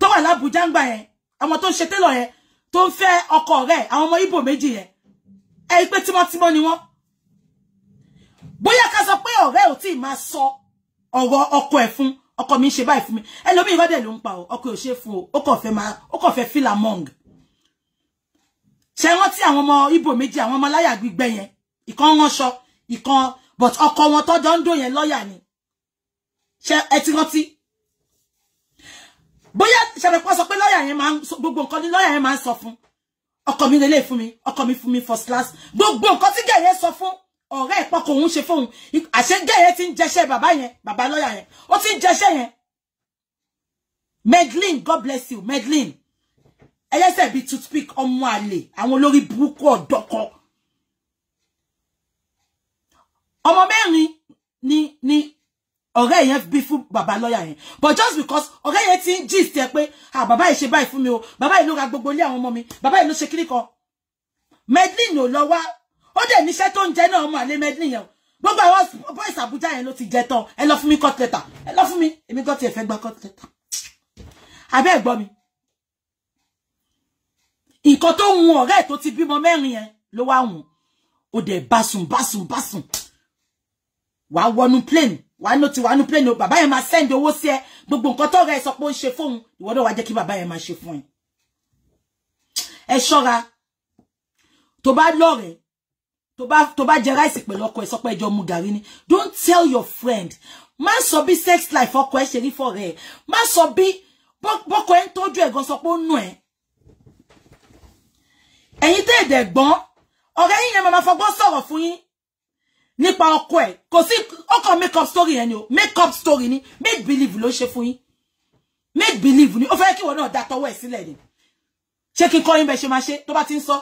tó wà lábùjá ń gbà yẹn ọmọ tó ń ṣe tẹ́lọ̀ yẹn tó ń fẹ́ ọkọ rẹ̀ àwọn ọmọ Ìgbò méjì yẹn ẹ pé tímọ́tímọ́ ni wọ́n bóyá ká sọ pé ọ̀rẹ́ ò tí ì máa sọ ọ̀rọ̀ ọkọ ẹ̀ Oko mi ṣe báyìí fún mi ẹlòmíì rọdẹ ló ń pa o Oko ò ṣe fún o ó kàn fẹ́ máa ó kàn fẹ́ feel among ṣe rántí àwọn ọmọ Ìgbò méjì àwọn ọmọ láyà gbígbẹ yẹn ìkan ránṣọ ìkan but oko wọn tọjọ ń dò yẹn lọ́ọ̀yà ni ṣe ẹ ti rántí bóyá ṣàbẹ̀pọ̀ sọ pé lọ́ọ̀yà yẹn máa ń gbogbo nǹkan ní lọ́ọ̀yà yẹn máa ń sọ fún ọkọ mi lélẹ̀ fún mi ọkọ mi fún mi first class gbogbo nǹkan tí gẹ̀ yẹn sọ fún ọ̀rẹ́ ìpọkọ òun ṣe fóun àṣegẹ yẹn ti ń jẹṣẹ bàbá yẹn bàbá lọ́yà yẹn ó ti ń jẹṣẹ yẹn Medlin God bless you Medlin ẹlẹ́sẹ̀ bíi toothpick ọmọ àlè àwọn olórí burúkú ọ̀dọ́kọ ọmọ mẹ́rin ni ni ọ̀rẹ́ yẹn bí fún bàbá lọ́yà yẹn but just because ọ̀rẹ́ yẹn ti ń gist ẹ pé ah bàbá yìí ṣe báyìí fún mi o bàbá yìí ló ra gbogbo ilé àwọn ọmọ mi bàbá yìí ló ṣe kíríkọ Medlin ò lọ wá ó dẹ̀ níṣẹ́ tó ń jẹ náà ọmọ àlẹ́mẹ́dì nìyẹn gbogbo àwọn boys Abuja yẹn ló ti jẹ tán ẹ lọ fún mi court letter ẹ lọ fún mi èmi gan ti ẹ̀ fẹ́ gba court letter abẹ́ ẹ̀gbọ́n mi nǹkan tó hun ọ̀rẹ́ ẹ̀ tó ti bímọ mẹ́rin yẹn ló wá hun ó dẹ̀ básùn básùn básùn wàá wọnú plane wàá ló ti wàá nu plane o bàbá yẹn máa send owó sí ẹ gbogbo nǹkan tó ọ̀rẹ́ ẹ sọ pé ó ń ṣe fóun ìwọ náà wàá jẹ́ kí bàbá yẹn máa ṣe fún ẹ ẹ ṣọ́ra tó bá lọ́rẹ̀ẹ́ tó bá tó bá jẹ ráìsì pẹ̀lú ọkọ ẹ̀ sọ pé don't tell your friend Man, sọ bí sex life ọkọ ẹ̀ for rí Man, ẹ̀ má sọ bí bọ́kọ ẹ̀ ń tọ́jú ẹ̀ gan sọ pé ó nù ẹ̀ ẹ̀yin tẹ́ ẹ̀dẹ̀ gbọ́n ọ̀rẹ́ yín yẹn máa fọgbọ́n sọ̀rọ̀ fún yín nípa ọkọ ẹ̀ kò sí ọkọ make up story yẹn ni o make up story ni make believe ló ṣe fún yín make believe ni ó fẹ́ kí ìwọ náà da tọwọ́ ẹ̀ sílẹ̀ ni ṣé kí n kọ́ yín bẹ́ẹ̀ ṣe máa ṣe tó bá ti ń sọ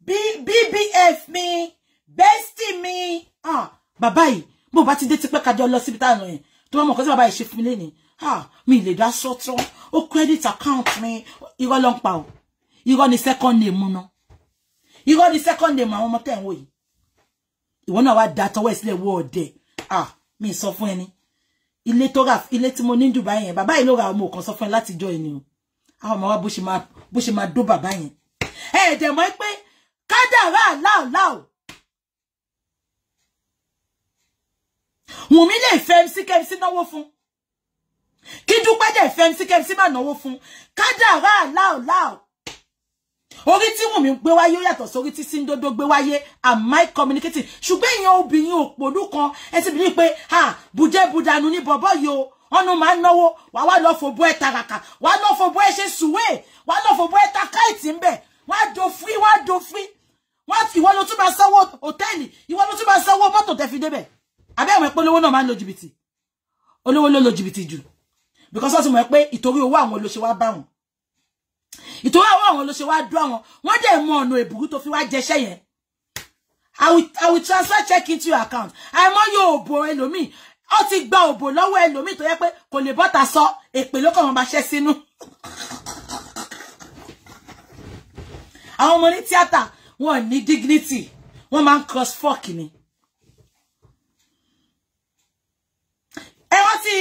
bbf mi bestie mi ah bàbá yìí bó bá ti dé tipẹ́ kájọ lọ síbi táwọn yẹn tó bá mọ̀ kọ́ sí bàbá yìí ṣe fún mi lénìí ah mi lè dá sọ́tọ́ ó credit account mi irọ́ ló ń pa o irọ́ ni second name náà irọ́ ni second name àwọn ọmọ tẹ̀ ń wò yìí ìwọ náà wá da tọwọ́ ìsílẹ̀ wọ ọ̀dẹ̀ ah mi sọ fún ẹni ilé tó rà ilé tí mo ní Dubai yẹn bàbá yìí ló ra ọmọ òkan sọ fún ẹ láti jọ ẹni o àwọn ọmọ wa bó ṣe máa dó bàbá yẹn ẹ̀ẹ́dẹ̀ mọ́ pé kádàrá láòláò Wùnmí lè fẹ́ MC KMC náwó fún kí Dúpẹ́ dẹ̀ fẹ́ MC KMC má náwó fún kádàrá láòláò orí tí Wùnmí gbé wáyé ó yàtọ̀ sórí tí Síndodo gbé wáyé am I communicating ṣùgbọ́n èèyàn obìnrin òpòlú kan ẹ sì bí pé ha bùjẹ́ bùdànù ní bọ̀bọ́ yìí o ọnu ma náwó wà wá lọ fòbó ẹ tàràkà wà lọ fòbó ẹ ṣe sùwé wà lọ fòbó ẹ ta káìtì ńbẹ wà do free wà do free wọ́n ti ìwọ ló tún máa sanwó hòtẹ́ẹ̀lì ìwọ ló tún máa sanwó mọ́tò tẹ́ fi débẹ̀ abẹ́ àwọn ìpolówó náà máa ń lo jìbìtì olówó ló lo jìbìtì jù because wọ́n ti mọ̀ pé ìtorí owó àwọn olóṣèwá bá wọn ìtorí owó àwọn olóṣèwá dú àwọn wọ́n dẹ̀ mọ ọ̀nà èbùrú tó fi wá jẹṣẹ́ yẹn I will, I will transfer check into your account àìmọ́ yóò òbò ẹlòmíì ó ti gba òbò lọ́wọ́ ẹlòmíì tó yẹ pé kò lè bọ́ta sọ èpè ló kàn wọ́n máa ṣẹ́ sínú àwọn ọmọ ní tíátà wọn ní dignity wọ́n máa ń cross fork ni. ẹ wọ́n ti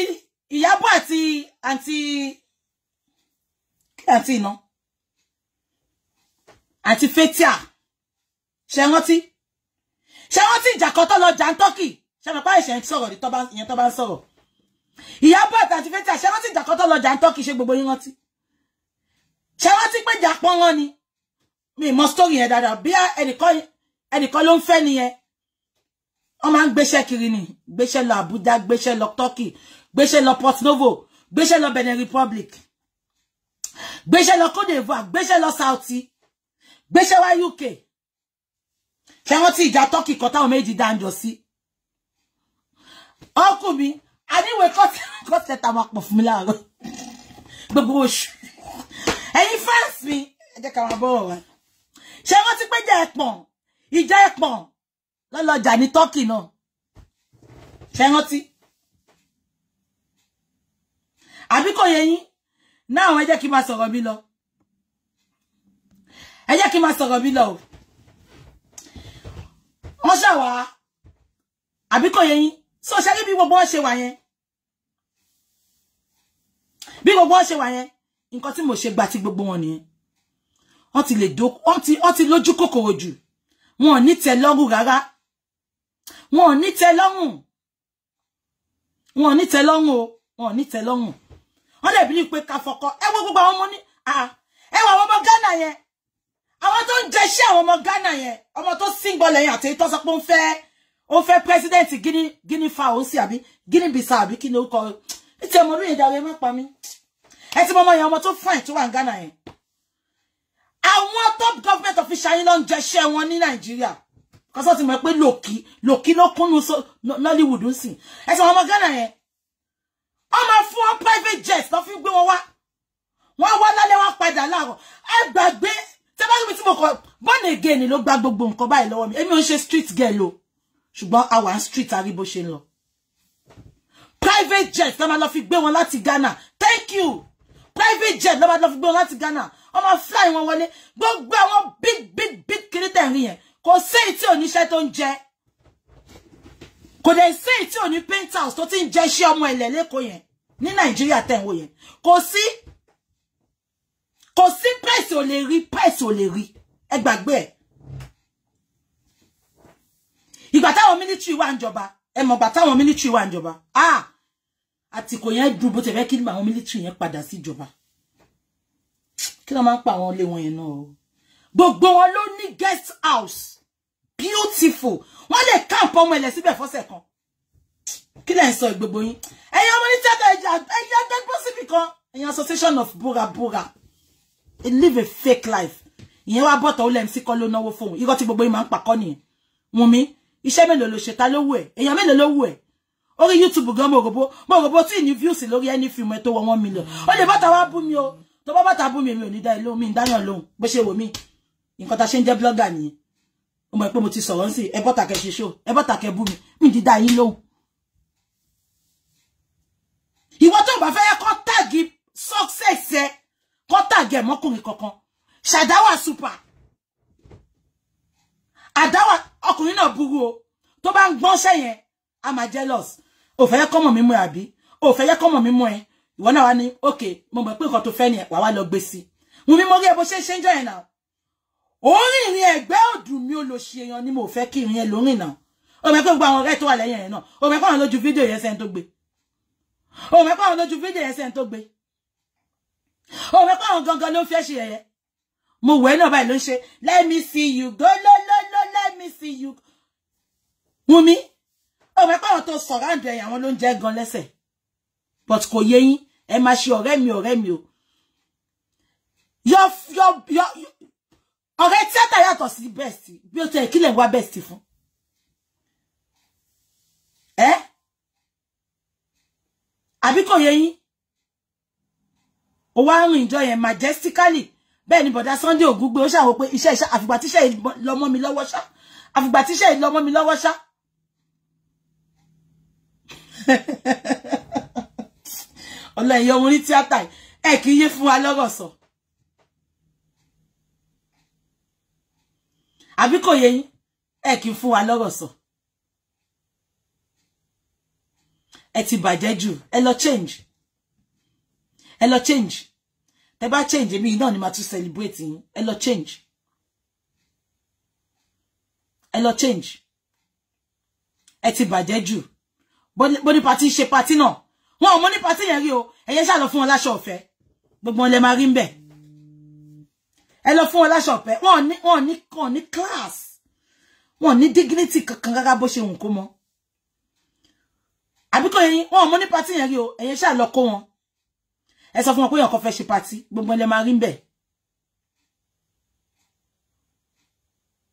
Ìyábọ̀ àti àti àti iná àti Fathia ṣe rántí ṣe rántí ìjàkọ́ tó lọ jàǹtọ́kì ṣe mọ̀ páyì ṣe ń sọ̀rọ̀ ìyẹn tó bá ń sọ̀rọ̀ Ìyábọ̀ àti Fathia ṣe rántí ìjàkọ́ tó lọ jàǹtọ́kì ṣe gbogbo yín rántí ṣe rántí pé jàpọ̀ wọn ni mi mọ story yẹn dáadáa bí ẹnìkan ẹnìkan ló ń fẹ́ nìyẹn wọ́n máa ń gbéṣẹ́ kiri ni gbéṣẹ́ lọ Abuja gbéṣẹ́ lọ Turkey gbéṣẹ́ lọ Port Novo gbéṣẹ́ lọ Benin Republic gbéṣẹ́ lọ Cote d'Ivoire gbéṣẹ́ lọ Saudi gbéṣẹ́ wá UK ṣé wọ́n ti ìjà Turkey O táwọn méjì dáńjọ sí ọkùn mi aníwè kọ́sẹ̀tà máa pọ̀ fún mi láàárọ̀ gbogbo oṣù ẹ̀yin fans mi ẹ jẹ́ ká máa bọ̀ wá ṣé wọ́n ti pé ìjà ẹ̀pọ̀n ìjà ẹ̀pọ̀n lọ́lọ́jà ní tọ́kì náà ṣé rántí àbí kò yẹ yín náà àwọn ẹ jẹ́ kí n máa sọ̀rọ̀ mi lọ ẹ kí n máa sọ̀rọ̀ mi lọ o wọ́n ṣàwà àbí kò yẹ yín so ṣe rí bí gbogbo wọn ṣe wà yẹn bí gbogbo wọn ṣe wà yẹn nǹkan tí mo ṣe gbà tí gbogbo wọn nìyẹn wọ́n ti lè do wọ́n ti wọ́n ti lójú kòkòrò jù wọn ò ní tẹ́ lọ́rùn rárá wọn ò ní tẹ́ lọ́rùn wọn ò ní tẹ́ lọ́rùn o wọn ò ní tẹ́ lọ́rùn wọ́n dẹ̀ bí ní pé ká ẹ wo gbogbo àwọn ọmọ ní ẹ wo àwọn ọmọ Ghana yẹn àwọn tó ń jẹṣẹ́ àwọn ọmọ Ghana yẹn ọmọ tó síngbọlẹ̀ yẹn àtẹ̀yìn tó sọ pé ó ń fẹ́ ó fẹ́ pẹ́sidẹ́ǹtì gíní gíní fa òun sí àbí gíní bìsà àbí kí ni ó kọ ní ti ọmọ orí yẹn ẹ má pa mí ẹ ti mọ ọmọ yẹn ọmọ tó fàìn tó wà ní Ghana yẹn àwọn top government official yín ló ń jẹṣẹ́ wọn ní nàìjíríà kọ́sọ́ ti mọ̀ pé lòkì lòkì ló kúnnú nollywood ń sìn ẹ̀sìn ọmọ ghana yẹn wọ́n fún wọn private jet tó fi gbé wọn wá wọ́n wá lálẹ́ wọn padà láàárọ̀ ẹ gbàgbé tẹ bá níbi tí mo kọ born again ló gba gbogbo nǹkan báyìí lọ́wọ́ mi èmi ò ń ṣe street girl o ṣùgbọ́n àwa street àrí bó ṣe lọ private jet ló máa lọ fi gbé wọn láti ghana thank you private jet ló máa lọ fi gbé wọn láti ghana wọ́n máa fly wọn wọlé gbogbo àwọn big big big kiri tẹ̀rín yẹn kò sí èyí tí oníṣẹ́ tó ń jẹ kò dẹ̀ sí èyí tí oní paint house tó ti ń jẹ́ iṣẹ́ ọmọ ẹ̀lẹ́ lẹ́kọ̀ọ́ yẹn ní nàìjíríà tẹ̀ ń wò yẹn kò sí kò sí price ò lè rí price ò lè rí ẹ gbàgbé ẹ ìgbà táwọn military wà ń jọba ẹ mọ̀gbà military wà ń ah àtìkò yẹn dùn bó tẹ̀ fẹ́ kí ni àwọn military yẹn padà sí ìjọba kí ló máa ń pa àwọn ilé wọn yẹn náà o gbogbo wọn ló ní guest house beautiful wọ́n lè camp ọmọ ilẹ̀ síbẹ̀ fọ́sẹ̀ kan kí lẹ́yìn sọ gbogbo yín ẹ̀yin ọmọ ní tíátà ẹ̀yà ẹ̀yà dẹ́gbọ́ síbì kan ẹ̀yin association of bora bora they live a fake life ìyẹn wá bọ́tọ̀ ó lẹ́mí sí kọ́ ló náwó fóun irọ́ tí gbogbo yín máa ń pakọ́ nìyẹn Wùnmí iṣẹ́ mélòó ló ṣe ta ló wù ẹ́ èèyàn mélòó ló wù ẹ́ orí YouTube gan mo rògbó mo rògbó tí ì views lórí ẹni fíìmù ẹ tó wọ one million ó lè bọ́tọ̀ wá bú mi o tó bá bàtà bú mi mi ò ní dá mi ń dáyàn lóhùn bó ṣe wò mí nǹkan ta ṣe ń jẹ́ blọ́gà nìyẹn ó mọ̀ mo ti sọ̀rọ̀ ń sìn ẹ bọ́tà kẹ ṣe ṣó ẹ bọ́tà kẹ bú mi mi ti dá yín lóhùn. ìwọ tó bá fẹ́ kọ́ tàgì success ẹ kọ́ tàgì ẹ̀ mọ́kùnrin kankan ṣàdáwà super àdáwà ọkùnrin náà burú o tó bá ń gbọ́nṣẹ́ yẹn a máa jealous ò fẹ́ yẹ kọ́mọ̀ mímú ẹ àbí ò fẹ́ yẹ kọ́mọ̀ mímú ẹ ìwọ náà wá ní okay mo mọ̀ pé nǹkan tó fẹ́ ni wàá wá lọ gbé sí Wunmi mo rí ẹ bó ṣe ṣe ń jọ yẹn náà orin ìrìn ẹ̀gbẹ́ ọdún mi ò lò ṣe èèyàn ni mo fẹ́ kí ìrìn ẹ lórin náà o mọ̀ pé gbogbo àwọn ọ̀rẹ́ tó wà lẹ́yìn ẹ̀ náà o mọ̀ pé àwọn lójú fídíò yẹn sẹ́ni tó gbé o mọ̀ pé àwọn lójú fídíò yẹn sẹ́ni tó gbé o mọ̀ pé àwọn gangan ló fẹ́ ṣe yẹyẹ mo wẹ̀ náà báyìí ló ń ṣe let me see you go lo lo lo let me see you Wunmi o mọ̀ pé àwọn tó sọ̀rọ̀ àǹdẹ̀ àwọn ló ń jẹ́ gan lẹ́sẹ̀ but kò yé yín ẹ ma ṣe ọ̀rẹ́ mi ọ̀rẹ́ mi o your your your ọ̀rẹ́ tíátà yàtọ̀ sí best bí ó tẹ ìkílẹ̀ wá best fún ẹ àbí kò yẹ yín ó wá rìn ìjọ yẹn majestically bẹ́ẹ̀ ni bọ̀dá Sunday Ògúngbé ó ṣàwọ pé iṣẹ́ iṣẹ́ àfìgbà tíṣẹ́ ìlọmọ mi lọ́wọ́ ṣá àfìgbà tíṣẹ́ ìlọmọ mi lọ́wọ́ ṣá. ọ̀la ẹ̀yọ́ orí tíátà ẹ̀ kì í yé fún wa lọ́rọ̀ sọ. àbí kò yé yín ẹ̀ kì í fún wa lọ́rọ̀ sọ. ẹ ti bàjẹ́ jù ẹ lọ change ẹ lọ change tẹ bá change èmi náà ni màá tún celebrate yín ẹ lọ change ẹ lọ change ẹ ti bàjẹ́ jù bó party pati ṣe pati náà wọn ò mọ ní pàtí yẹn rí o ẹ̀yẹ ṣá lọ fún wọn láṣọ ọ̀fẹ́ gbogbo wọn lè máa rí ń bẹ̀ ẹ lọ fún wọn láṣọ ọ̀fẹ́ wọn ní wọn ní kàn ní class wọn ní dignity kankan gágá bó ṣe hùn kó mọ àbíkọ yẹn wọn ò mọ ní pàtí yẹn rí o ẹ̀yẹ ṣá lọ kó wọn ẹ sọ fún wọn pé yàn kan fẹ́ ṣe pàtí gbogbo wọn lè máa rí ń bẹ̀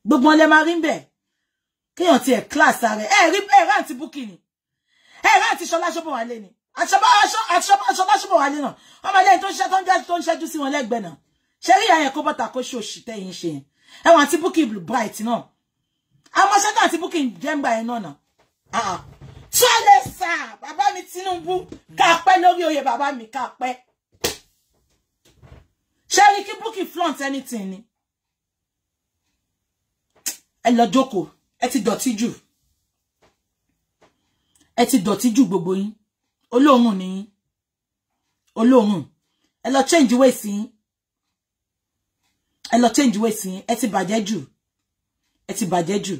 gbogbo wọn lè máa rí ń bẹ̀ kéèyàn tiẹ̀ class ara ẹ̀ rí ẹ̀ rántí búkì ni ẹ̀ rántí ṣọlá ṣọ́bọ̀ wálé ni àṣọbáṣọbọ wà lẹ́nà ọmọ ilé tó ń ṣe tó ń jẹ́ tó ń ṣẹ́jú sí wọn lẹ́gbẹ̀ẹ́ náà ṣe rí ìyá yẹn kó bọ́ta kó ṣòṣì tẹ́yìn ṣe yẹn ẹwọn àti búkì bright náà amọ̀ṣẹ́tà àti búkì jẹ́ǹgbà yẹn náà náà tí ó lè sà bàbá mi Tinubu ká pẹ́ lórí oyè bàbá mi ká pẹ́ ṣe rí kí búkì flaunt anything ni ẹ lọ jókòó ẹ ti dọ̀tí jù ẹ ti dọ̀tí jù gbogbo yín olóhùn ni olóhùn ẹ lọ change way sin, ẹ lọ change way sin. ẹ ti bàjẹ́ jù ẹ ti bàjẹ́ jù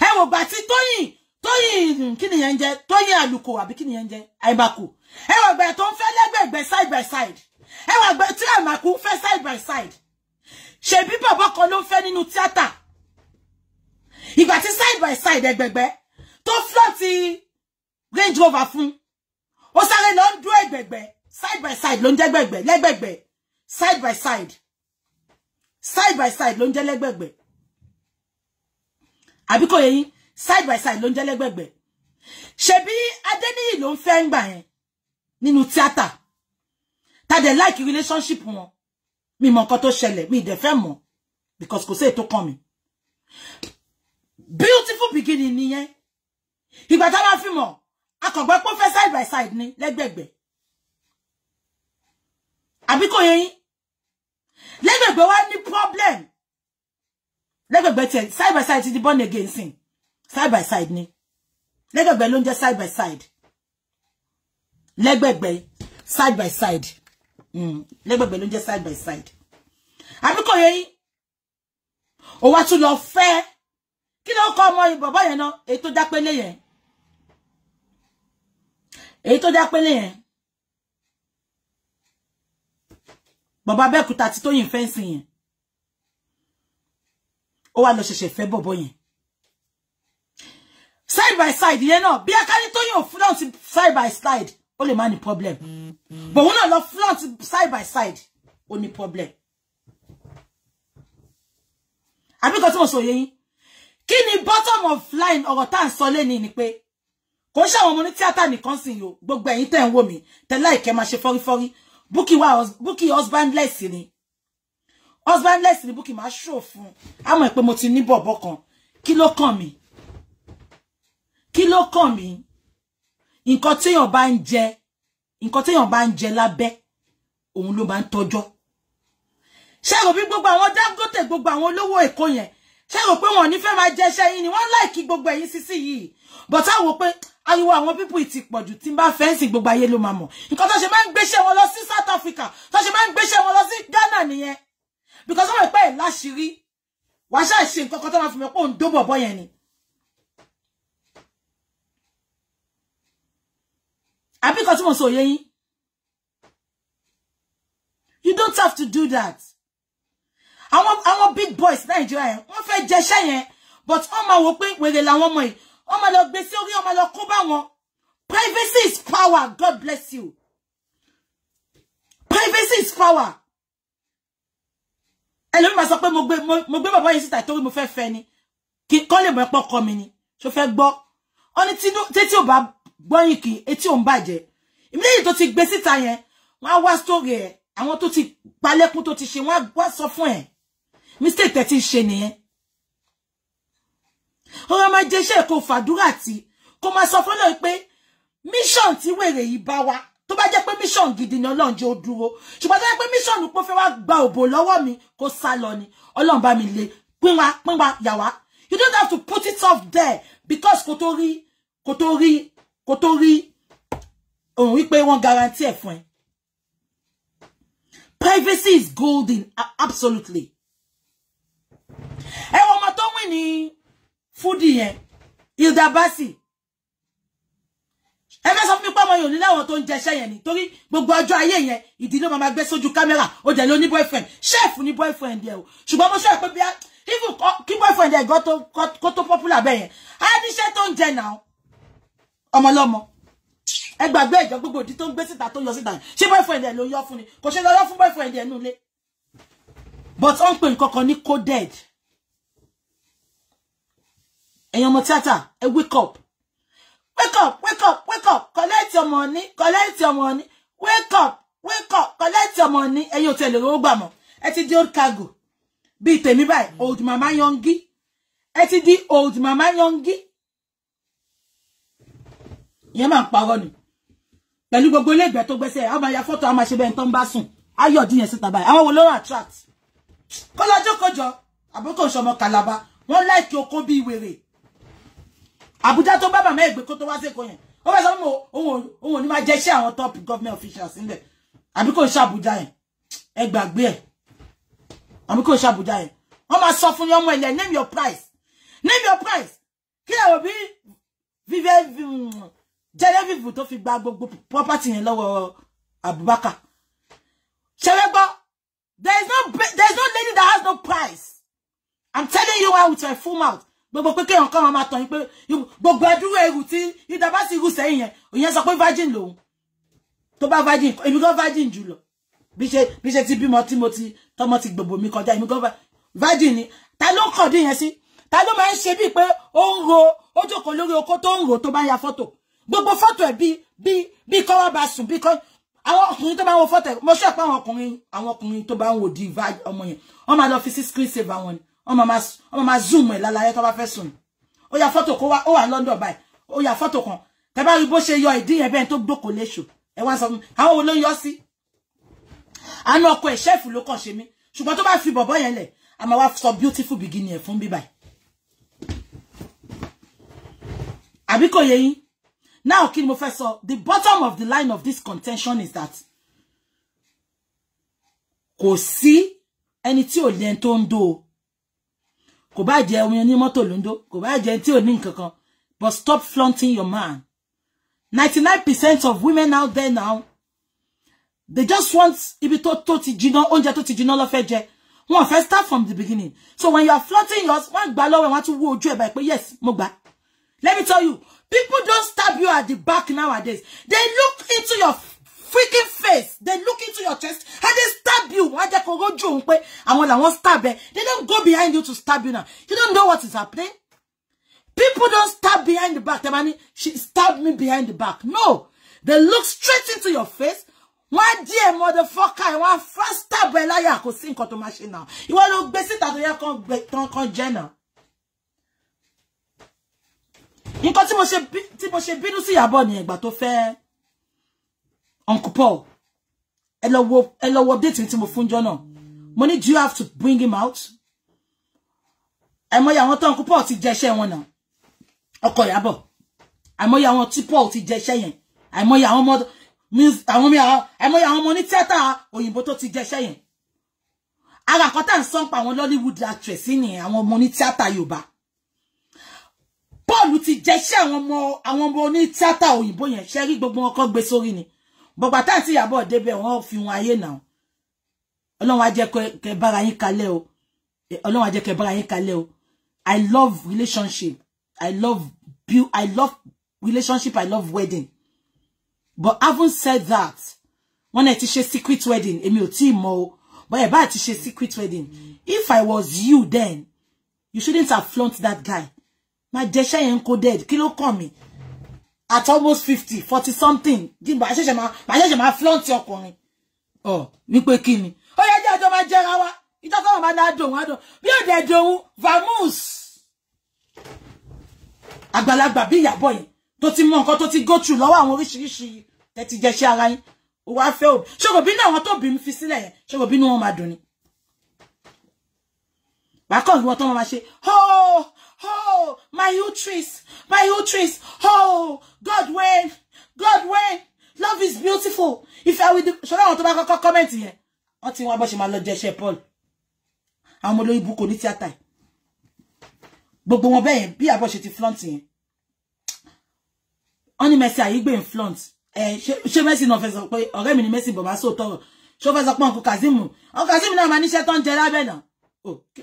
ẹ wò bá ti Tóyìn Tóyìn kí nìyẹn ń jẹ Tóyìn àlùkò àbí kí nìyẹn ń jẹ àìbàkù ẹ wà gbẹ tó ń fẹ́ lẹ́gbẹ̀gbẹ̀ side by side ẹ wà gbẹ tí àìbàkù ń fẹ́ side by side ṣebí bàbá kan ló ń fẹ́ nínú tíátà ìgbà tí side by side ẹgbẹgbẹ tó flọ́ọ̀tì. Range Rover fún ó sáré lọ ń dúró ẹ̀gbẹ̀gbẹ̀ side by side ló ń jẹ́ gbẹ̀gbẹ̀ lẹ́gbẹ̀gbẹ̀ side by side side by side ló ń jẹ́ lẹ́gbẹ̀gbẹ̀ àbí kò yé yín side by side ló ń jẹ́ lẹ́gbẹ̀gbẹ̀ ṣebí Adéníyì ló ń fẹ́ ń gbà yẹn nínú tíátà ta dẹ̀ like relationship wọn mi mọ nǹkan tó ṣẹlẹ̀ mi dẹ̀ fẹ́ mọ̀ because kò sí ètò kan mi beautiful beginning nìyẹn ìgbà tá a máa fi mọ̀ akọ̀gbẹ́ pọ́ fẹ́ side by side ni lẹ́gbẹ̀gbẹ́ àbí kò yé yín lẹ́gbẹ̀gbẹ́ wá ní problem lẹ́gbẹ̀gbẹ́ tiẹ̀ side by side ti di born again sin side by side ni lẹ́gbẹ̀gbẹ́ ló ń jẹ́ side by side lẹ́gbẹ̀gbẹ́ side by side mm. lẹ́gbẹ̀gbẹ́ ló ń jẹ́ side by side àbí kò yé yín ó wá tún lọ fẹ́ kí ló kọ́ ọmọ bàbá yẹn náà èyí tó dápẹ́lé yẹn èyí tó já pélé yẹn bàbá Abẹ́òkúta ti Tóyìn fẹ́ǹsì yẹn ó wá lọ ṣẹ̀ṣẹ̀ fẹ́ bọ̀bọ̀ yẹn side by side yẹn náà bí akáyí Tóyìn ò flaunt side by side ó lè má ní problem but òun náà lọ flaunt side by side ó ní problem àbí kan tí mo sọ yẹ yín kí ni bottom of line ọ̀rọ̀ tá à ń sọ lẹ́ni ni pé Ko ṣe àwọn ọmọ ni tíátà nìkan sìn yo gbogbo ẹ̀yin tẹ́ ń wò mí tẹ́ láìkẹ́ máa ṣe fọ́rífọ́rí Bukky wa Bukky husbandless ni husbandless ni Bukky máa ṣò fún àmọ́ ẹ̀ pé mo ti ní bọ̀bọ̀ kan kí ló kàn mí kí ló kàn mí nǹkan téèyàn bá ń jẹ nǹkan téèyàn bá ń jẹ lábẹ́ òun ló máa ń tọ́jọ́ ṣé rò bí gbogbo àwọn Dangote gbogbo àwọn olówó Èkó yẹn ṣé rò pé wọn ò ní fẹ́ máa jẹ iṣẹ́ ni wọ́n láìkí gbogbo ẹ̀yin sísí yìí bọ̀tá wò pé ariwo àwọn pípù ti pọ̀jù tí n bá fẹ́ǹsì gbogbo ayé ló máa mọ̀ nǹkan tó ṣe máa ń gbéṣẹ́ wọn lọ sí South Africa tó ṣe máa ń gbéṣẹ́ wọn lọ sí Ghana nìyẹn because wọ́n rẹ̀ pẹ́ láṣìírí wàá ṣáà ṣe nǹkan kan tó máa fi mọ̀ pé òun dó bọ̀bọ̀ yẹn ni. àbí nǹkan tí mo sọ yé yín you don't have to do that àwọn àwọn big boys Nàìjíríà yẹn wọ́n fẹ́ jẹṣẹ́ yẹn but wọ́n máa wò pé wèrè làwọn ọmọ yìí wọ́n máa lọ gbé sí orí wọ́n máa lọ kó bá wọn privacy is power God bless you privacy is power ẹlòmíì máa sọ pé mo gbé bàbá yìí síta torí mo fẹ́ fẹ́ ni kí kọ́ lè mọ ẹpọ́ kọ́ mi ni ṣó fẹ́ gbọ́ ọ ní títí ò bá gbọ́yìn kì etí ò ń bàjẹ́ ìmílẹ̀yìn tó ti gbé síta yẹn wọ́n á wá sórí ẹ̀ àwọn ti palẹ́kún tó ti ṣe wọ́n á wá sọ fún mistake tẹ̀ ti ṣe nìyẹn ọ̀rọ̀ máa jẹ́ kò fàdúrà tí kò máa sọ fọ́lọ́ pé mission tí wèrè yìí bá wa tó bá jẹ́ pé mission gidi ni ọlọ́run jẹ́ ó dúró ṣùgbọ́n tó jẹ́ pé mission pé fẹ́ wá gba òbò lọ́wọ́ mi kó sá lọ ni ọlọ́run bá mi lé pín wa pín wa yà wá you don't have to put it off there because kò tó rí kò tó rí kò tó rí òun wípé wọ́n guarantee ẹ̀ fún ẹ privacy is golden absolutely ẹ wọ́n ọmọ tó wìn ní fúdì yẹn Hilda Basi ẹ fẹ́ sọ fún mi pé ọmọ yòó ní láwọn tó ń jẹṣẹ́ yẹn ni torí gbogbo ọjọ́ ayé yẹn ìdílé máa gbé sójú kámẹ́rà ó dẹ̀ ló ní boyfriend ṣẹ́ẹ̀fù ní boyfriend yẹn o ṣùgbọ́n mo ṣọ́ọ̀ pé bí even kí boyfriend yẹn gan kó tó popular bẹ́ẹ̀ yẹn á níṣẹ́ tó ń jẹ náà ọmọlọ́mọ ẹ gbàgbé ìjọ gbogbo òdí tó ń gbé síta tó yọ síta ṣé boyfriend yẹn ló yọ fún ni kò ṣe lọ fún boyfriend yẹn nulẹ̀ but ó ń pè nǹkan kan ní coded ẹ̀yin ọmọ tíátà ẹ wake up wake up wake up wake up collect your money collect your money wake up wake up collect your money ẹ̀yin òtún ẹ̀lẹ́rọ ó gbà mọ́ ẹ ti di old cargo bíi tèmi báyìí old mama yongi ẹ ti di old mama yongi ìyẹn máa ń parọ́ ni pẹ̀lú gbogbo ilé ìgbẹ́ tó gbẹ́sẹ̀ a máa ya fọ́tò a máa ṣe bẹ́ẹ̀ tó ń bá sùn ayọ̀ dín yẹn síta báyìí àwọn wo ló ń attract kọ́lá jókòjọ́ àbúkò ìṣọmọ kàlàbà wọ́n láìkí okó bíi wèrè Abuja tó bá bàmá ègbè kó tó wá sí èkó yẹn ó fẹ́ sọ fún mi òun ò ní máa jẹ́ iṣẹ́ àwọn top government officials nílẹ̀ àbí kò ń ṣàbújá yẹn ẹ gbàgbé ẹ̀ àbí kò ń ṣàbújá yẹn wọ́n máa sọ fún yín ọmọ ilẹ̀ name your price name your price kí ẹ wò bí vive Genevieve tó fi gba gbogbo property yẹn lọ́wọ́ Abubakar ṣẹlẹ̀ gbọ́ there is no there is no lady that has no price I'm telling you why with my full mouth gbogbo pé kéèyàn kọ́ wọn máa tàn yín pé gbogbo ẹdúró ẹrù tí ìdá bá sì rú sẹ́yìn yẹn òyìn sọ pé virgin lòun tó bá virgin èmi gan virgin jù lọ bí ṣe bí ṣe ti bímọ tí mo ti tọmọ ti gbogbo mi kọjá èmi gan virgin ni ta ló kàn dín yẹn sí ta ló máa ń ṣe bíi pé ó ń ro ó jókòó lórí oko tó ń ro tó bá ń ya fọ́tò gbogbo fọ́tò ẹ̀ bí bí bí kọ́ wá bá sùn bí kọ́ àwọn ọkùnrin tó bá ń wo fọ́tò ẹ̀ mo ṣe pé àwọn ọkùnrin àwọn ọkùnrin tó bá ń wo di ọmọ yẹn wọ́n máa lọ fi sí screen saver wọn ni ọmọ máa ọmọ máa zoom ẹ̀ lálàyé tó bá fẹ́ sùn ya fọ́tò kó wá ó wà London báyìí ó ya fọ́tò kan tẹ bá rí bó ṣe yọ ìdí yẹn bẹ́ẹ̀ tó gbókò léṣò ẹ wá sọ fún mi àwọn wo ló yọ sí àánú ọkọ ẹ̀ ṣẹ́ẹ̀fù ló kàn ṣe mí ṣùgbọ́n tó bá fi bọ̀bọ́ yẹn lẹ̀ a máa wá sọ beautiful beginning ẹ̀ fún bíbáyìí àbí kò yé yín now kí ni mo fẹ́ sọ the bottom of the line of this contention is that kò sí ẹni tí ò lẹ́ni tó ń dó kò bá jẹ́ omi oní lóńdó kò bá jẹ́ tí ò ní nǹkan but stop flaunting your man ninety nine percent of women out there now they just want ibi tó tó ti jiná oúnjẹ tó ti jiná lọ jẹ wọn fẹ́ start from the beginning so when you are flaunting yours wọn gbà lọ́wọ́ wọn tún wo ojú ẹ̀ báyìí pé yes mo gbà let me tell you people don stab you at the back nowadays they look into your freaking face they look into your chest and they stab you Why they jẹ́ go jump? And when àwọn làwọn stab ẹ they don't go behind you to stab you now you don't know what is happening people don't stab behind the back tẹ́ bá she stabbed me behind the back no they look straight into your face My dear motherfucker ẹ̀ want first stab a liar. kò sí nǹkan tó máa ṣe náà ìwọ ló gbé síta tó yẹ kán con tán You can't see nǹkan tí mo ṣe bínú sí Ìyábọ̀ nìyẹn ìgbà fair. Uncle Paul ẹ lọ wo ẹ wo update mi tí mo fún jọ Money do you have to bring him out àìmọye àwọn tó Uncle Paul ti jẹṣẹ wọn náà ọkọ Ìyábọ̀ àìmọye àwọn tí Paul ti jẹṣẹ yẹn àìmọye àwọn ọmọ means àwọn mi àwọn àìmọye àwọn ọmọ ní tíátà òyìnbó tó ti jẹṣẹ yẹn ara kan tá à ń sọ pa àwọn Lollywood actress ni àwọn ọmọ ní tíátà Yorùbá Paul ti jẹṣẹ àwọn ọmọ àwọn ọmọ ní tíátà òyìnbó yẹn ṣe rí gbogbo wọn kọ gbé sórí ni bọ̀gbà táì tí Ìyábọ̀ débẹ̀ wọ́n fi wọn ayé náà ọlọ́run á jẹ́ ke bára yín kalẹ̀ o ọlọ́run á jẹ́ kẹ́ bára yín kalẹ̀ o I love relationship I love build I love relationship I love wedding but having said that when I tish ṣe secret wedding Emi ò tí ì but ẹ̀ bá ti ṣe secret wedding if I was you then you shouldn't have flaunt that guy My jẹ́ ṣẹ́yìn coded kí ló kàn mí at almost fifty forty something jimbo àṣẹṣẹ máa àṣẹṣẹ máa flaunt ọkùnrin ọ wípé kí ni ó yẹ jẹ́ àjọ máa jẹ́ra wa ìjọ tó wà máa dáa dòun àdùn bí òde dòun vamoose àgbàlagbà bí ìyàbọ̀ yìí tó ti mọ nǹkan tó ti go through lọ́wọ́ àwọn oríṣiríṣi ẹ ti jẹ́ ṣe ara yín ó wá fẹ́ òbí ṣòro bínú àwọn tó bí mi fi sílẹ̀ yẹn ṣòro bínú wọn máa dùn ni bákan ìwọ tó máa ṣe Oh! Oh, my uterus, my uterus. Oh, God, when, God, when. Love is beautiful. If I will, ṣọlá àwọn tó bá kọ́kọ́ comment here? Wọ́n ti wọ́n bọ́ ṣe máa lọ Paul. Àwọn ọmọ olóyìnbó kò ní tíátà. Gbogbo wọn bẹ́ẹ̀ bí àbọ̀ ṣe ti flaunt yẹn. Wọ́n ní Mercy Àyígbè ń flaunt. Ṣé Mercy náà fẹ́ sọ pé ọ̀rẹ́ mi ni Mercy bàbá sóò tọrọ? Ṣé ó fẹ́ sọ pé ọkùn Kazeem? Ọkùn Kazeem náà máa níṣẹ́ tó ń jẹ lábẹ́ náà. Oh, kí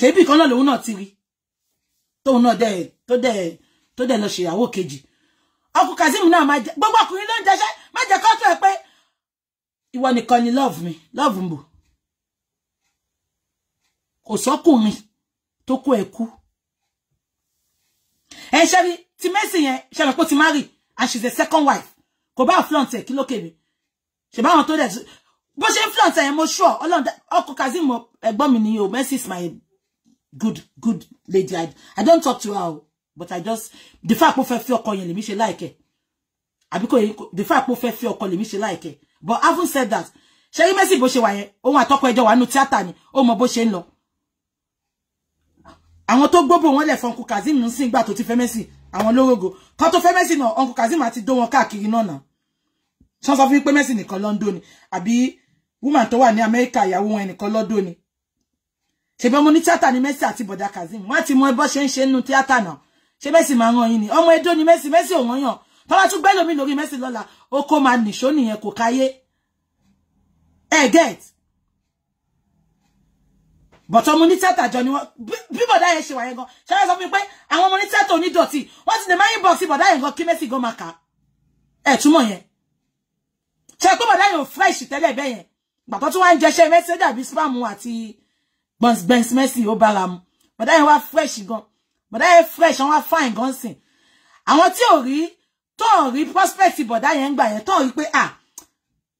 ṣebí kan náà lòun náà ti rí tóun náà dẹ̀ tó dẹ̀ tó dẹ̀ lọ ṣèyàwó kejì ọkùnrin kazeem náà máa jẹ gbogbo ọkùnrin ló ń jẹṣẹ má jẹ kó ẹ pé ìwọ nìkan ni love mi love mbò kò sọkùnrin tó kó ẹ kú ẹ ṣe rí ti Mercy yẹn ṣe pé ti marry and she's a second wife kò bá flaunt ẹ kí lókè mi ṣe báwọn tó dẹ bó ṣe ń flaunt ẹ mo sure ọlọ́run ọkùnrin kazeem ẹ̀gbọ́n mi nìyí o Mercy is my good good lady i, I don't talk to her but i just the fact pé fẹ́ fi ọkọ yẹn lèmi ṣe like àbí kò the fact pé fẹ́ fi ọkọ lèmi ṣe like but having said that ṣé yí Mercy bó ṣe wà yẹn òun àtọkọ ẹjọ wà nù tíátà ni ó mọ bó ṣe ń lọ àwọn tó gbóbò wọn lẹ̀ fún uncle Kazeem ń sìn gbà tó ti fẹ́ Mercy àwọn lórógo kan tó fẹ́ Mercy náà uncle Kazeem àti dó wọn káàkiri náà náà tí wọ́n sọ fún Messi pé Mercy nìkan London ni àbí woman To wà ní America, ìyàwó wọn nìkan London ni ṣebí ọmọ ní tíátà ni Mercy àti bọ̀dá Kazeem wọ́n ti mọ bó ṣe ń ṣe nínú tíátà náà ṣé Mercy máa ràn yín ni ọmọ Edo ni Mercy Mercy òun yàn tọ́lá tún gbẹ́lómi lórí Mercy lọ́la oko máa nìṣó nìyẹn kò káyé ẹ get bọ̀tọ̀ ọmọ ní tíátà jọ ni wọ́n bí bọ̀dá yẹn ṣe wà yẹn gan ṣẹlẹ̀ sọ fún mi pé àwọn ọmọ ní tíátà onídọ̀tí wọ́n ti lè máa inbox bọ̀dá yẹn gan kí Mercy gan máa kà ẹ̀ túmọ̀ yẹn ṣe pé bọ̀dá yẹn ò fresh tẹ́lẹ̀ bẹ́yẹn gbàtọ́ tí wọ́n á ń jẹṣẹ́ Mercy dàbí spam àti Benz Mercy Messi bára mu bọ̀dá yẹn wá fresh gan bọ̀dá yẹn fresh wọ́n wá fine gan sìn àwọn tí ò rí tó ò rí prospect bọ̀dá yẹn ń gbà yẹn tó ò rí pé ah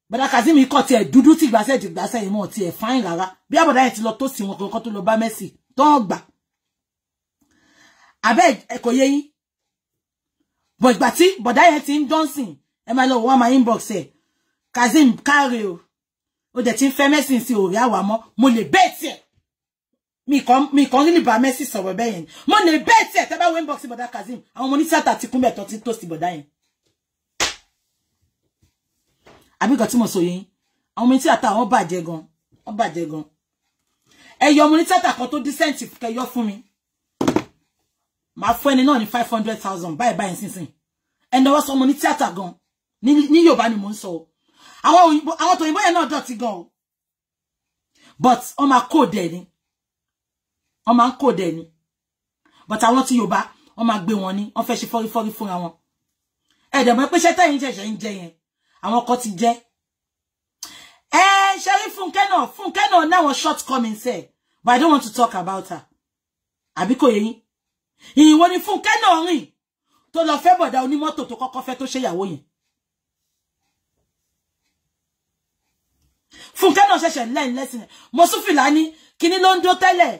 bọ̀dá Kazeem kọ́ tiẹ̀ dúdú tí gbàṣẹ́ ti gbàṣẹ́ yìí mọ̀ tiẹ̀ fine rárá bí àbọ̀dá yẹn ti lọ tó sì wọn kankan tó lọ bá Mercy tó ń gbà abẹ́ ẹ̀kọ́ yẹ yín bọ̀ ìgbà tí bọ̀dá yẹn ti ń dọ́nsìn ẹ máa lọ wọ́n máa inbox ẹ̀ Kazeem káre o ó dẹ̀ ti ń fẹ́ Mercy sí òrí àwàmọ́ mo lè bẹ́ẹ̀ tiẹ̀ mi kan mi kan ni ba Mercy sọ̀rọ̀ bẹ́ẹ̀ yẹn mo ní bẹ́ẹ̀ tí ẹ tẹ́ bá wo inbox bọ̀dá Kazeem àwọn mo ní sata ti kun be ton tin toast bọ̀dá yẹn àbí kan tí mo sọ yín àwọn mi ti ata àwọn bàjẹ́ gan wọ́n bàjẹ́ gan ẹ yọ mo ní sata kan tó decent kẹ́ yọ fún mi màá fún ẹni náà ní 500000 bye bye nsinsin ẹni wá sọ mo ní theater gan ní ní Yorùbá ni mo ń sọ àwọn òyìnbó àwọn tòyìnbó yẹn náà dọ̀tí gan o but ó máa kó dẹ̀ wọ́n máa ń kò dẹ̀ ni but àwọn tí Yorùbá wọ́n máa gbé wọn ní wọ́n fẹ́ ṣe fọ́rífọ́rí fúnra wọn ẹ̀dẹ̀ mọ́ pé ṣẹ́tẹ̀ yín ṣẹ̀ṣẹ̀ ń jẹ yẹn àwọn kan ti jẹ́ ẹ ṣe rí Fúnkẹ́ náà Fúnkẹ́ náà náwọn shortcomings ẹ̀ but I don't want to talk about her àbí kò yẹ yín ìwọ ni Fúnkẹ́ náà rìn tó lọ fẹ́ bọ̀dá onímọ́tò tó kọ́kọ́ fẹ́ tó ṣèyàwó yẹn Fúnkẹ́ náà ṣẹ̀ṣẹ̀ lẹ́yìn lẹ́sìn mọ́súfìlà ní kinní ló ń dó tẹ́lẹ̀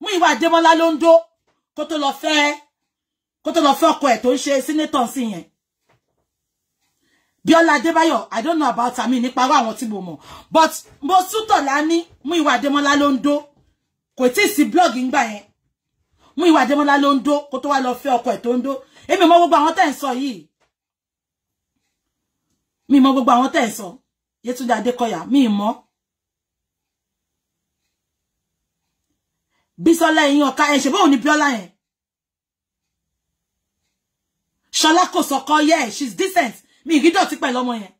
Múyìwá Adémọ́lá ló ń dó kó tó lọ fẹ́ kó tó lọ fẹ́ ọkọ ẹ̀ tó ń ṣe sínétọ̀ sí yẹn. Bíọ́lá Adébáyọ̀ I don't know about am nípa irú àwọn tí mo mọ̀ but mo sútọ̀ lání Múyìwá Adémọ́lá ló ń dó kò tí ì sí blog ńgbà yẹn Múyìwá Adémọ́lá ló ń dó kó tó wá lọ fẹ́ ọkọ ẹ̀ tó ń dó èmi mọ gbogbo àwọn tẹ́ ń sọ yìí mi mọ gbogbo àwọn tẹ́ ń sọ Yétúndé Adékọ̀yà mi mọ́ Bísọ́lá ẹ̀yin ọ̀ka ẹ̀ ṣèbọ̀ òní Bíọ́lá yẹn. Ṣọlá kò sọ̀kọ yẹ she's decent mi ìrí dọ̀tí pẹ̀lú ọmọ yẹn.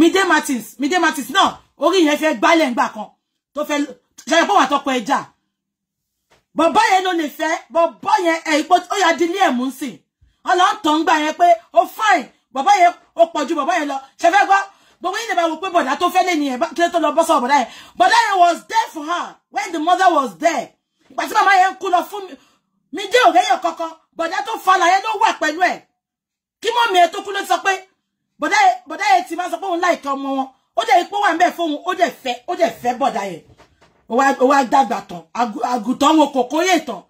Mide Martins Mide Martins No, náà orí yẹn fẹ́ gbálẹ̀ ńgbà kan tó fẹ́ ṣayọ pọ̀ wà tọkọ ẹja. Bọ̀bọ́ yẹn ló lè fẹ́ bọ̀bọ́ yẹn ẹ̀ ipò ó yà dín ní ẹ̀mú sìn. Ọlọ́ntàn gbà yẹn pé ó oh, fine bọ̀bọ́ yẹn ó pọ̀ ju bọ̀bọ́ yẹn lọ ṣẹfẹ́ gbọ́ But when they were with bọ̀dá tó fẹ́ lé ni ẹ̀ kílé tó lọ bọ́ sọ I, yẹn. Bọ̀dá yẹn was there for her when the mother was there. but Ìgbà tí màmá yẹn kú Me fún mi. your coco, but that to fall, I falà yẹn ló wà pẹ̀lú ẹ̀. Kí mọ́ mi ẹ̀ tó kú but I, pé bọ̀dá yẹn ti máa sọ pé òun láìka ọmọ wọn. Ó dẹ̀ ipò wà ń bẹ̀ fóun. Ó dẹ̀ fẹ́ ó I. Oh, bọ̀dá yẹn. that wá dàgbà tán. Àgùntàn wọn coco yet tán.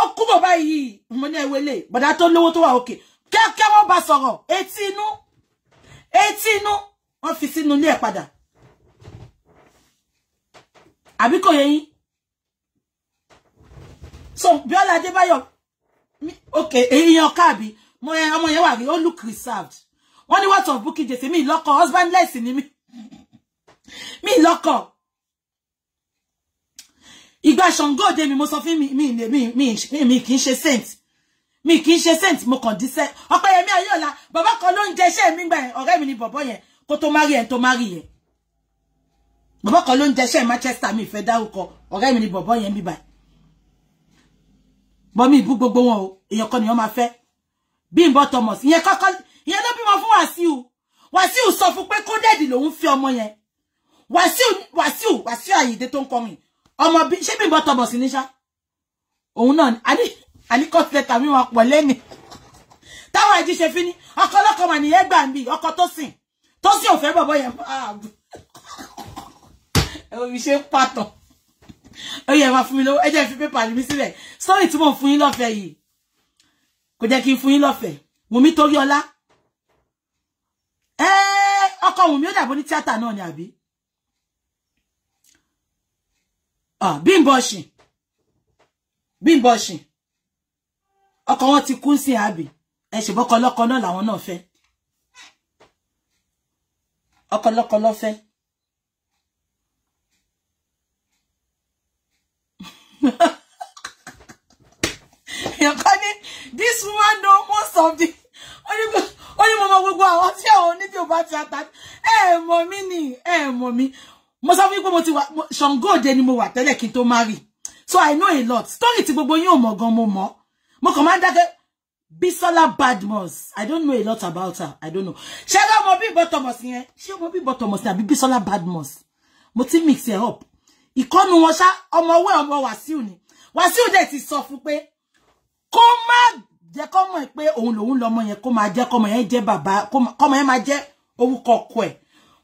Oh, come bọ̀ báyìí. Mo ní ẹwẹ́lẹ̀. Bọ̀dá tó lówó tó wà òkè. Okay, wọ́n bá sọ̀rọ̀. Etí inú etí inú wọ́n fi sínú ilé ẹ̀ padà àbí kò yẹ yín so Bíọ́lá Adébáyọ̀ ok èèyàn káàbí mo ẹ ọmọ yẹn wà rí ó look reserved wọ́n ní what of Bukky Jesse mi lọ́kọ husbandless ni mi mi lọ́kọ ìgbà Ṣàngó òde mi mo sọ fún mi mi mi mi kì í ṣe saint mi kì í ṣe saint mo kàn díṣẹ́ Ọpẹ́yẹmí Ayọ̀ọ́lá bàbá kan ló ń jẹ iṣẹ́ mi gbà yẹn ọ̀rẹ́ mi ni bọ̀bọ̀ yẹn kó tó márì yẹn tó márì yẹn bàbá kan ló ń jẹ iṣẹ́ Manchester mi ìfẹ́ dárúkọ ọ̀rẹ́ mi ni bọ̀bọ̀ yẹn bíbá bọ́ mi ìbú gbogbo wọn o èèyàn kan nìyẹn máa fẹ́ Bímbọ́ Thomas ìyẹn kọ́kọ́ ìyẹn ló bímọ fún Wàsíù Wàsíù sọ fún pé kódẹ́ẹ̀dì lòun fi ọmọ yẹn Wàsíù Wàsíù Wàsíù Àyìndé àníkọ́ ti tẹ̀ka mi wọn pọ̀ lẹ́nì táwọn ẹjí ṣe fi ní ọkọ ọlọ́kọ mà nìyẹn gbà ń bì ọkọ tó sìn tó sìn ò fẹ́ bọ̀bọ̀ yẹn ààbò ẹ̀wọ̀n mi ṣe ń pàtọ̀ ó yẹ máa fún mi lówó ẹ jẹ́ fi pépà mi sílẹ̀ sọ́ọ̀rì tí mò ń fún yín lọ́fẹ̀ẹ́ yìí kò jẹ́ kí n fún yín lọ́fẹ̀ẹ́ Wùmí torí ọlá ọkọ Wùmí ó dàbò ní tíátà náà ni àbí ah, Bímbọ́ ṣìn Bímbọ́ ṣìn ọkọ wọn ti kún sí àbí ẹ ṣùgbọ́n ọkọlọ́kọ náà làwọn náà fẹ́ ọkọlọ́kọ ló fẹ́. èèyàn kan ní this woman know most of the ó ní mo mọ gbogbo àwọn tí àwọn oníbi ò bá ti ata ẹ mọ̀ mí ni ẹ mọ̀ mí mo sọ fún yín pé mo ti wà Ṣàngó Òde ni mo wà tẹ́lẹ̀ kí n tó má rí so I know a lot story tí gbogbo yín ò mọ̀ gan mo mọ̀ mo kàn máa Bisola Badmus I don't know a lot about her I don't know She ló mọ bí bọ́tọ̀mọ̀s yẹn ṣé mo bí bọ́tọ̀mọ̀s àbí Bisola Badmus mo ti mix ẹ̀ up ìkọ́nu wọn ṣá ọmọ owó ọmọ Wàsíù ni Wàsíù dẹ̀ ti sọ fún pé kó má jẹ́ kó mọ̀ pé òun lòun lọmọ yẹn kó máa jẹ́ kọ́mọ yẹn jẹ́ bàbá kọ́mọ yẹn máa jẹ́ orúkọ ọkọ ẹ̀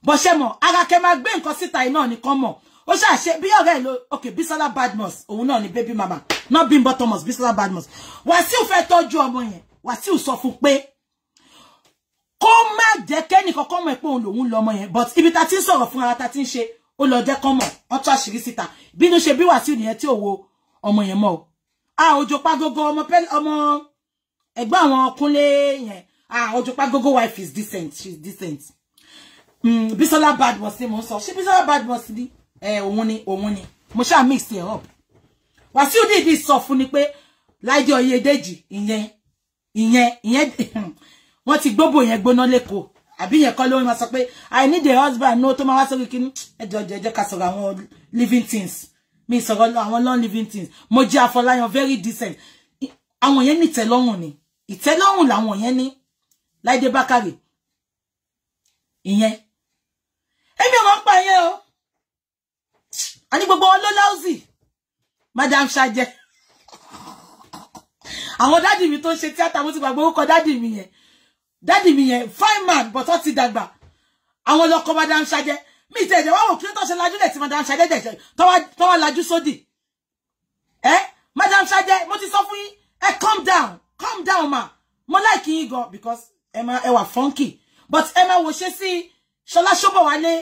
bọ́ṣẹ́ mọ̀ ara kẹ́ máa gbé nǹkan síta iná nìkan mọ̀ ó ṣàṣe bí ọ̀rẹ́ ìlú ok Bisola Badmus òun náà ni baby mama not Bimbo Thomas Bisola Badmus Wàsíù fẹ́ tọ́jú ọmọ yẹn Wàsíù sọ fún pé kó má jẹ́ kẹ́nìkan kọ́ mọ̀ pé òun lòun lọmọ yẹn but ibi ta ti ń sọ̀rọ̀ fún ara ta ti ń ṣe ó lọ jẹ́ kọ́mọ̀ wọ́n tún àṣírí síta bínú ṣe bí Wàsíù nìyẹn tí ò wo omo yẹn mọ́ o a òjò pa gogo ọmọ ẹgbẹ́ àwọn Kúnlé yẹn ah ojo pagogo wife is decent she's decent mm Bisola Badmus ni mo sọ ṣé Bisola Badmus ni ẹ eh, òun ni òun ni mo ṣáà mix ẹ up Wàsíù dìídì sọ fún ni pé Láìdé Oyèdèjì ìyẹn ìyẹn ìyẹn wọn ti gbóbò yẹn gbóná lẹ́kọ̀ọ́ àbí yẹn kọ́ lórí máa sọ pé i need a husband no tó máa wá sórí kínní ẹjọ jẹjẹ ká sọ̀rọ̀ àwọn living things mi sọ̀rọ̀ àwọn non living things mo jẹ́ Afọláyan very decent àwọn yẹn ní ìtẹ́lọ́rùn ni ìtẹ́lọ́rùn làwọn yẹn ní Láìdé Bákàrè ìyẹn èmi ò mọ̀ ń pa yẹn o a ní gbogbo wọn madam ṣàjẹ àwọn dádì mi tó ń ṣe tíátà mo ti gbàgbé orúkọ dádì mi yẹn dádì mi yẹn fine man but ó ti dàgbà àwọn lọkọ madam ṣàjẹ mi tẹ ẹjẹ wá wò kí ló tọ́ ṣe lajú lẹ̀ tí madam ṣàjẹ dẹ̀ ṣe tọ́wọ́ lajú sódì ẹ madam ṣàjẹ mo ti sọ fún yín ẹ calm down calm down ma mo like yín gan because ẹ ma ẹ wà funky but ẹ ma wo ṣe sí Ṣọlá Ṣóbọ̀wálé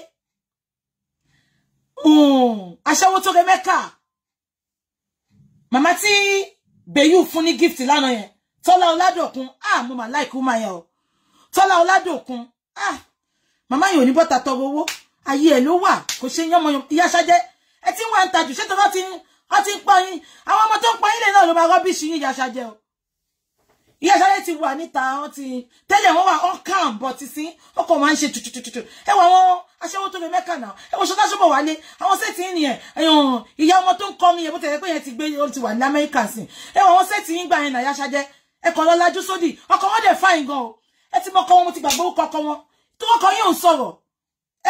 aṣẹ́wó tó rẹ mẹ́kà màmá tí bẹ̀yù fún ní gift lánàá yẹn tọ́lá ọládòkun ah mama like uma ye yẹn o olado kun ah mama yìí ò ní bọ́ta tọrọ owó ayé ẹ̀ ló wà kò ṣe yánmọ ìyá ṣájẹ́ ẹ ti ń wá ń tajù ṣé tó ti ń pa yín àwọn ọmọ pa yín lè náà ló máa rọ́bìṣì yín ìyá ṣájẹ́ o iye sáré ti wà níta wọn ti tẹ́lẹ̀ wọ́n wà on calm but sí ọkọ̀ máa ń ṣe tutututu ẹ wọ àwọn aṣẹ́wó tó lè mẹ́kà náà ẹ wọ ṣọ́tà ṣọ́bọ̀ wálé àwọn sẹ́ẹ̀tì ń yẹn ìyá ọmọ tó ń kọ́ mi yẹn bó tẹ̀lé pé yẹn ti gbé ó ti wà ní amẹ́ríkà sí ẹ wọ àwọn sẹ́ẹ̀tì ń gbà yẹn nàyà ṣájẹ́ ẹ kàn lọ lajú sódì ọkọ wọn dẹ̀ fáìn gan o ẹ ti mọkọ wọn mo ti gbàgbọ́ orúkọ ọkọ wọn tó ọkọ yóò sọ̀rọ̀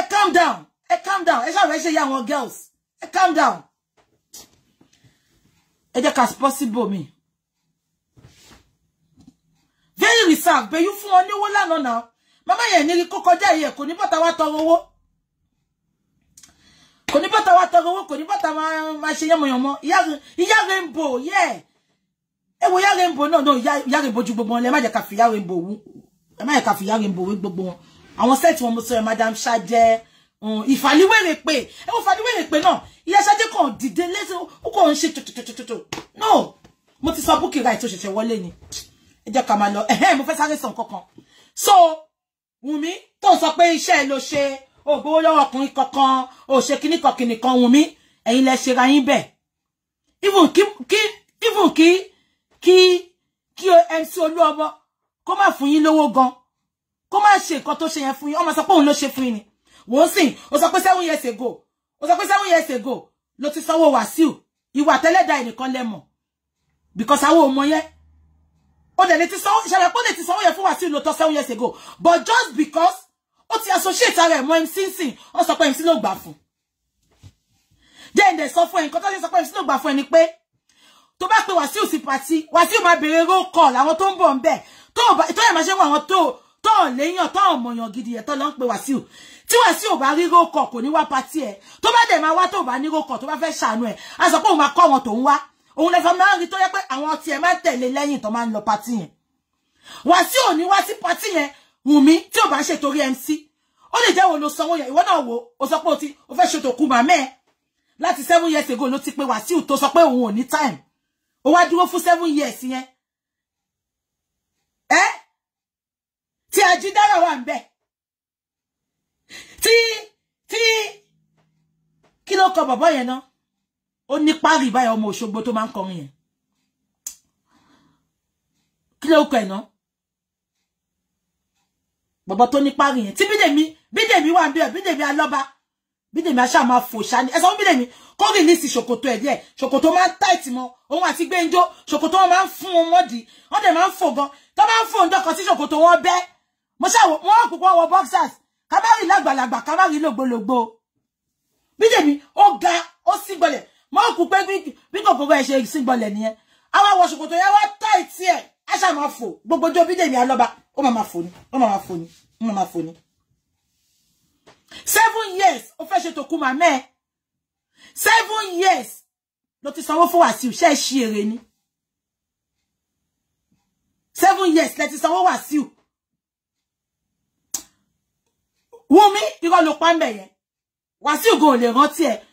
ẹ calm down ẹ calm down ẹ ṣàrẹ̀ ṣe yá àwọn girls ẹ calm down ẹ jẹ́ ká possible mi very reserved bẹ́ẹ̀ yín fún ọ níwó lánàá náà màmá yẹn ní kó kọjá yìí kò ní bọ́ta wá tọrọ owó kò ní bọ́ta wá tọrọ owó kò ní bọ́ta máa ṣe yánmọ̀yánmọ́ ìyá rainbow yẹ ẹ wo ìyá rainbow náà náà ìyá rainbow ju gbogbo wọn lẹ má jẹ́ ká fi ìyá rainbow wú ẹ má jẹ́ ká fi ìyá rainbow wé gbogbo wọn àwọn sẹ́ẹ̀tì wọn mo sọ ẹ madam ṣájẹ́ um, ìfàlíwèrè pé ẹ wo fàlíwèrè pé náà ìyá ṣájẹ́ kan dìde lẹ́sìn ó kàn ń ṣe tòtòtòtòtò no mo ti sọ búkì ráì tó ṣẹ̀ṣẹ̀ wọlé ni ẹ jẹ́ ká máa lọ ẹ̀hẹ́n mo fẹ́ sáré sàn kankan so Wùnmí tó sọ pé iṣẹ́ ẹ ló ṣe ò gbowó lọ́wọ́ ọkùnrin kankan ò ṣe kíní kan kíní kan Wùnmí ẹ̀yin lẹ ṣe ra yín bẹ̀ even kí kí even kí kí kí MC Olúọmọ kó má fún yín lówó gan kó má ṣe nǹkan tó ṣe yẹn fún yín ọmọ sọ pé òun ló ṣe fún yín ni wọ́n sìn ó sọ pé seven years ago ó sọ pé seven years ago ló ti sanwó Wàsíù ìwà tẹ́lẹ̀dá ẹnìkan lẹ́mọ̀ because àwọn ò mọ yẹn ó dẹ̀ lè ti sanwó ìṣẹ̀lẹ̀ pé ó lè ti sanwó yẹn fún seven years ago but just because ó ti associate ara ẹ̀ mọ́ MC nsìn ó sọ pé MC ló gbà fún jẹ́ ǹdẹ̀ sọ fún ẹ̀ nǹkan tó ṣe sọ pé MC ló gbà fún ẹ ni pé tó bá pe Wàsíù sí pàtí Wàsíù máa bèrè roll call àwọn tó ń bọ̀ ń bẹ̀ tó yẹ máa ṣe wọn àwọn tó tó léyàn tó ọmọyàn gidi ẹ̀ tó lọ ń pe Wàsíù tí Wàsíù bá rí roll call kò ní wá pàtí ẹ̀ tó bá dẹ̀ máa wá tó bá ní roll call tó bá fẹ́ ṣàánú ẹ̀ á sọ pé òun máa kọ́ wọn tó ń wá òun lẹ́fà máa ń rí tó yẹ pé àwọn tiẹ̀ máa ń tẹ̀lé lẹ́yìn tó máa ń lọ patí yẹn wá sí òní wá sí patí yẹn Wùnmí tí ò bá ṣe MC ó lè jẹ́ wo lo sanwó yẹn ìwọ náà wo o sọ pé o ti o fẹ́ ṣe tòkú màmẹ́ láti seven years ago ló ti pé Wàsíù tó sọ pé òun ò ní time ó wá dúró fún seven years yẹn ẹ tí Ajídára wà ń bẹ tí tí kí ló kọ bọ̀bọ̀ yẹn náà ó ní parí báyìí ọmọ Òṣogbo tó máa ń kọrin yẹn kí ló kọ ẹ̀ náà bọ̀bọ̀ tó ní parí yẹn tí bídèmí bídèmí wà bí ẹ̀ bídèmí alọ́ba bídèmí aṣáà máa fò ṣáni ẹ̀sán bídèmí kọ́rì ní sí ṣòkòtò ẹ̀ díẹ̀ ṣòkòtò máa ń táìtì mọ́ òun àti gbẹ́njó ṣòkòtò wọn máa ń fún wọn mọ́dì wọ́n dẹ̀ máa ń fò gan tó máa ń fò ń dọ́kọ̀ sí ṣòkòtò wọn bẹ́ mo ṣàwò wọn kúkú wọ boxers kábàárì lágbàlagbà kábàárì lògbòlògbò bídèmí ó ga ó sì gbọlẹ̀ mo kù pé bí kò gbogbo ẹ̀ ṣe sígbọlẹ̀ nìyẹn àwa wọ ṣòkòtò tight wá tá ìtì ẹ̀ á ṣáà máa fò gbogbo ojú Bídèmí Alọ́ba ó máa máa fò ní ó máa máa fò ní ó máa máa fò ní. seven years ó fẹ́ ṣe tòkú màmẹ́ ẹ̀ seven years ló ti sanwó fún Wàsíù ṣe é ṣí èrè ni seven years lẹ ti sanwó Wàsíù Wùmí irọ́ ló pa ń bẹ̀ yẹn Wàsíù gan ò lè rántí ẹ̀ e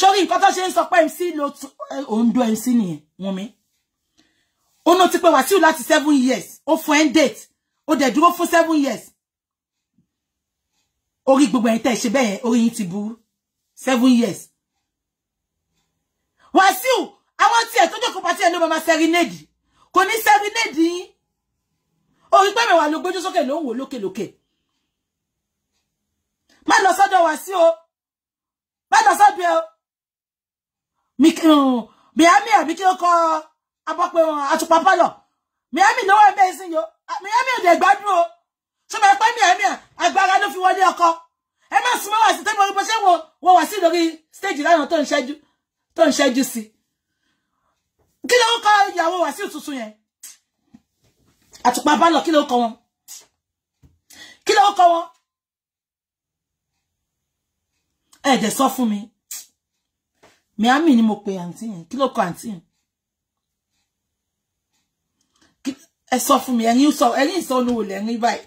sórí nǹkan tó ṣe ń sọ pé MC ló eh, òǹdó MC nìyẹn wọn mi ó ná ti pé Wàsíù láti seven years ó fún end date ó dẹ̀ dúró fún seven years orí gbogbo ẹ̀yin tẹ́ ṣe bẹ́ẹ̀ orí yín ti burú seven years Wàsíù àwọn tiẹ̀ tó jókòó pàtí ẹ̀ ló máa serenade kò ní serenade yín orí pé mẹ́wàá ló gbójú sókè ló ń wò lókèlókè má lọ sọ́dọ̀ Wàsíù má lọ sọ́dọ̀ ẹ̀ o. Miami àbí kí ó kọ abọ́pẹ́ wọn àtùpà pálọ̀ Miami náwó ẹ̀ bẹ́ẹ̀ sìn yo Miami ò dé gbádùn o ṣé bẹ́ẹ̀ pẹ́ Miami agbára ló fi wọlé ọkọ ẹ má súnmọ́ wá sí tẹ́lẹ̀ wọ́n ṣe wo wọ́n wá sí lórí stage lánàá tó ń ṣẹ́jú tó ń ṣẹ́jú sí kí ló ń kọ ìyàwó wá sí tuntun yẹn àtùpà pálọ̀ kí ló ń kọ wọn kí ló ń kọ wọn ẹ̀ dẹ̀ sọ fún mi miami ni mo pe àǹtí yẹn kí ló kọ àǹtí yẹn ẹ sọ fún mi ẹ̀yin sọ ẹ̀yin sọ olówó lẹ́yìn báyìí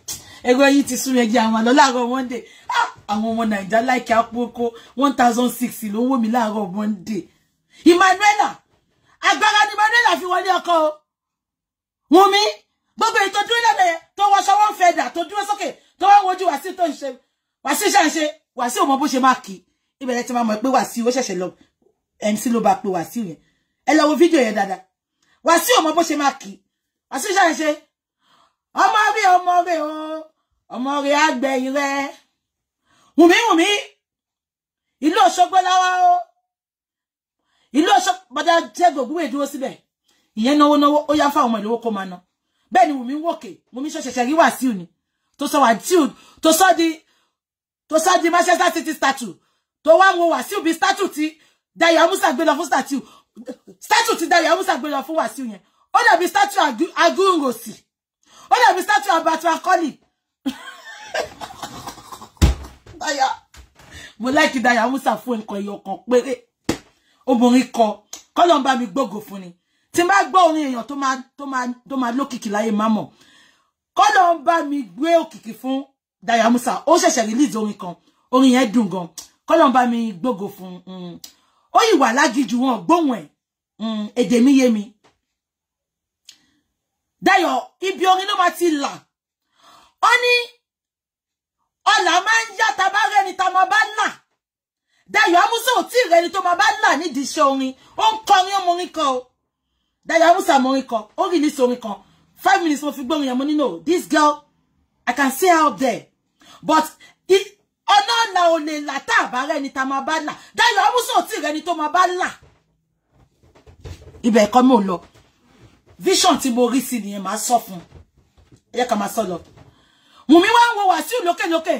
ẹgbẹ́ yìí ti sún ẹjẹ́ àwọn àlọ́ láàárọ̀ monday ah! àwọn ọmọ nàìjíríà láìkí àpòkó one thousand six ló wò mí láàárọ̀ monday emmanuela agbára ni emmanuela fi wọlé ọkọ o wùnmí gbogbo èyí tó to lẹ́bẹ̀ẹ́ tó wọṣọ wọn fẹ́ dà tó dúró sókè tó wọ́n wojú wàsíù tó ń ṣe wàsíù ṣàǹṣe wàsíù mọ bó ṣe máa kì í ìbẹ̀rẹ̀ ti máa mọ̀ pé wàsíù ó ṣẹ̀ṣẹ̀ lọ MC ló bá pe Wàsíù yẹn ẹ lọ wo fídíò yẹn dáadáa Wàsíù ọmọ bó ṣe máa kì Wàsíù ṣàṣẹ ṣe ọmọ rẹ ọmọ rẹ o ọmọ rẹ àgbẹ̀yìn rẹ wùmí wùmí ìlú Òṣogbo láwá o ìlú Òṣogbo bàdá jẹ́ gògúwè dúró síbẹ̀ ìyẹn náwó náwó ó yá fáwọn ọmọ ìlówó kó máa ná bẹ́ẹ̀ ni wùmí wòkè wùmí ṣẹ̀ṣẹ̀ rí Wàsíù ni tó sọ Wàsíù tó sọ di tó sọ di Manchester City statue tó wá wo Wàsíù bí statue ti Dayo Amusa gbé lọ fún statue statue tí Dayo Amusa gbé lọ fún Wasiu yẹn ó dàbí statue Agunrosi ó dàbí statue Abbatu koli. Dayo mo like Dayo Amusa fun nǹkan ẹyọ kan péré obìnrin kọ kọ́lọ́n bá mi gbógo fún ni tí n bá gbọ́ orin èèyàn tó máa tó máa tó máa lókìkí láyé má mọ̀ kọ́lọ́n mi gbé òkìkí fún Dayo Amusa ó ṣẹ̀ṣẹ̀ release orin kan orin yẹn dùn gan kọ́lọ́n bá mi gbógo fún mm, ó ìwà lágijù wọn gbóhùn ẹ̀ mm, èdè mi yé mi Dayọ̀ ibi orin ló máa ti là ó ní ọlà máa ń yá ta bá rẹni ta máa bá là Dayọ̀ Amusa ò tí rẹni tó máa bá là nídìí iṣẹ́ orin ó ń kọrin ọmọ orin kan o Dayọ̀ Amusa mọ orin kan ó rí ní sọrin kan five minutes mo fi gbóhùn yẹn mo ní no this girl I can see her up there but it, ọlọ́ọ̀la ò lè là tá àbá rẹ ni tá máa bá là Dayọ̀ Amusa ò tí rẹ ni tó máa bá là ibẹ̀ ẹ̀kọ́ mò ń lọ vision tí mo rí sí nìyẹn máa sọ fún ẹ jẹ́ ká máa sọ lọ Wùnmí wá ń wo Wàsíù lókèlókè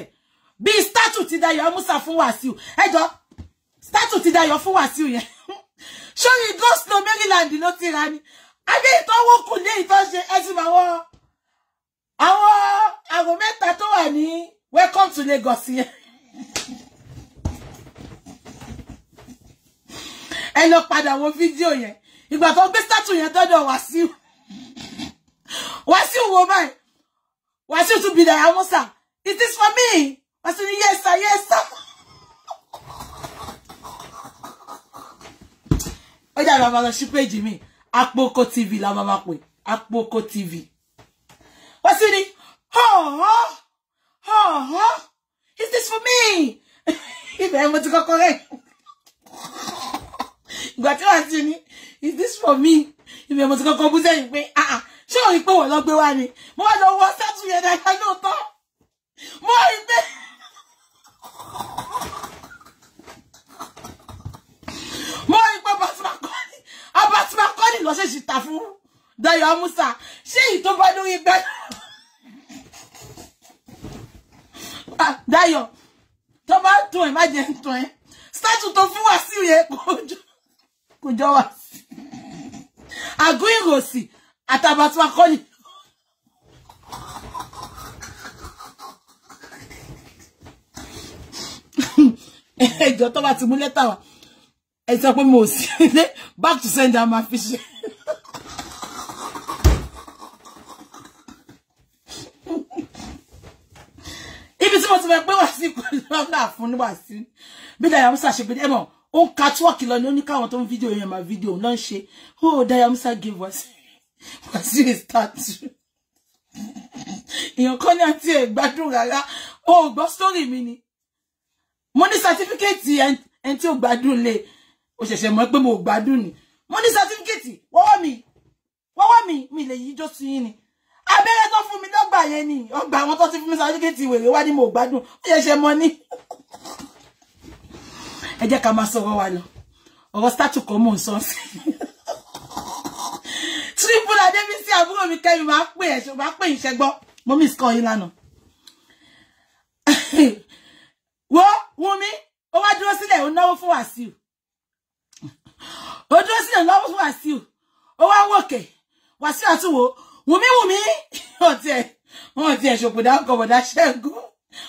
bíi statue ti Dayọ̀ Amusa fún Wàsíù ẹjọ́ statue ti Dayọ̀ fún Wàsíù yẹn sórí goslo Maryland ló ti ra ni àbí ìtọ́wò kù ní ìtọ́ṣe ẹ̀sìn àwọn àwọn àrò mẹ́ta tó wà ní welcome to Lagos yẹn ẹ lọ padà wo fídíò yẹn ìgbà tó gbé statue yẹn dọ́dọ̀ Wàsíù Wàsíù wo báyìí Wàsíù tún bìdà àwọn sà it is for me Wàsíù ní yes sir yes sir. ó dàbí àwọn ọmọ sí péjì mi Apoko TV la máa máa pè Apoko TV Wàsíù ní hàn hàn hàn hàn is this for me? Ibẹ̀ mo ti kọ́kọ́ rẹ̀. Ìgbà tí wàá ti ní, is this for me? Ibẹ̀ mo ti kọ́kọ́ bú sẹ́yìn pé, ah, ah, ṣé òun pé wọ́n lọ gbé wá ni? Mo wá lọ wọ sátú yẹn dáadáa lóòótọ́. Mo rí pé. Mo rí pé Bàtìmá Kọ́ni, Bàtìmá Kọ́ni lọ ṣèṣì ta fún Dayọ̀ Amusa. Ṣé ìtọ́bọ́dún ibẹ̀ náà? Dayọ̀ tó bá ma ẹ má jẹ́ tún ẹ statue tó fún Wasiu yẹn kò jọ kò jọ wá àgún ìròsì àtàbàtú akọni. ẹjọ́ tó bá ti mú lẹ́tà wa ẹ sọ pé mo ò back to send ma fi ṣe. fẹ́ pé Wasiu kò lọ́nà fún ní Wasiu bí Dayamusa ṣe pé ẹ̀mọ̀ ó ń catwalk lọ ni ó ní káwọn tó ń fídíò yẹn máa fídíò náà ṣe oh Dayamusa give Wasiu Wasiu is statue èèyàn kan ní àti ẹ̀ gbádùn rárá o ò gbọ́ sórí mi ni mo ní sátífíkẹ́ẹ̀tì ẹni tí ò gbádùn lé o ṣẹ̀ṣẹ̀ mọ̀ pé mo gbádùn ni mo ní sátífíkẹ́ẹ̀tì wọ́wọ́ mi wọ́wọ́ mi mi lè yíjọ́ sí yín ni abẹ́rẹ́ tó fún mi dọ́gba yẹn ni ọgbà àwọn tó ti fún mi sáfíkẹ́tì wèrè wá ní mo gbádùn ó yẹ ṣe mọ ní. ẹ jẹ́ ká máa sọ̀rọ̀ wa lọ ọ̀rọ̀ statue kan mò ń sọ sí i. Triple Adébísí àbúrò mi kẹ́mi máa pè ẹ̀ ṣe máa pè ìṣẹ́ gbọ́ mo miss call yín lánàá. wo Wunmi ó wá dúró sílẹ̀ ó náwó fún Wàsíù ó dúró sílẹ̀ ó náwó fún Wàsíù ó wá wòkè Wàsíù àtúwò wùmí wùmí wọn ti ẹ wọn ti ẹ ṣòkòdà ọkọ bọdà ṣẹ́gun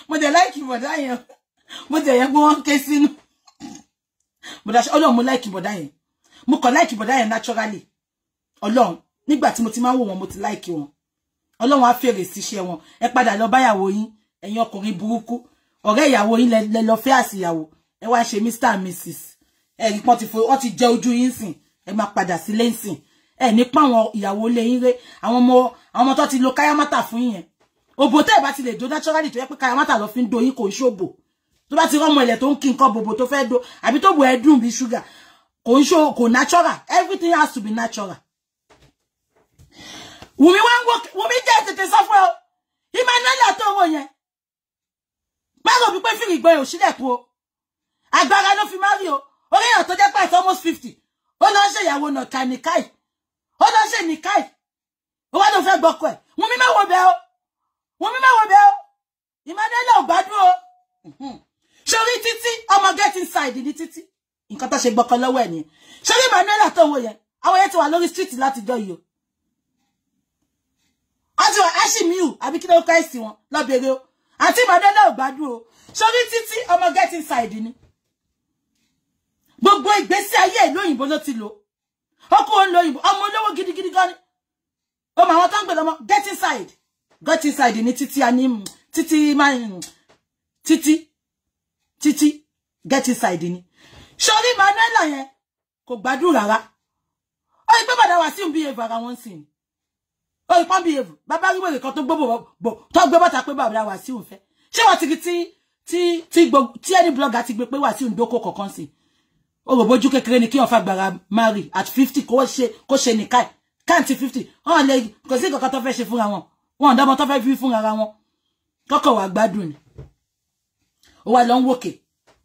mo tẹ láìkì bọdà yẹn mo tẹ yẹ pé wọn ké sínú bọdà ṣe Ọlọ́run mo láìkì bọdà yẹn mo kàn láìkì bọdà yẹn naturally Ọlọ́run nígbà tí mo ti máa ń wò wọn mo ti láìkì wọn Ọlọ́run á fèrè síṣẹ́ wọn ẹ padà lọ báyàwó yín ẹ̀yin ọkùnrin burúkú ọ̀rẹ́ ìyàwó yín lẹ lọ fẹ́ And ẹ wá ṣe mr and mrs ẹ rí pọn ti fo ọ ti jẹ ojú yín sìn ẹ máa padà sílé ń sìn ẹ ní pa àwọn ìyàwó ilé yín ré àwọn ọmọ àwọn ọmọ tó ti lo káyámátà fún yín òbò tẹ́ ẹ̀ bá ti lè do naturally tó yẹ pé káyámátà lọ fi ń do yín kò ń ṣòbò tó bá ti rọ́mọ ilẹ̀ tó ń kí nǹkan bòbò tó fẹ́ do àbí tó bò ẹ́ dùn bí ṣúgà kò ń ṣò kò natural everything has to be natural. Wùmí wá ń wò Wùmí jẹ́ tètè sọ fún ẹ o Emmanuela tó wò yẹn báwo bí pé fìrìgbọ́ ẹ̀ ò sílẹ̀kùn o agbára ló fi má rí o orí èèyàn tó jẹ́ pé it's almost fifty ó lọ ń ṣèyàwó nàkàníkàì ó lọ ṣe nìkáì o wa ló fẹ́ gbọ́kọ̀ ẹ̀ wọ́n mi mẹ́wọ̀ bẹ́ẹ̀ o wọ́n mi mẹ́wọ̀ bẹ́ẹ̀ o ìmọ̀lẹ́lẹ̀ ò gbádùn o sórí títí ọmọ get inside ní títí nǹkan tó ṣe gbọ́kọ̀ lọ́wọ́ ẹ̀ nìyẹn sórí Emmanuel tó wọ yẹn àwọn yẹn ti wà lórí street lati do yìí o àti wà ashimiu àbí kí ló ń káìsì wọn lọ́bẹ̀rẹ̀ o àti Emmanuel ò gbádùn o sórí títí ọmọ get inside ni gbogbo ìgbésí ayé ìlú òyìnbó ló ti lò ọkọ òun lóyìnbó ọmọ olówó gidigidi gan ni ó mà wọn tán gbèdọ mọ get inside get inside ní títí ani Titi máa Titi. Titi. get inside ni sori manuela yẹn kò gbádùn rárá ó yí pé bàdá wà sí ń behave ara wọn sí ni ó yí behave bàbá rí wèrè kan tó gbé bò tó gbé bàtà pé bàbá wà sí òun fẹ́ ṣé wọ́n ti ti ti ti ẹni blogger ti gbé pé wà sí òun dóko kọ̀ọ̀kan ó rò bójú kékeré ni kí ọ̀fà gbàrà mari at fifty kó ṣe kó ṣe nìka Can't káàntì fifty ọ̀hún lè kò sí kankan tó fẹ́ ṣe fúnra wọn wọn ò dábọ̀ tó fẹ́ fi fúnra wọn kọ́kọ́ wà gbádùn ni ó wà lọ ń wòkè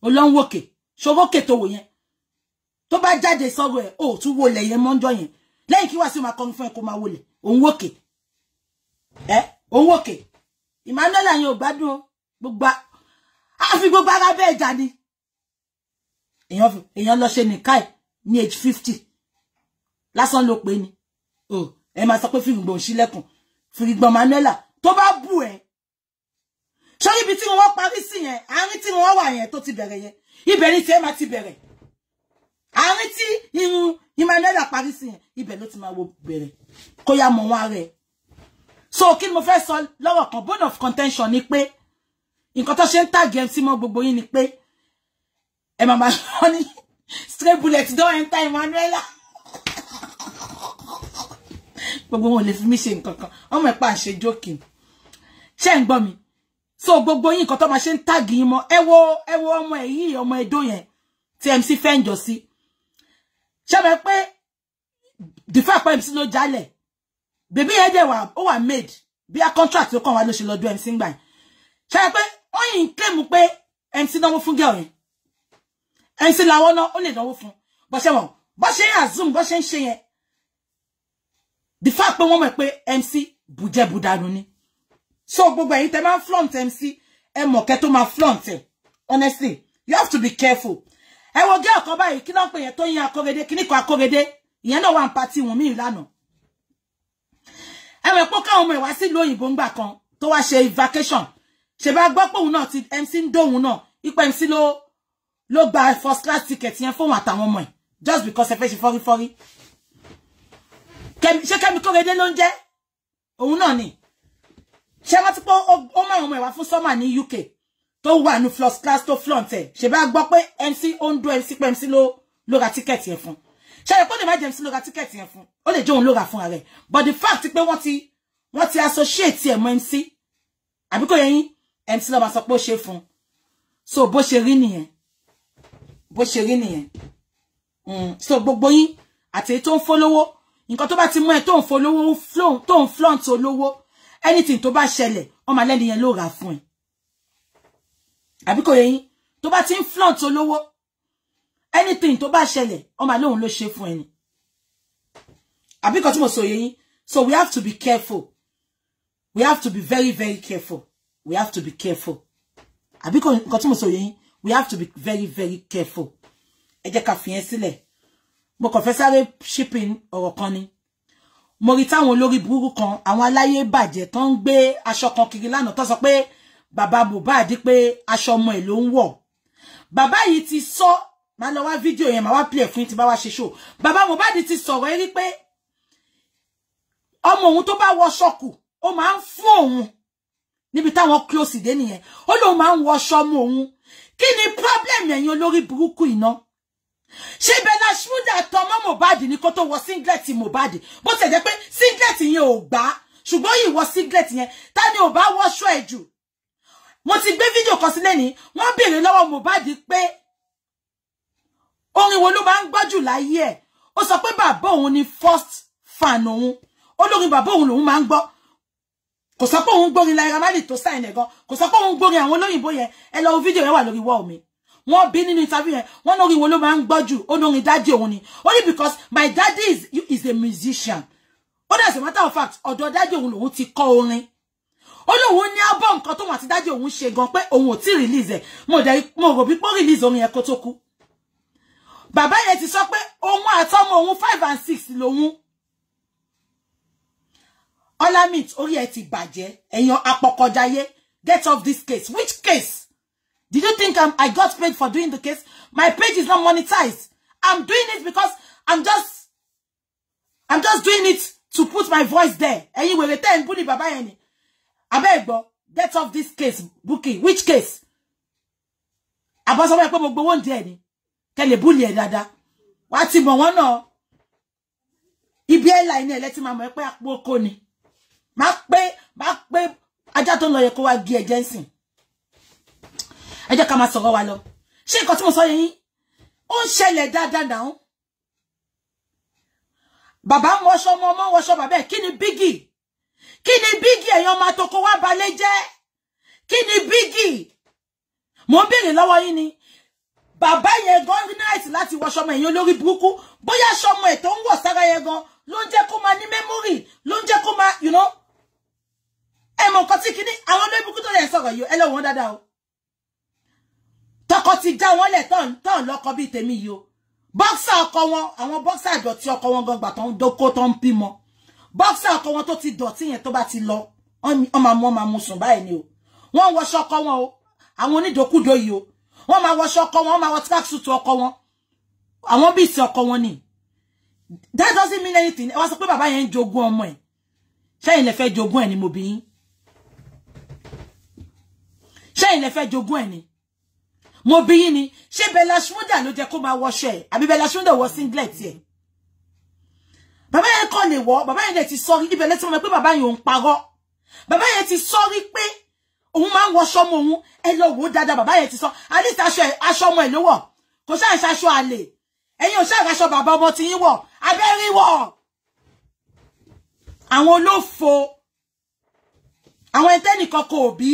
ó lọ ń wòkè ṣòwò kè tó wò yẹn tó bá jáde sọ̀rọ̀ ẹ̀ ó tún wọlé yẹn mọ́jọ́ yẹn lẹ́yìn kí wàá sí máa kọrin fún ẹ kó máa wọlé òun wòkè ẹ òun wòkè Emmanuel àyàn ò gbádùn o gbogbo àfi gbogbo ara bẹ́ẹ̀ jà ni èèyàn èèyàn lọ ṣe nìkáì ní age fifty lásán ló pé ni o oh, ẹ máa sọ pé fìrìgbọ̀n sílẹ̀kùn fìrìgbọ̀n manuela tó bá bù ẹ́ sórí ibi tí wọ́n parí sí yẹn àárín tí wọ́n wà yẹn tó ti bẹ̀rẹ̀ yẹn ibẹ̀ ni tiẹ̀ máa ti bẹ̀rẹ̀ àárín tí irun Emmanuel parí sí yẹn ibẹ̀ ló ti máa wo bẹ̀rẹ̀ kó yá mọ̀ wọn rẹ̀ so kí ni mo fẹ́ sọ lọ́rọ̀ kan bone of contention ni pé nǹkan tó ṣe ń tàgé sí mọ́ gbogbo yín ni pé and my straight bullets don't enter Emanuela. Gbogbo wọn lè fi mí ṣe nǹkankan. Wọ́n mọ̀ pa ṣe joking. Ṣé ń gbọ́ mi. So gbogbo yín nǹkan tó máa ṣe ń tag yín mọ́. Ewo Ewo ẹ wo ọmọ ẹ yìí ọmọ Ẹdó yẹn. Tí MC Fenjo sí. Ṣé mọ̀ pé the fact pé MC no jalè. Baby ẹ dẹ̀ wà ó wà made. Bí a contract to kàn wá ló ṣe lọ do MC ngbà. Ṣé pé ó yín claim pé MC náwó fún girl yẹn ẹni sí làwọn náà ó lè dánwó fún bó ṣe wọn bó ṣe ń àzùm bó ṣe ń the fact pé wọ́n mọ̀ pé MC bùjẹ́ bùdànù ni so gbogbo ẹ̀yin tẹ́ máa ń flaunt MC ẹ mọ̀ kẹ́ tó máa flaunt honestly you have to be careful ẹ wo gẹ́ ọ̀kan báyìí kí ló ń pè yẹn tó yin akọ́gede kí nìkan akọ́gede ìyẹn náà wà ń patí wọn míì lánàá ẹ mọ̀ pé káwọn ọmọ ẹ̀ wá sílùú òyìnbó ńgbà kan tó wá ṣe vacation ṣe bá gbọ́ pé òun náà ti MC ń dóhun náà ipò MC ló ló gba first class ticket yẹn fóun àtàwọn ọmọ ẹ̀ just because ẹ fori fori, fọ́rífọ́rí ṣé kẹ́mi kórede ló ń jẹ́ òun náà ni ṣé wọ́n ti pọ́ ó máa ọmọ ẹ̀ wá fún sọ́mà ní UK tó wà ní first class tó flaunt ẹ̀ ṣe bá gbọ́ pé MC on ń dún MC pé MC ló ló ra ticket yẹn fún ṣe ẹ̀ kó lè má MC ló ra ticket yẹn fún ó lè jẹ́ òun ló ra fúnra rẹ̀ but the fact pé wọ́n ti wọ́n ti associate ẹ̀ mọ́ MC àbí kò yẹ yín MC ló máa sọ pé ó ṣe fún so bó ṣe rí nìyẹn bó ṣe rí nìyẹn mm, so gbogbo yín àti èyí tó ń fólówó nǹkan tó bá ti mú ẹ tó ń fólówó tó ń flaunt olówó anything tó bá ṣẹlẹ̀ wọ́n máa lẹ́nu yẹn ló rà fún ẹ àbí kò yé yín tó bá ti ń flaunt olówó anything tó bá ṣẹlẹ̀ wọ́n máa lóhun ló ṣe fún ẹni àbí kan tí mo sọ yé yín so we have to be careful we have to be very very careful we have to be careful àbí kan tí mo sọ yé yín we have to be very very careful ẹ jẹ́ ká fi mo kàn shipping ọ̀rọ̀ kan ni mo rí táwọn olórí burúkú kan àwọn aláyé bàjẹ́ tó ń gbé aṣọ kan kiri lánàá tó sọ pé bàbá Mohbad pé aṣọ ọmọ ẹ̀ ló ń wọ̀ bàbá yìí ti sọ máa lọ wá fídíò yẹn máa wá play fún yín tí bá wá ṣe show bàbá Mohbad ti sọ̀rọ̀ ẹ rí pé ọmọ òun tó bá wọ ṣọ́ọ̀kù ó máa ń fún òun níbi táwọn close dé nìyẹn ó lóun máa ń wọṣọ ọmọ òun kí ni problem ẹ̀yin olórí burúkú iná ṣé bella shmurda tọmọ mohbad ní kó tó wọ singlet mohbad bó ti jẹ́ pé singlet yẹn ò gbà ṣùgbọ́n yìí wọ singlet yẹn ta ni ò bá wọṣọ ẹ̀ jù mo ti gbé fídíò kan sílẹ̀ ní wọ́n béèrè lọ́wọ́ mohbad pé orin wo ló máa ń gbọ́ jù láyé ẹ̀ ó sọ pé bàbá òun ni first fan òun olórin bàbá òun lòun máa ń gbọ́ kò sọ pé òun gbórin Naira Marley tó sáìn ẹ̀ gan kò sọ pé òun gbórin àwọn olóyìnbó yẹn ẹ lọ fídíò yẹn wà lórí wọ́ọ̀ mi wọ́n bí nínú interview yẹn wọ́n lórí wo ló máa ń gbọ́ jù ó lórí dádì òun ni only because my daddy is, is a musician ó dẹ̀ sọ matter of fact ọ̀dọ̀ dádì òun lòun ti kọ́ orin ó lóun ní album kan tóun àti dádì òun ṣe gan pé òun ò tí release ẹ̀ mo dẹ̀ mo rò bí pé release orin yẹn kó tó kú bàbá yẹn ti sọ pé òun àtọmọ òun five and six lòun Olamide orí ẹ ti bàjẹ́ ẹ̀yàn apọ̀kọ̀jayé get off this case which case did you think I'm, um, I got paid for doing the case my page is not monetized I'm doing it because I'm just I'm just doing it to put my voice there Anyway, return, tẹ́ ń bú ni bàbá yẹn ni get off this case Bukky which case àbọ̀sọ́wọ́ ẹ pé mo gbowó ń di ẹ̀ ni kẹlẹ̀ búlì ẹ̀ dáadáa wàá ti mọ̀ wọ́n náà ibi ẹ̀ láì ní ẹ̀ lẹ́tí máa mọ̀ ẹ́ má pé má pé ajá tó ń lọ yẹ kó wá gé ẹ̀jẹ̀ ń sìn ẹ jẹ́ ká máa sọ̀rọ̀ wa lọ ṣé nǹkan tí mo sọ yẹ yín ó ń ṣẹlẹ̀ dáadáa náà bàbá ń wọṣọ ọmọ ọmọ ń wọṣọ bàbá ẹ̀ kí ni bígì kí ni bígì èèyàn máa toko wá mo ń béèrè lọ́wọ́ ni bàbá yẹn gan organize láti wọṣọ ọmọ èèyàn lórí burúkú bóyá aṣọ ọmọ ẹ̀ tó ń wọ̀ gan ló ń jẹ́ kó máa ní mẹ́mórì ló ń jẹ́ you know ẹ mọ̀ nǹkan tí kìíní àwọn olóyìn burúkú tó lè sọ̀rọ̀ yìí ẹ lọ wọn dáadáa o tọkọ ti já wọn lẹ̀ tán lọ́kọ bíi tèmi yìí yo. bọ́ksà ọkọ wọn àwọn bọ́ksà ìdọ̀tí ọkọ wọn gbọ̀ngbà tó ń dóko tó ń bímọ bọ́ksà ọkọ wọn to ti dọ̀tí yẹn to bá ti lọ wọ́n máa mú wọ́n máa mú sùn báyìí ni o wọ́n ń wọṣọ ọkọ wọn o àwọn onídokúdo yìí o wọ́n máa wọṣọ ọkọ wọn wọ́n máa wọ tracksuit ọkọ wọn àwọn bíi ìsìn ọkọ wọn ni that doesn't mean anything ẹ wá sọ pé bàbá yẹn ń jogún ọmọ ẹ sẹ́yìn lè fẹ́ jogún ẹ ni mo bí yín ṣé ilẹ̀ fẹ́ jogún ẹ̀ ni mo bí yín ni ṣé bella shmunda ló jẹ́ kó máa wọṣọ ẹ̀ àbí bella shmunda wọ singlet ẹ̀ bàbá yẹn kàn lè wọ bàbá yẹn ti sọ ibẹ̀ lẹ́sìn mọ́ pé bàbá yẹn ò ń parọ́ bàbá yẹn ti sọ rí pé òun máa ń wọṣọ ọmọ òun ẹ lọ wò ó dáadáa bàbá yẹn ti sọ àdìsí aṣọ aṣọ ọmọ ẹ ló wọ kò ṣáà ń ṣaṣọ àlè ẹ̀yin ò ṣáà ń ṣaṣọ bàbá ọmọ ti yín wọ abẹ́rí wọ àwọn olófo àwọn ẹtẹ́nìkan kò bí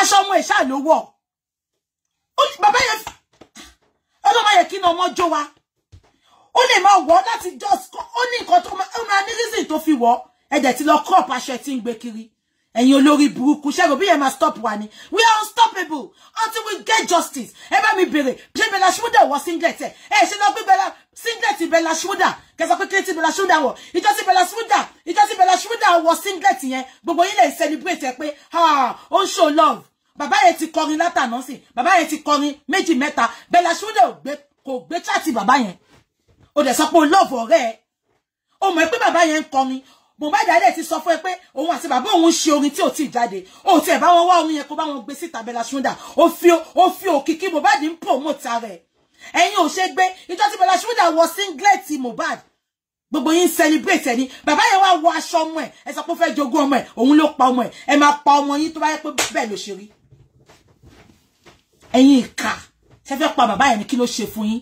aṣọ ọmọ ìṣáà ló wọ̀ bàbá yẹn ọlọ́mọ yẹn kí ni ọmọ jó wa ó lè máa wọ̀ láti just ó ní nǹkan tó máa ní reason to fi wọ̀ ẹ̀dẹ̀ ti lọ crop aṣọ ẹ̀ tí kiri ẹ̀yin olórí burúkú ṣẹ́gun bí yẹn máa stop wa ni we are unstoppable until we get justice ẹ bá mi bèrè ṣé Bella Shmurda wọ singlet ẹ ẹ ṣe lọ gbé bella singlet Bella Shmurda kẹsọ pé kí ti Bella Shmurda wọ ìjọ tí Bella Shmurda ìjọ tí Bella Shmurda wọ singlet yẹn gbogbo yín lè celebrate ẹ pé ó ń show love bàbá yẹn ti kọrin látàná sí bàbá yẹn ti kọrin méjì mẹ́ta Bella Shmurda kò gbé chat bàbá yẹn o dẹ̀ sọ pé o love ọ̀rẹ́ ẹ o mọ̀ pé bàbá yẹn ń kọrin Mohbad dẹ̀ ti sọ fún ẹ pé òun àti bàbá òun ṣe orin tí ò tí jáde ó ti ẹ̀ bá wọn wá orin yẹn kó bá wọn gbé síta Bella Shmurda ó fi òkìkí Mohbad ń promote ara ẹ̀ ẹ̀yin ò ṣe gbé ìjọ tí Bella Shmurda wọ singlet Mohbad gbogbo yín celebrate ẹni bàbá yẹn wá wọ aṣọ ọmọ ẹ ẹ sọ pé ó fẹ́ jogún ọmọ ẹ òun ló pa ọmọ ẹ ẹ máa pa ọmọ yín tó bá yẹ pé bẹ́ẹ̀ ló ṣe rí ẹ̀yin ìkà ṣe fẹ́ pa bàbá yẹn kí ló ṣe fún yín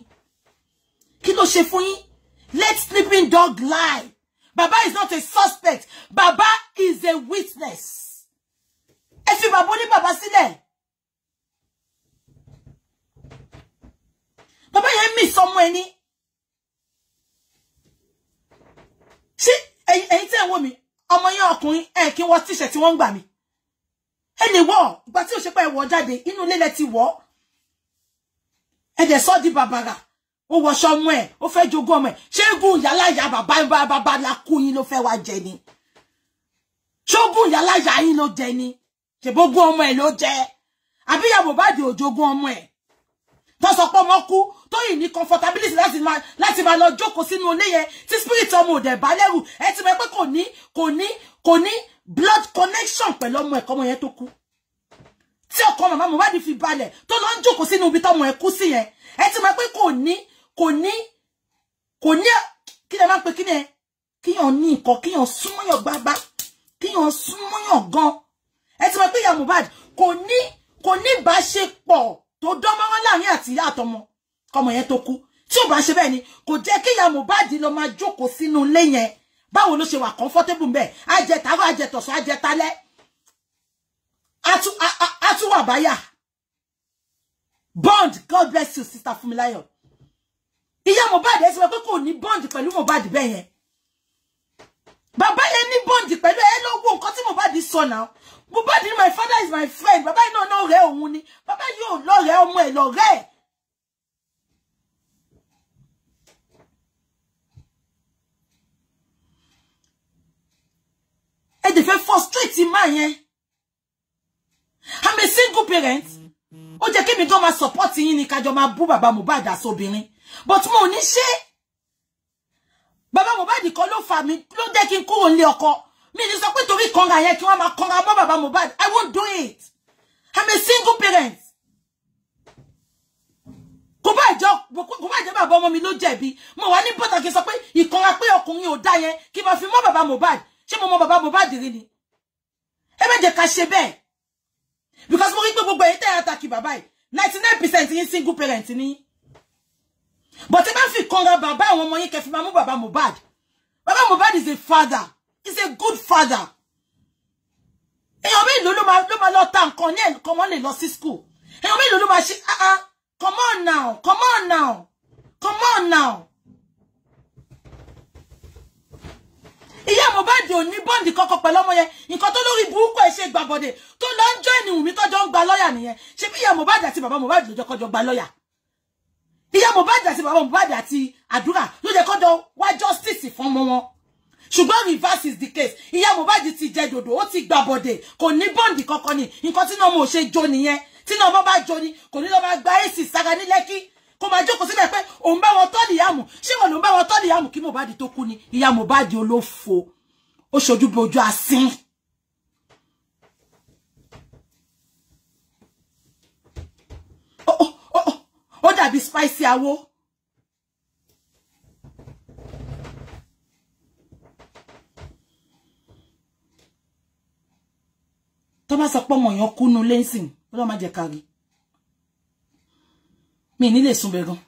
kí ló ṣe fún yín let sleeping dog lie Baba is not a suspect. Baba is a witness. Ẹ you bàbá ní bàbá sílẹ̀. Baba yẹn mi sọmọ ẹni. Ṣé ẹ̀yin tẹ́ ẹ̀ wò mí? Ọmọ yẹn ọkùnrin ẹ̀ kí wọ́n tíṣẹ̀ tí mi. Eh gbà mí. Ẹnì wọ̀ ìgbà tí òṣèpá ẹ̀wọ̀ jáde inú ilé lẹ ti wọ̀ ẹ̀ dẹ̀ sọ́ di bàbàrà ó wọṣọ ọmọ ẹ̀ ó fẹ́ jogún ọmọ ẹ̀ ṣégun ìyáláyà bàbá bàbá lakú yín ló fẹ́ wá jẹ ni ṣógun ìyáláyà yín ló jẹ ni ṣèbógún ọmọ ẹ̀ ló jẹ àbíyàwó bàdì òjogún ọmọ ẹ̀ tó sọ pé ọmọ kú Tóyìn ní comfortability láti máa láti máa lọ jókòó sínú ilé yẹn tí spirit ọmọ ò dẹ̀ bá lẹ́rù ẹ ti mọ pé kò ní kò ní kò ní blood connection pẹ̀lú ọmọ ẹ̀kọ́ ọmọ yẹn tó kú tí ọkọ màmá Mohbad fi balẹ̀ tó lọ ń jókòó sínú ibi tọmọ ẹ̀ kú sí yẹn ẹ ti mọ pé kò ní kò ní kò ní kí lè máa pe kí ni kíyàn ní nǹkan kíyàn súnmọ́yàn gbágbá kíyàn súnmọ́yàn gan ẹ ti mọ̀ pé ìyá Mohbad kò ní kò ní ìbáṣepọ̀ tó dánmọ́rán láàrin àti ìyá àtọmọ kọmọ yẹn tó kú tí ò bá ṣe bẹ́ẹ̀ ni kò jẹ́ kí ìyá Mohbad lọ máa jókòó sínú ilé yẹn báwo ló ṣe wà comfortable mbẹ ajẹtàárọ̀ ajẹtọ̀sán ajẹtalẹ́ atúwàbáyà bond God bless you sister Fumilayo. Iya Mohbad ẹ sọ pé kò ní bond pẹ̀lú Mohbad bẹ́ẹ̀ yẹn bàbá yẹn ní bond pẹ̀lú ẹ lọ wo nǹkan tí Mohbad sọ náà Mohbad ni my father is my friend bàbá no, no, náà rẹ òun ni bàbá yìí ò lọ rẹ ọmọ ẹ lọ rẹ. ẹ dẹ̀ frustrate máa yẹn I'm a single parent ó jẹ́ kí mi gan máa support yín ni kájọ máa bú bàbá Mohbad àsobìnrin but mo ní ṣe bàbá Mohbad kan ló fà mí ló jẹ́ kí n kúrò nílé ọkọ mi ní sọ pé torí kanra yẹn kí wọ́n máa kanra mọ́ bàbá Mohbad i won't do it i'm a single parent kò bá ìjọ kò ba ìjọ bàbá ọmọ mi ló jẹ̀bi mo wà ní pàtàkì sọ pé ìkanra pé ọkùnrin ò dá yẹn kí n máa fi mọ́ bàbá Mohbad ṣé mo mọ bàbá Mohbad rí ni ẹ bẹ́ẹ̀ jẹ́ ká ṣe bẹ́ẹ̀ because mo rí pé gbogbo ẹ̀yin tẹ́ ẹ àtàkì bàbá yìí percent yín single parent ni but ẹ bá fi kanra bàbá àwọn ọmọ yín kẹ́ fi Baba mú bàbá Mohbad is a father He's a good father èèyàn mélòó ló máa ló máa lọ ta nǹkan ní ẹnìkan wọn lè lọ sí school èèyàn mélòó ló máa ah ah come on now come on now come on now. Iya Mohbad ò ní bọ́ǹdì kọ́kọ́ pẹ̀lú ọmọ yẹn nǹkan tó lórí burúkú ẹ̀ ṣe gbàbọ̀dẹ̀ tó lọ ń jọ ènìyàn mi tọ́jọ́ ń gba lọ́ọ̀yà nìyẹn ṣé bí ìyá Mohbad àti bàbá Mohbad lójọ́ kọjọ́ gba lọ́ọ̀yà ìyá Mohbad àti bàbá Mohbad àti Adura, ló jẹ́ kó dán wá justice fún ọmọ wọn ṣùgbọ́n reverse is the case ìyá Mohbad ti jẹ dòdò ó ti gbà bọ̀dẹ̀ kò ní bọ́ǹdì kankan ni nǹkan tí náà mo ṣe jó nìyẹn tí náà mo bá jó ni kò ní lọ bá gba ac sára ní lẹ́kí kó máa jókòó síbẹ̀ pé òun bá wọn tọ́lì yàmù ṣé wọn lòun bá wọn tọ́lì yàmù kí Mohbad tó kú ni ìyá Mohbad olófo ó ṣojú bojú asín. Oh, oh ó dàbí spicy awó tó bá sọ pé ọmọ èèyàn kú nu lẹ́sìn ọlọ́run má jẹ́ kárí mi ní lè súnbẹ gan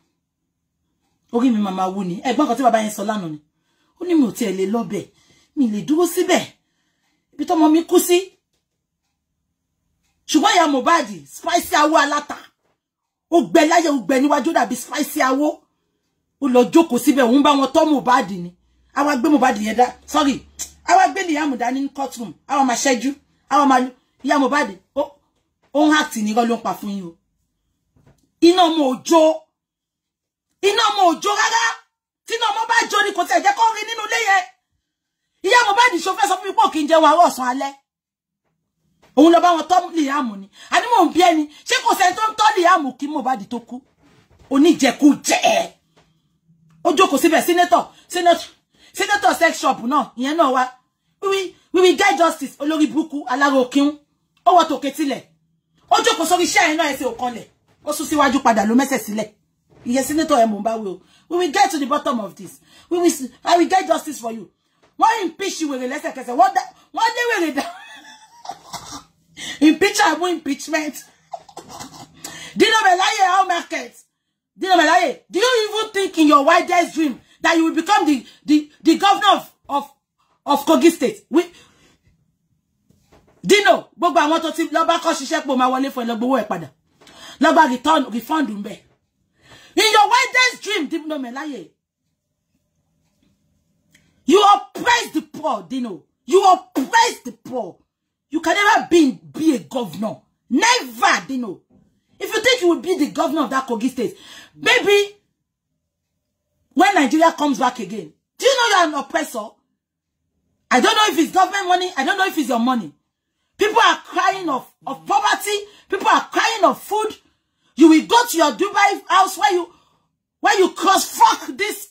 orí mi màmá wú ni ẹ̀gbọ́n kan tí bàbá yẹn sọ lánàá ni ó ní mi ò tiẹ̀ lè lọ́bẹ̀ mi lè dúró síbẹ̀ ibi tọ́mọ mi kú sí ṣùgbọ́n ìyá Mohbad spicy awó aláta ó gbẹ láyé ó gbẹ níwájú dàbí spicy awó ó lọ jókòó síbẹ̀ òun bá wọn tọ́ Mohbad ni àwa gbé Mohbad yẹn dá sorry àwa gbé Liam dání ní courtroom àwa máa ṣẹ́jú àwa máa lu ìyá Mohbad ó ń hàtì nírọ́ ló ń pa fún yín o iná ọmọ òjò iná ọmọ òjò rárá tí iná ọmọ bá jó ni kò tẹ̀ jẹ́ kó rí nínú ilé yẹn ìyá Mohbad ṣo fẹ́ sọ fún mi pé òkè ń jẹun àárọ̀ ọ̀sán alẹ́ òun lọ bá wọn tọ́ Liam ni àní mò ń bí ẹni ṣé kò sẹ́ni tó ń tọ́ Liam kí Mohbad tó kú oníjẹkújẹ ó jókòó síbẹ̀ senator senator senator sex shop náà ìyẹn náà wá wíwí wíwí guy justice olórí burúkú aláró kíún ó wọ tòkè tilẹ̀ ó jókòó sórí iṣẹ́ ẹ̀ náà ẹsẹ̀ òkanlẹ̀ ó sún síwájú padà ló mẹ́sẹ̀ sílẹ̀ ìyẹn senator ẹ̀ mò ń bá o we will get to the bottom of this we will i will get justice for you wọ́n impeach wèrè lẹ́sẹ̀kẹsẹ̀ wọ́n dé wèrè dáhùn. Impeach Abu impeachment. Dino Melaye, how market? Dino Melaye, do you even think in your wildest dream that you will become the, the, the governor of, of, of Kogi State? We, Dino, gbogbo want tó see lọ bá kọ́ my wallet for wọlé fún ẹ lọ return refund ń bẹ̀. In your wildest dream, Dino Melaye, you oppress the poor, Dino. You oppress the poor. You can never be, be a governor. Never, you know. If you think you will be the governor of that Kogi state, maybe when Nigeria comes back again, do you know you're an oppressor? I don't know if it's government money. I don't know if it's your money. People are crying of, of poverty. People are crying of food. You will go to your Dubai house where you where you cross fuck this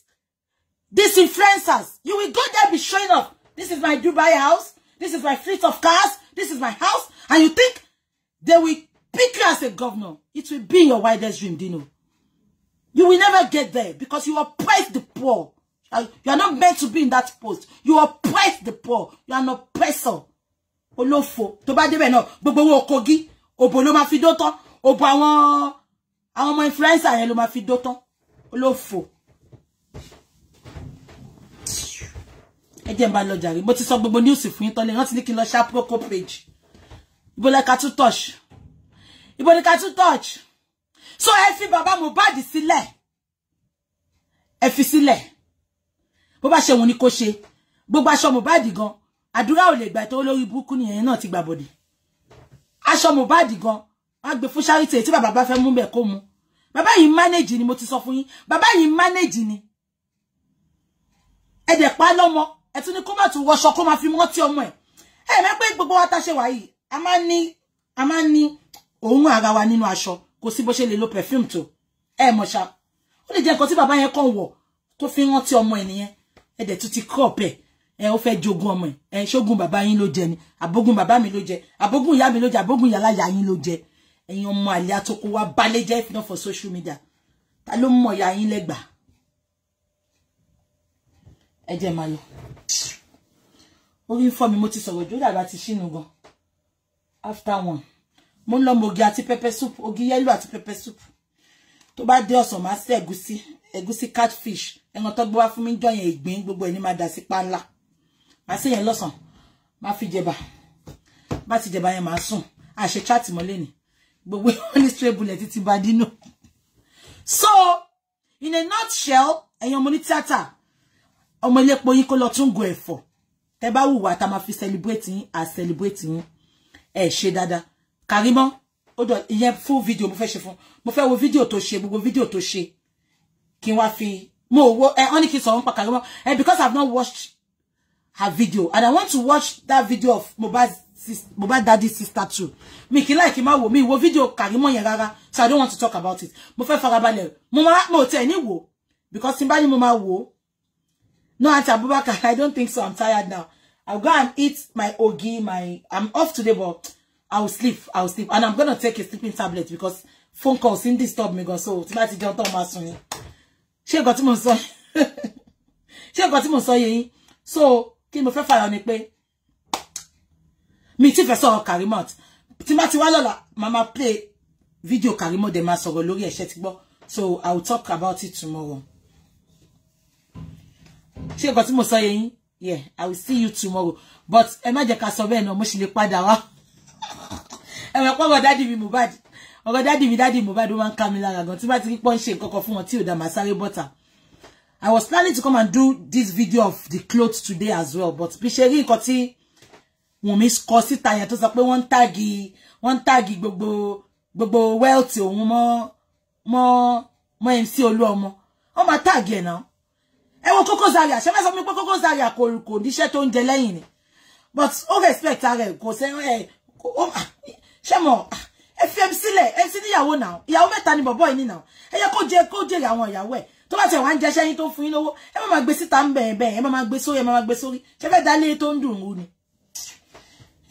these influencers. You will go there be showing off. This is my Dubai house. This is my fleet of cars. This is my house. And you think they will pick you as a governor. It will be your wildest dream, Dino. You will never get there because you oppress the poor. Uh, you are not meant to be in that post. You oppress the poor. You are an oppressor. Olófò. toba bá débẹ̀ náà, wo kogi. Òbò ló máa fi dótán. Òbò àwọn àwọn ọmọ influencer yẹn ló máa fi dótán. Olófò. ẹ jẹ́ n bá lọ jàre mo ti sọ gbogbo news fún yín tán rántí ní kí n lọ ṣá proco page ibo lẹ tún touch ibo ni ka tún touch so ẹ fi bàbá Mohbad sílẹ̀ ẹ fi sílẹ̀ bó bá ṣe wọn ni kó ṣe gbogbo aṣọ Mohbad gan àdúrà ò lè gbà tó lórí burúkú nìyẹn náà ti gbà bọ̀dẹ̀ aṣọ Mohbad gan wọ́n gbé fún charity tí bàbá bá fẹ́ mú bẹ̀ kó mu bàbá yìí manage ni mo ti sọ fún yín bàbá yìí manage ni ẹ pa lọ́mọ ẹ tún ní kó má tún wọṣọ kó máa fi mọ́tí ọmọ ẹ̀ ẹ mẹ́ pé gbogbo wa ta ṣe wà yìí a máa ní a máa ní òun ara wa nínú aṣọ kò sí bó ṣe lè lo perfume tó ẹ mọ̀ ṣá ó lè jẹ́ nǹkan tí bàbá yẹn kàn wọ̀ tó fi rántí ọmọ ẹ̀ nìyẹn ẹ dẹ̀ tún ti kọ́ ọ̀bẹ ẹ ó fẹ́ jogún ọmọ ẹ̀ ẹ ṣógun bàbá yín ló jẹ ni àbógun bàbá mi ló jẹ àbógun ìyá mi ló jẹ àbógun ìyá láyà yín ló jẹ ẹ̀yin ọmọ àlè àtòkò wa balẹ̀ jẹ́ if not for social media ta ló mọ̀ ìyá yín lẹ́gbàá ẹ jẹ́ máa lọ orí ń fọ́ mi mo ti sọ̀rọ̀ jó dàgbà ti ṣínú gan after one mo ń lọ mo ogi àti pepper soup ogi yẹ́lò àti pepper soup tó bá dé ọ̀sán máa ṣe ẹ̀gúsí ẹ̀gúsí catfish ẹran tó gbé wá fún mi ń jọyàn ìgbín gbogbo ẹ̀ ní máa dà sí páńlá máa ṣe yẹn lọ́sàn máa fi jẹba bá ti jẹba yẹn máa sùn àṣẹ chat mọ́lẹ́ ni gbogbo wọn ní straight bullet ti bá dínú. so in a nutshell ẹ̀yin ọmọ ní tíátà ọmọ elépo yín kó lọ tún go ẹ̀fọ́ tẹ́ bá wùwà tá máa fi celebrate yín à celebrate yín ẹ ṣe dáadáa Karimo ó dọ̀ ìyẹn fún fídíò mo fẹ́ ṣe fún mo fẹ́ wo fídíò tó ṣe gbogbo fídíò tó ṣe kí n fi mo wo ẹ ọ́ ní kí n sọ̀rọ̀ Karimo ẹ because I've not watched her video and I want to watch that video of Mohbad sis Mohbad daddy sister too mi kì í láì kí n wo fídíò Karimo yẹn rárá so I don't want to talk about it mo fẹ́ farabalẹ̀ mo máa mo tẹ̀ ní wò because tí n mo máa wò No, Auntie Abubakar, I don't think so. I'm tired now. I'll go and eat my ogi, my... I'm off today, but I'll sleep. I'll sleep. And I'm gonna take a sleeping tablet because phone calls in disturb me. Go, so, tonight, you don't talk about something. Ṣé nǹkan tí She got him on. tí So, kí mo fẹ́ on ni pé Me ti I saw Karimot. Tí ma ti Mama play video Karimot, dẹ̀ máa sọ̀rọ̀ lórí ẹ̀ ṣé ti So, I'll talk about it tomorrow ṣé nǹkan tí mo sọ yẹn yeah i will see you tomorrow but ẹ má jẹ́ ká sọ bẹ́ẹ̀ náà mo ṣì lè padà wá ẹ mọ̀ pọ́ ọmọ dádì mi Mohbad ọmọ dádì mi dádì Mohbad ó máa ń ká mi lára gan tí bá ti rí pọ́n ṣe nǹkan kan fún wọn tí ò dá màá i was planning to come and do this video of the clothes today as well but bí ṣe rí nǹkan tí Wùnmí kọ síta yẹn tó sọ pé wọ́n ń táàgì wọ́n ń táàgì gbogbo gbogbo wealth òun mọ́ mọ́ mọ́ MC Olúọmọ wọ́n máa táàgì ẹ̀ náà ẹ wo Koko Zaria ṣe fẹ́ sọ mi pé Koko Zaria kò kò níṣẹ́ tó ń jẹ lẹ́yìn ni but ó respect ara ẹ̀ kò sẹ́ ẹ̀ ṣe FM ẹ fi ẹbí sílẹ̀ ẹ sí níyàwó náà ìyàwó mẹ́ta ni bọ̀bọ́ yìí nìyàwó ẹ yẹ kó jẹ kó jèrè àwọn ìyàwó ẹ̀ tó bá tẹ̀ wá ń jẹṣẹ́ yín tó fún yín lówó ẹ má máa gbé síta ń bẹ̀ẹ̀ bẹ̀ẹ̀ ẹ má máa gbé sórí ẹ má máa gbé sórí ṣe fẹ́ ni.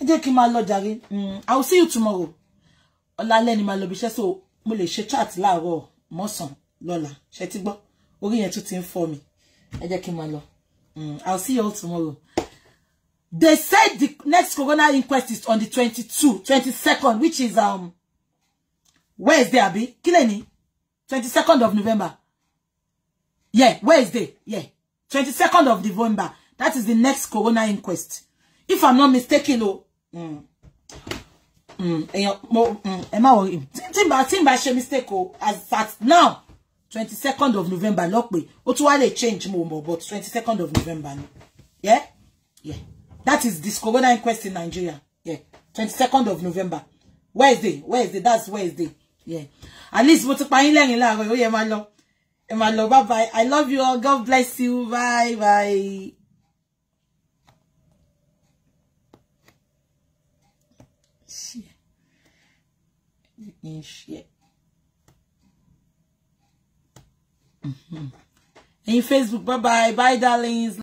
ẹ jẹ́ kí n máa lọ jàre mm, I will see you tomorrow ọ̀làlẹ́ ni máa lọ bí iṣẹ́ so mo lè ṣe chat láàárọ̀ mọ́sàn-án lọ́la ṣe ti gbọ́ orí yẹn tún ti ń fọ́ ẹ jẹ́ kí n máa mm, i'll see you all tomorrow they said the next coroner inquest is on the twenty-two twenty-second which is um, wednesday abi kí lè ní twenty-second of november yeah wednesday yeah twenty-second of november that is the next coroner inquest if i'm not mistaken Oh, Mm èèyàn and your mm, má wọrí tí n timba, timba, she mistake oh, as that now twenty second of november lọ pé ó tún wá lè change mo mọ̀ but twenty second of november ni yeah yeah that is this corona inquest in nigeria yeah twenty second of november wednesday wednesday that's wednesday yeah at least mo ti pa yín lẹ́rìn láàárọ̀ ó yẹ máa lọ ẹ máa lọ bye bye i love you all god bless you bye bye. Yeah. Em Facebook, bye bye. Bye, darlings.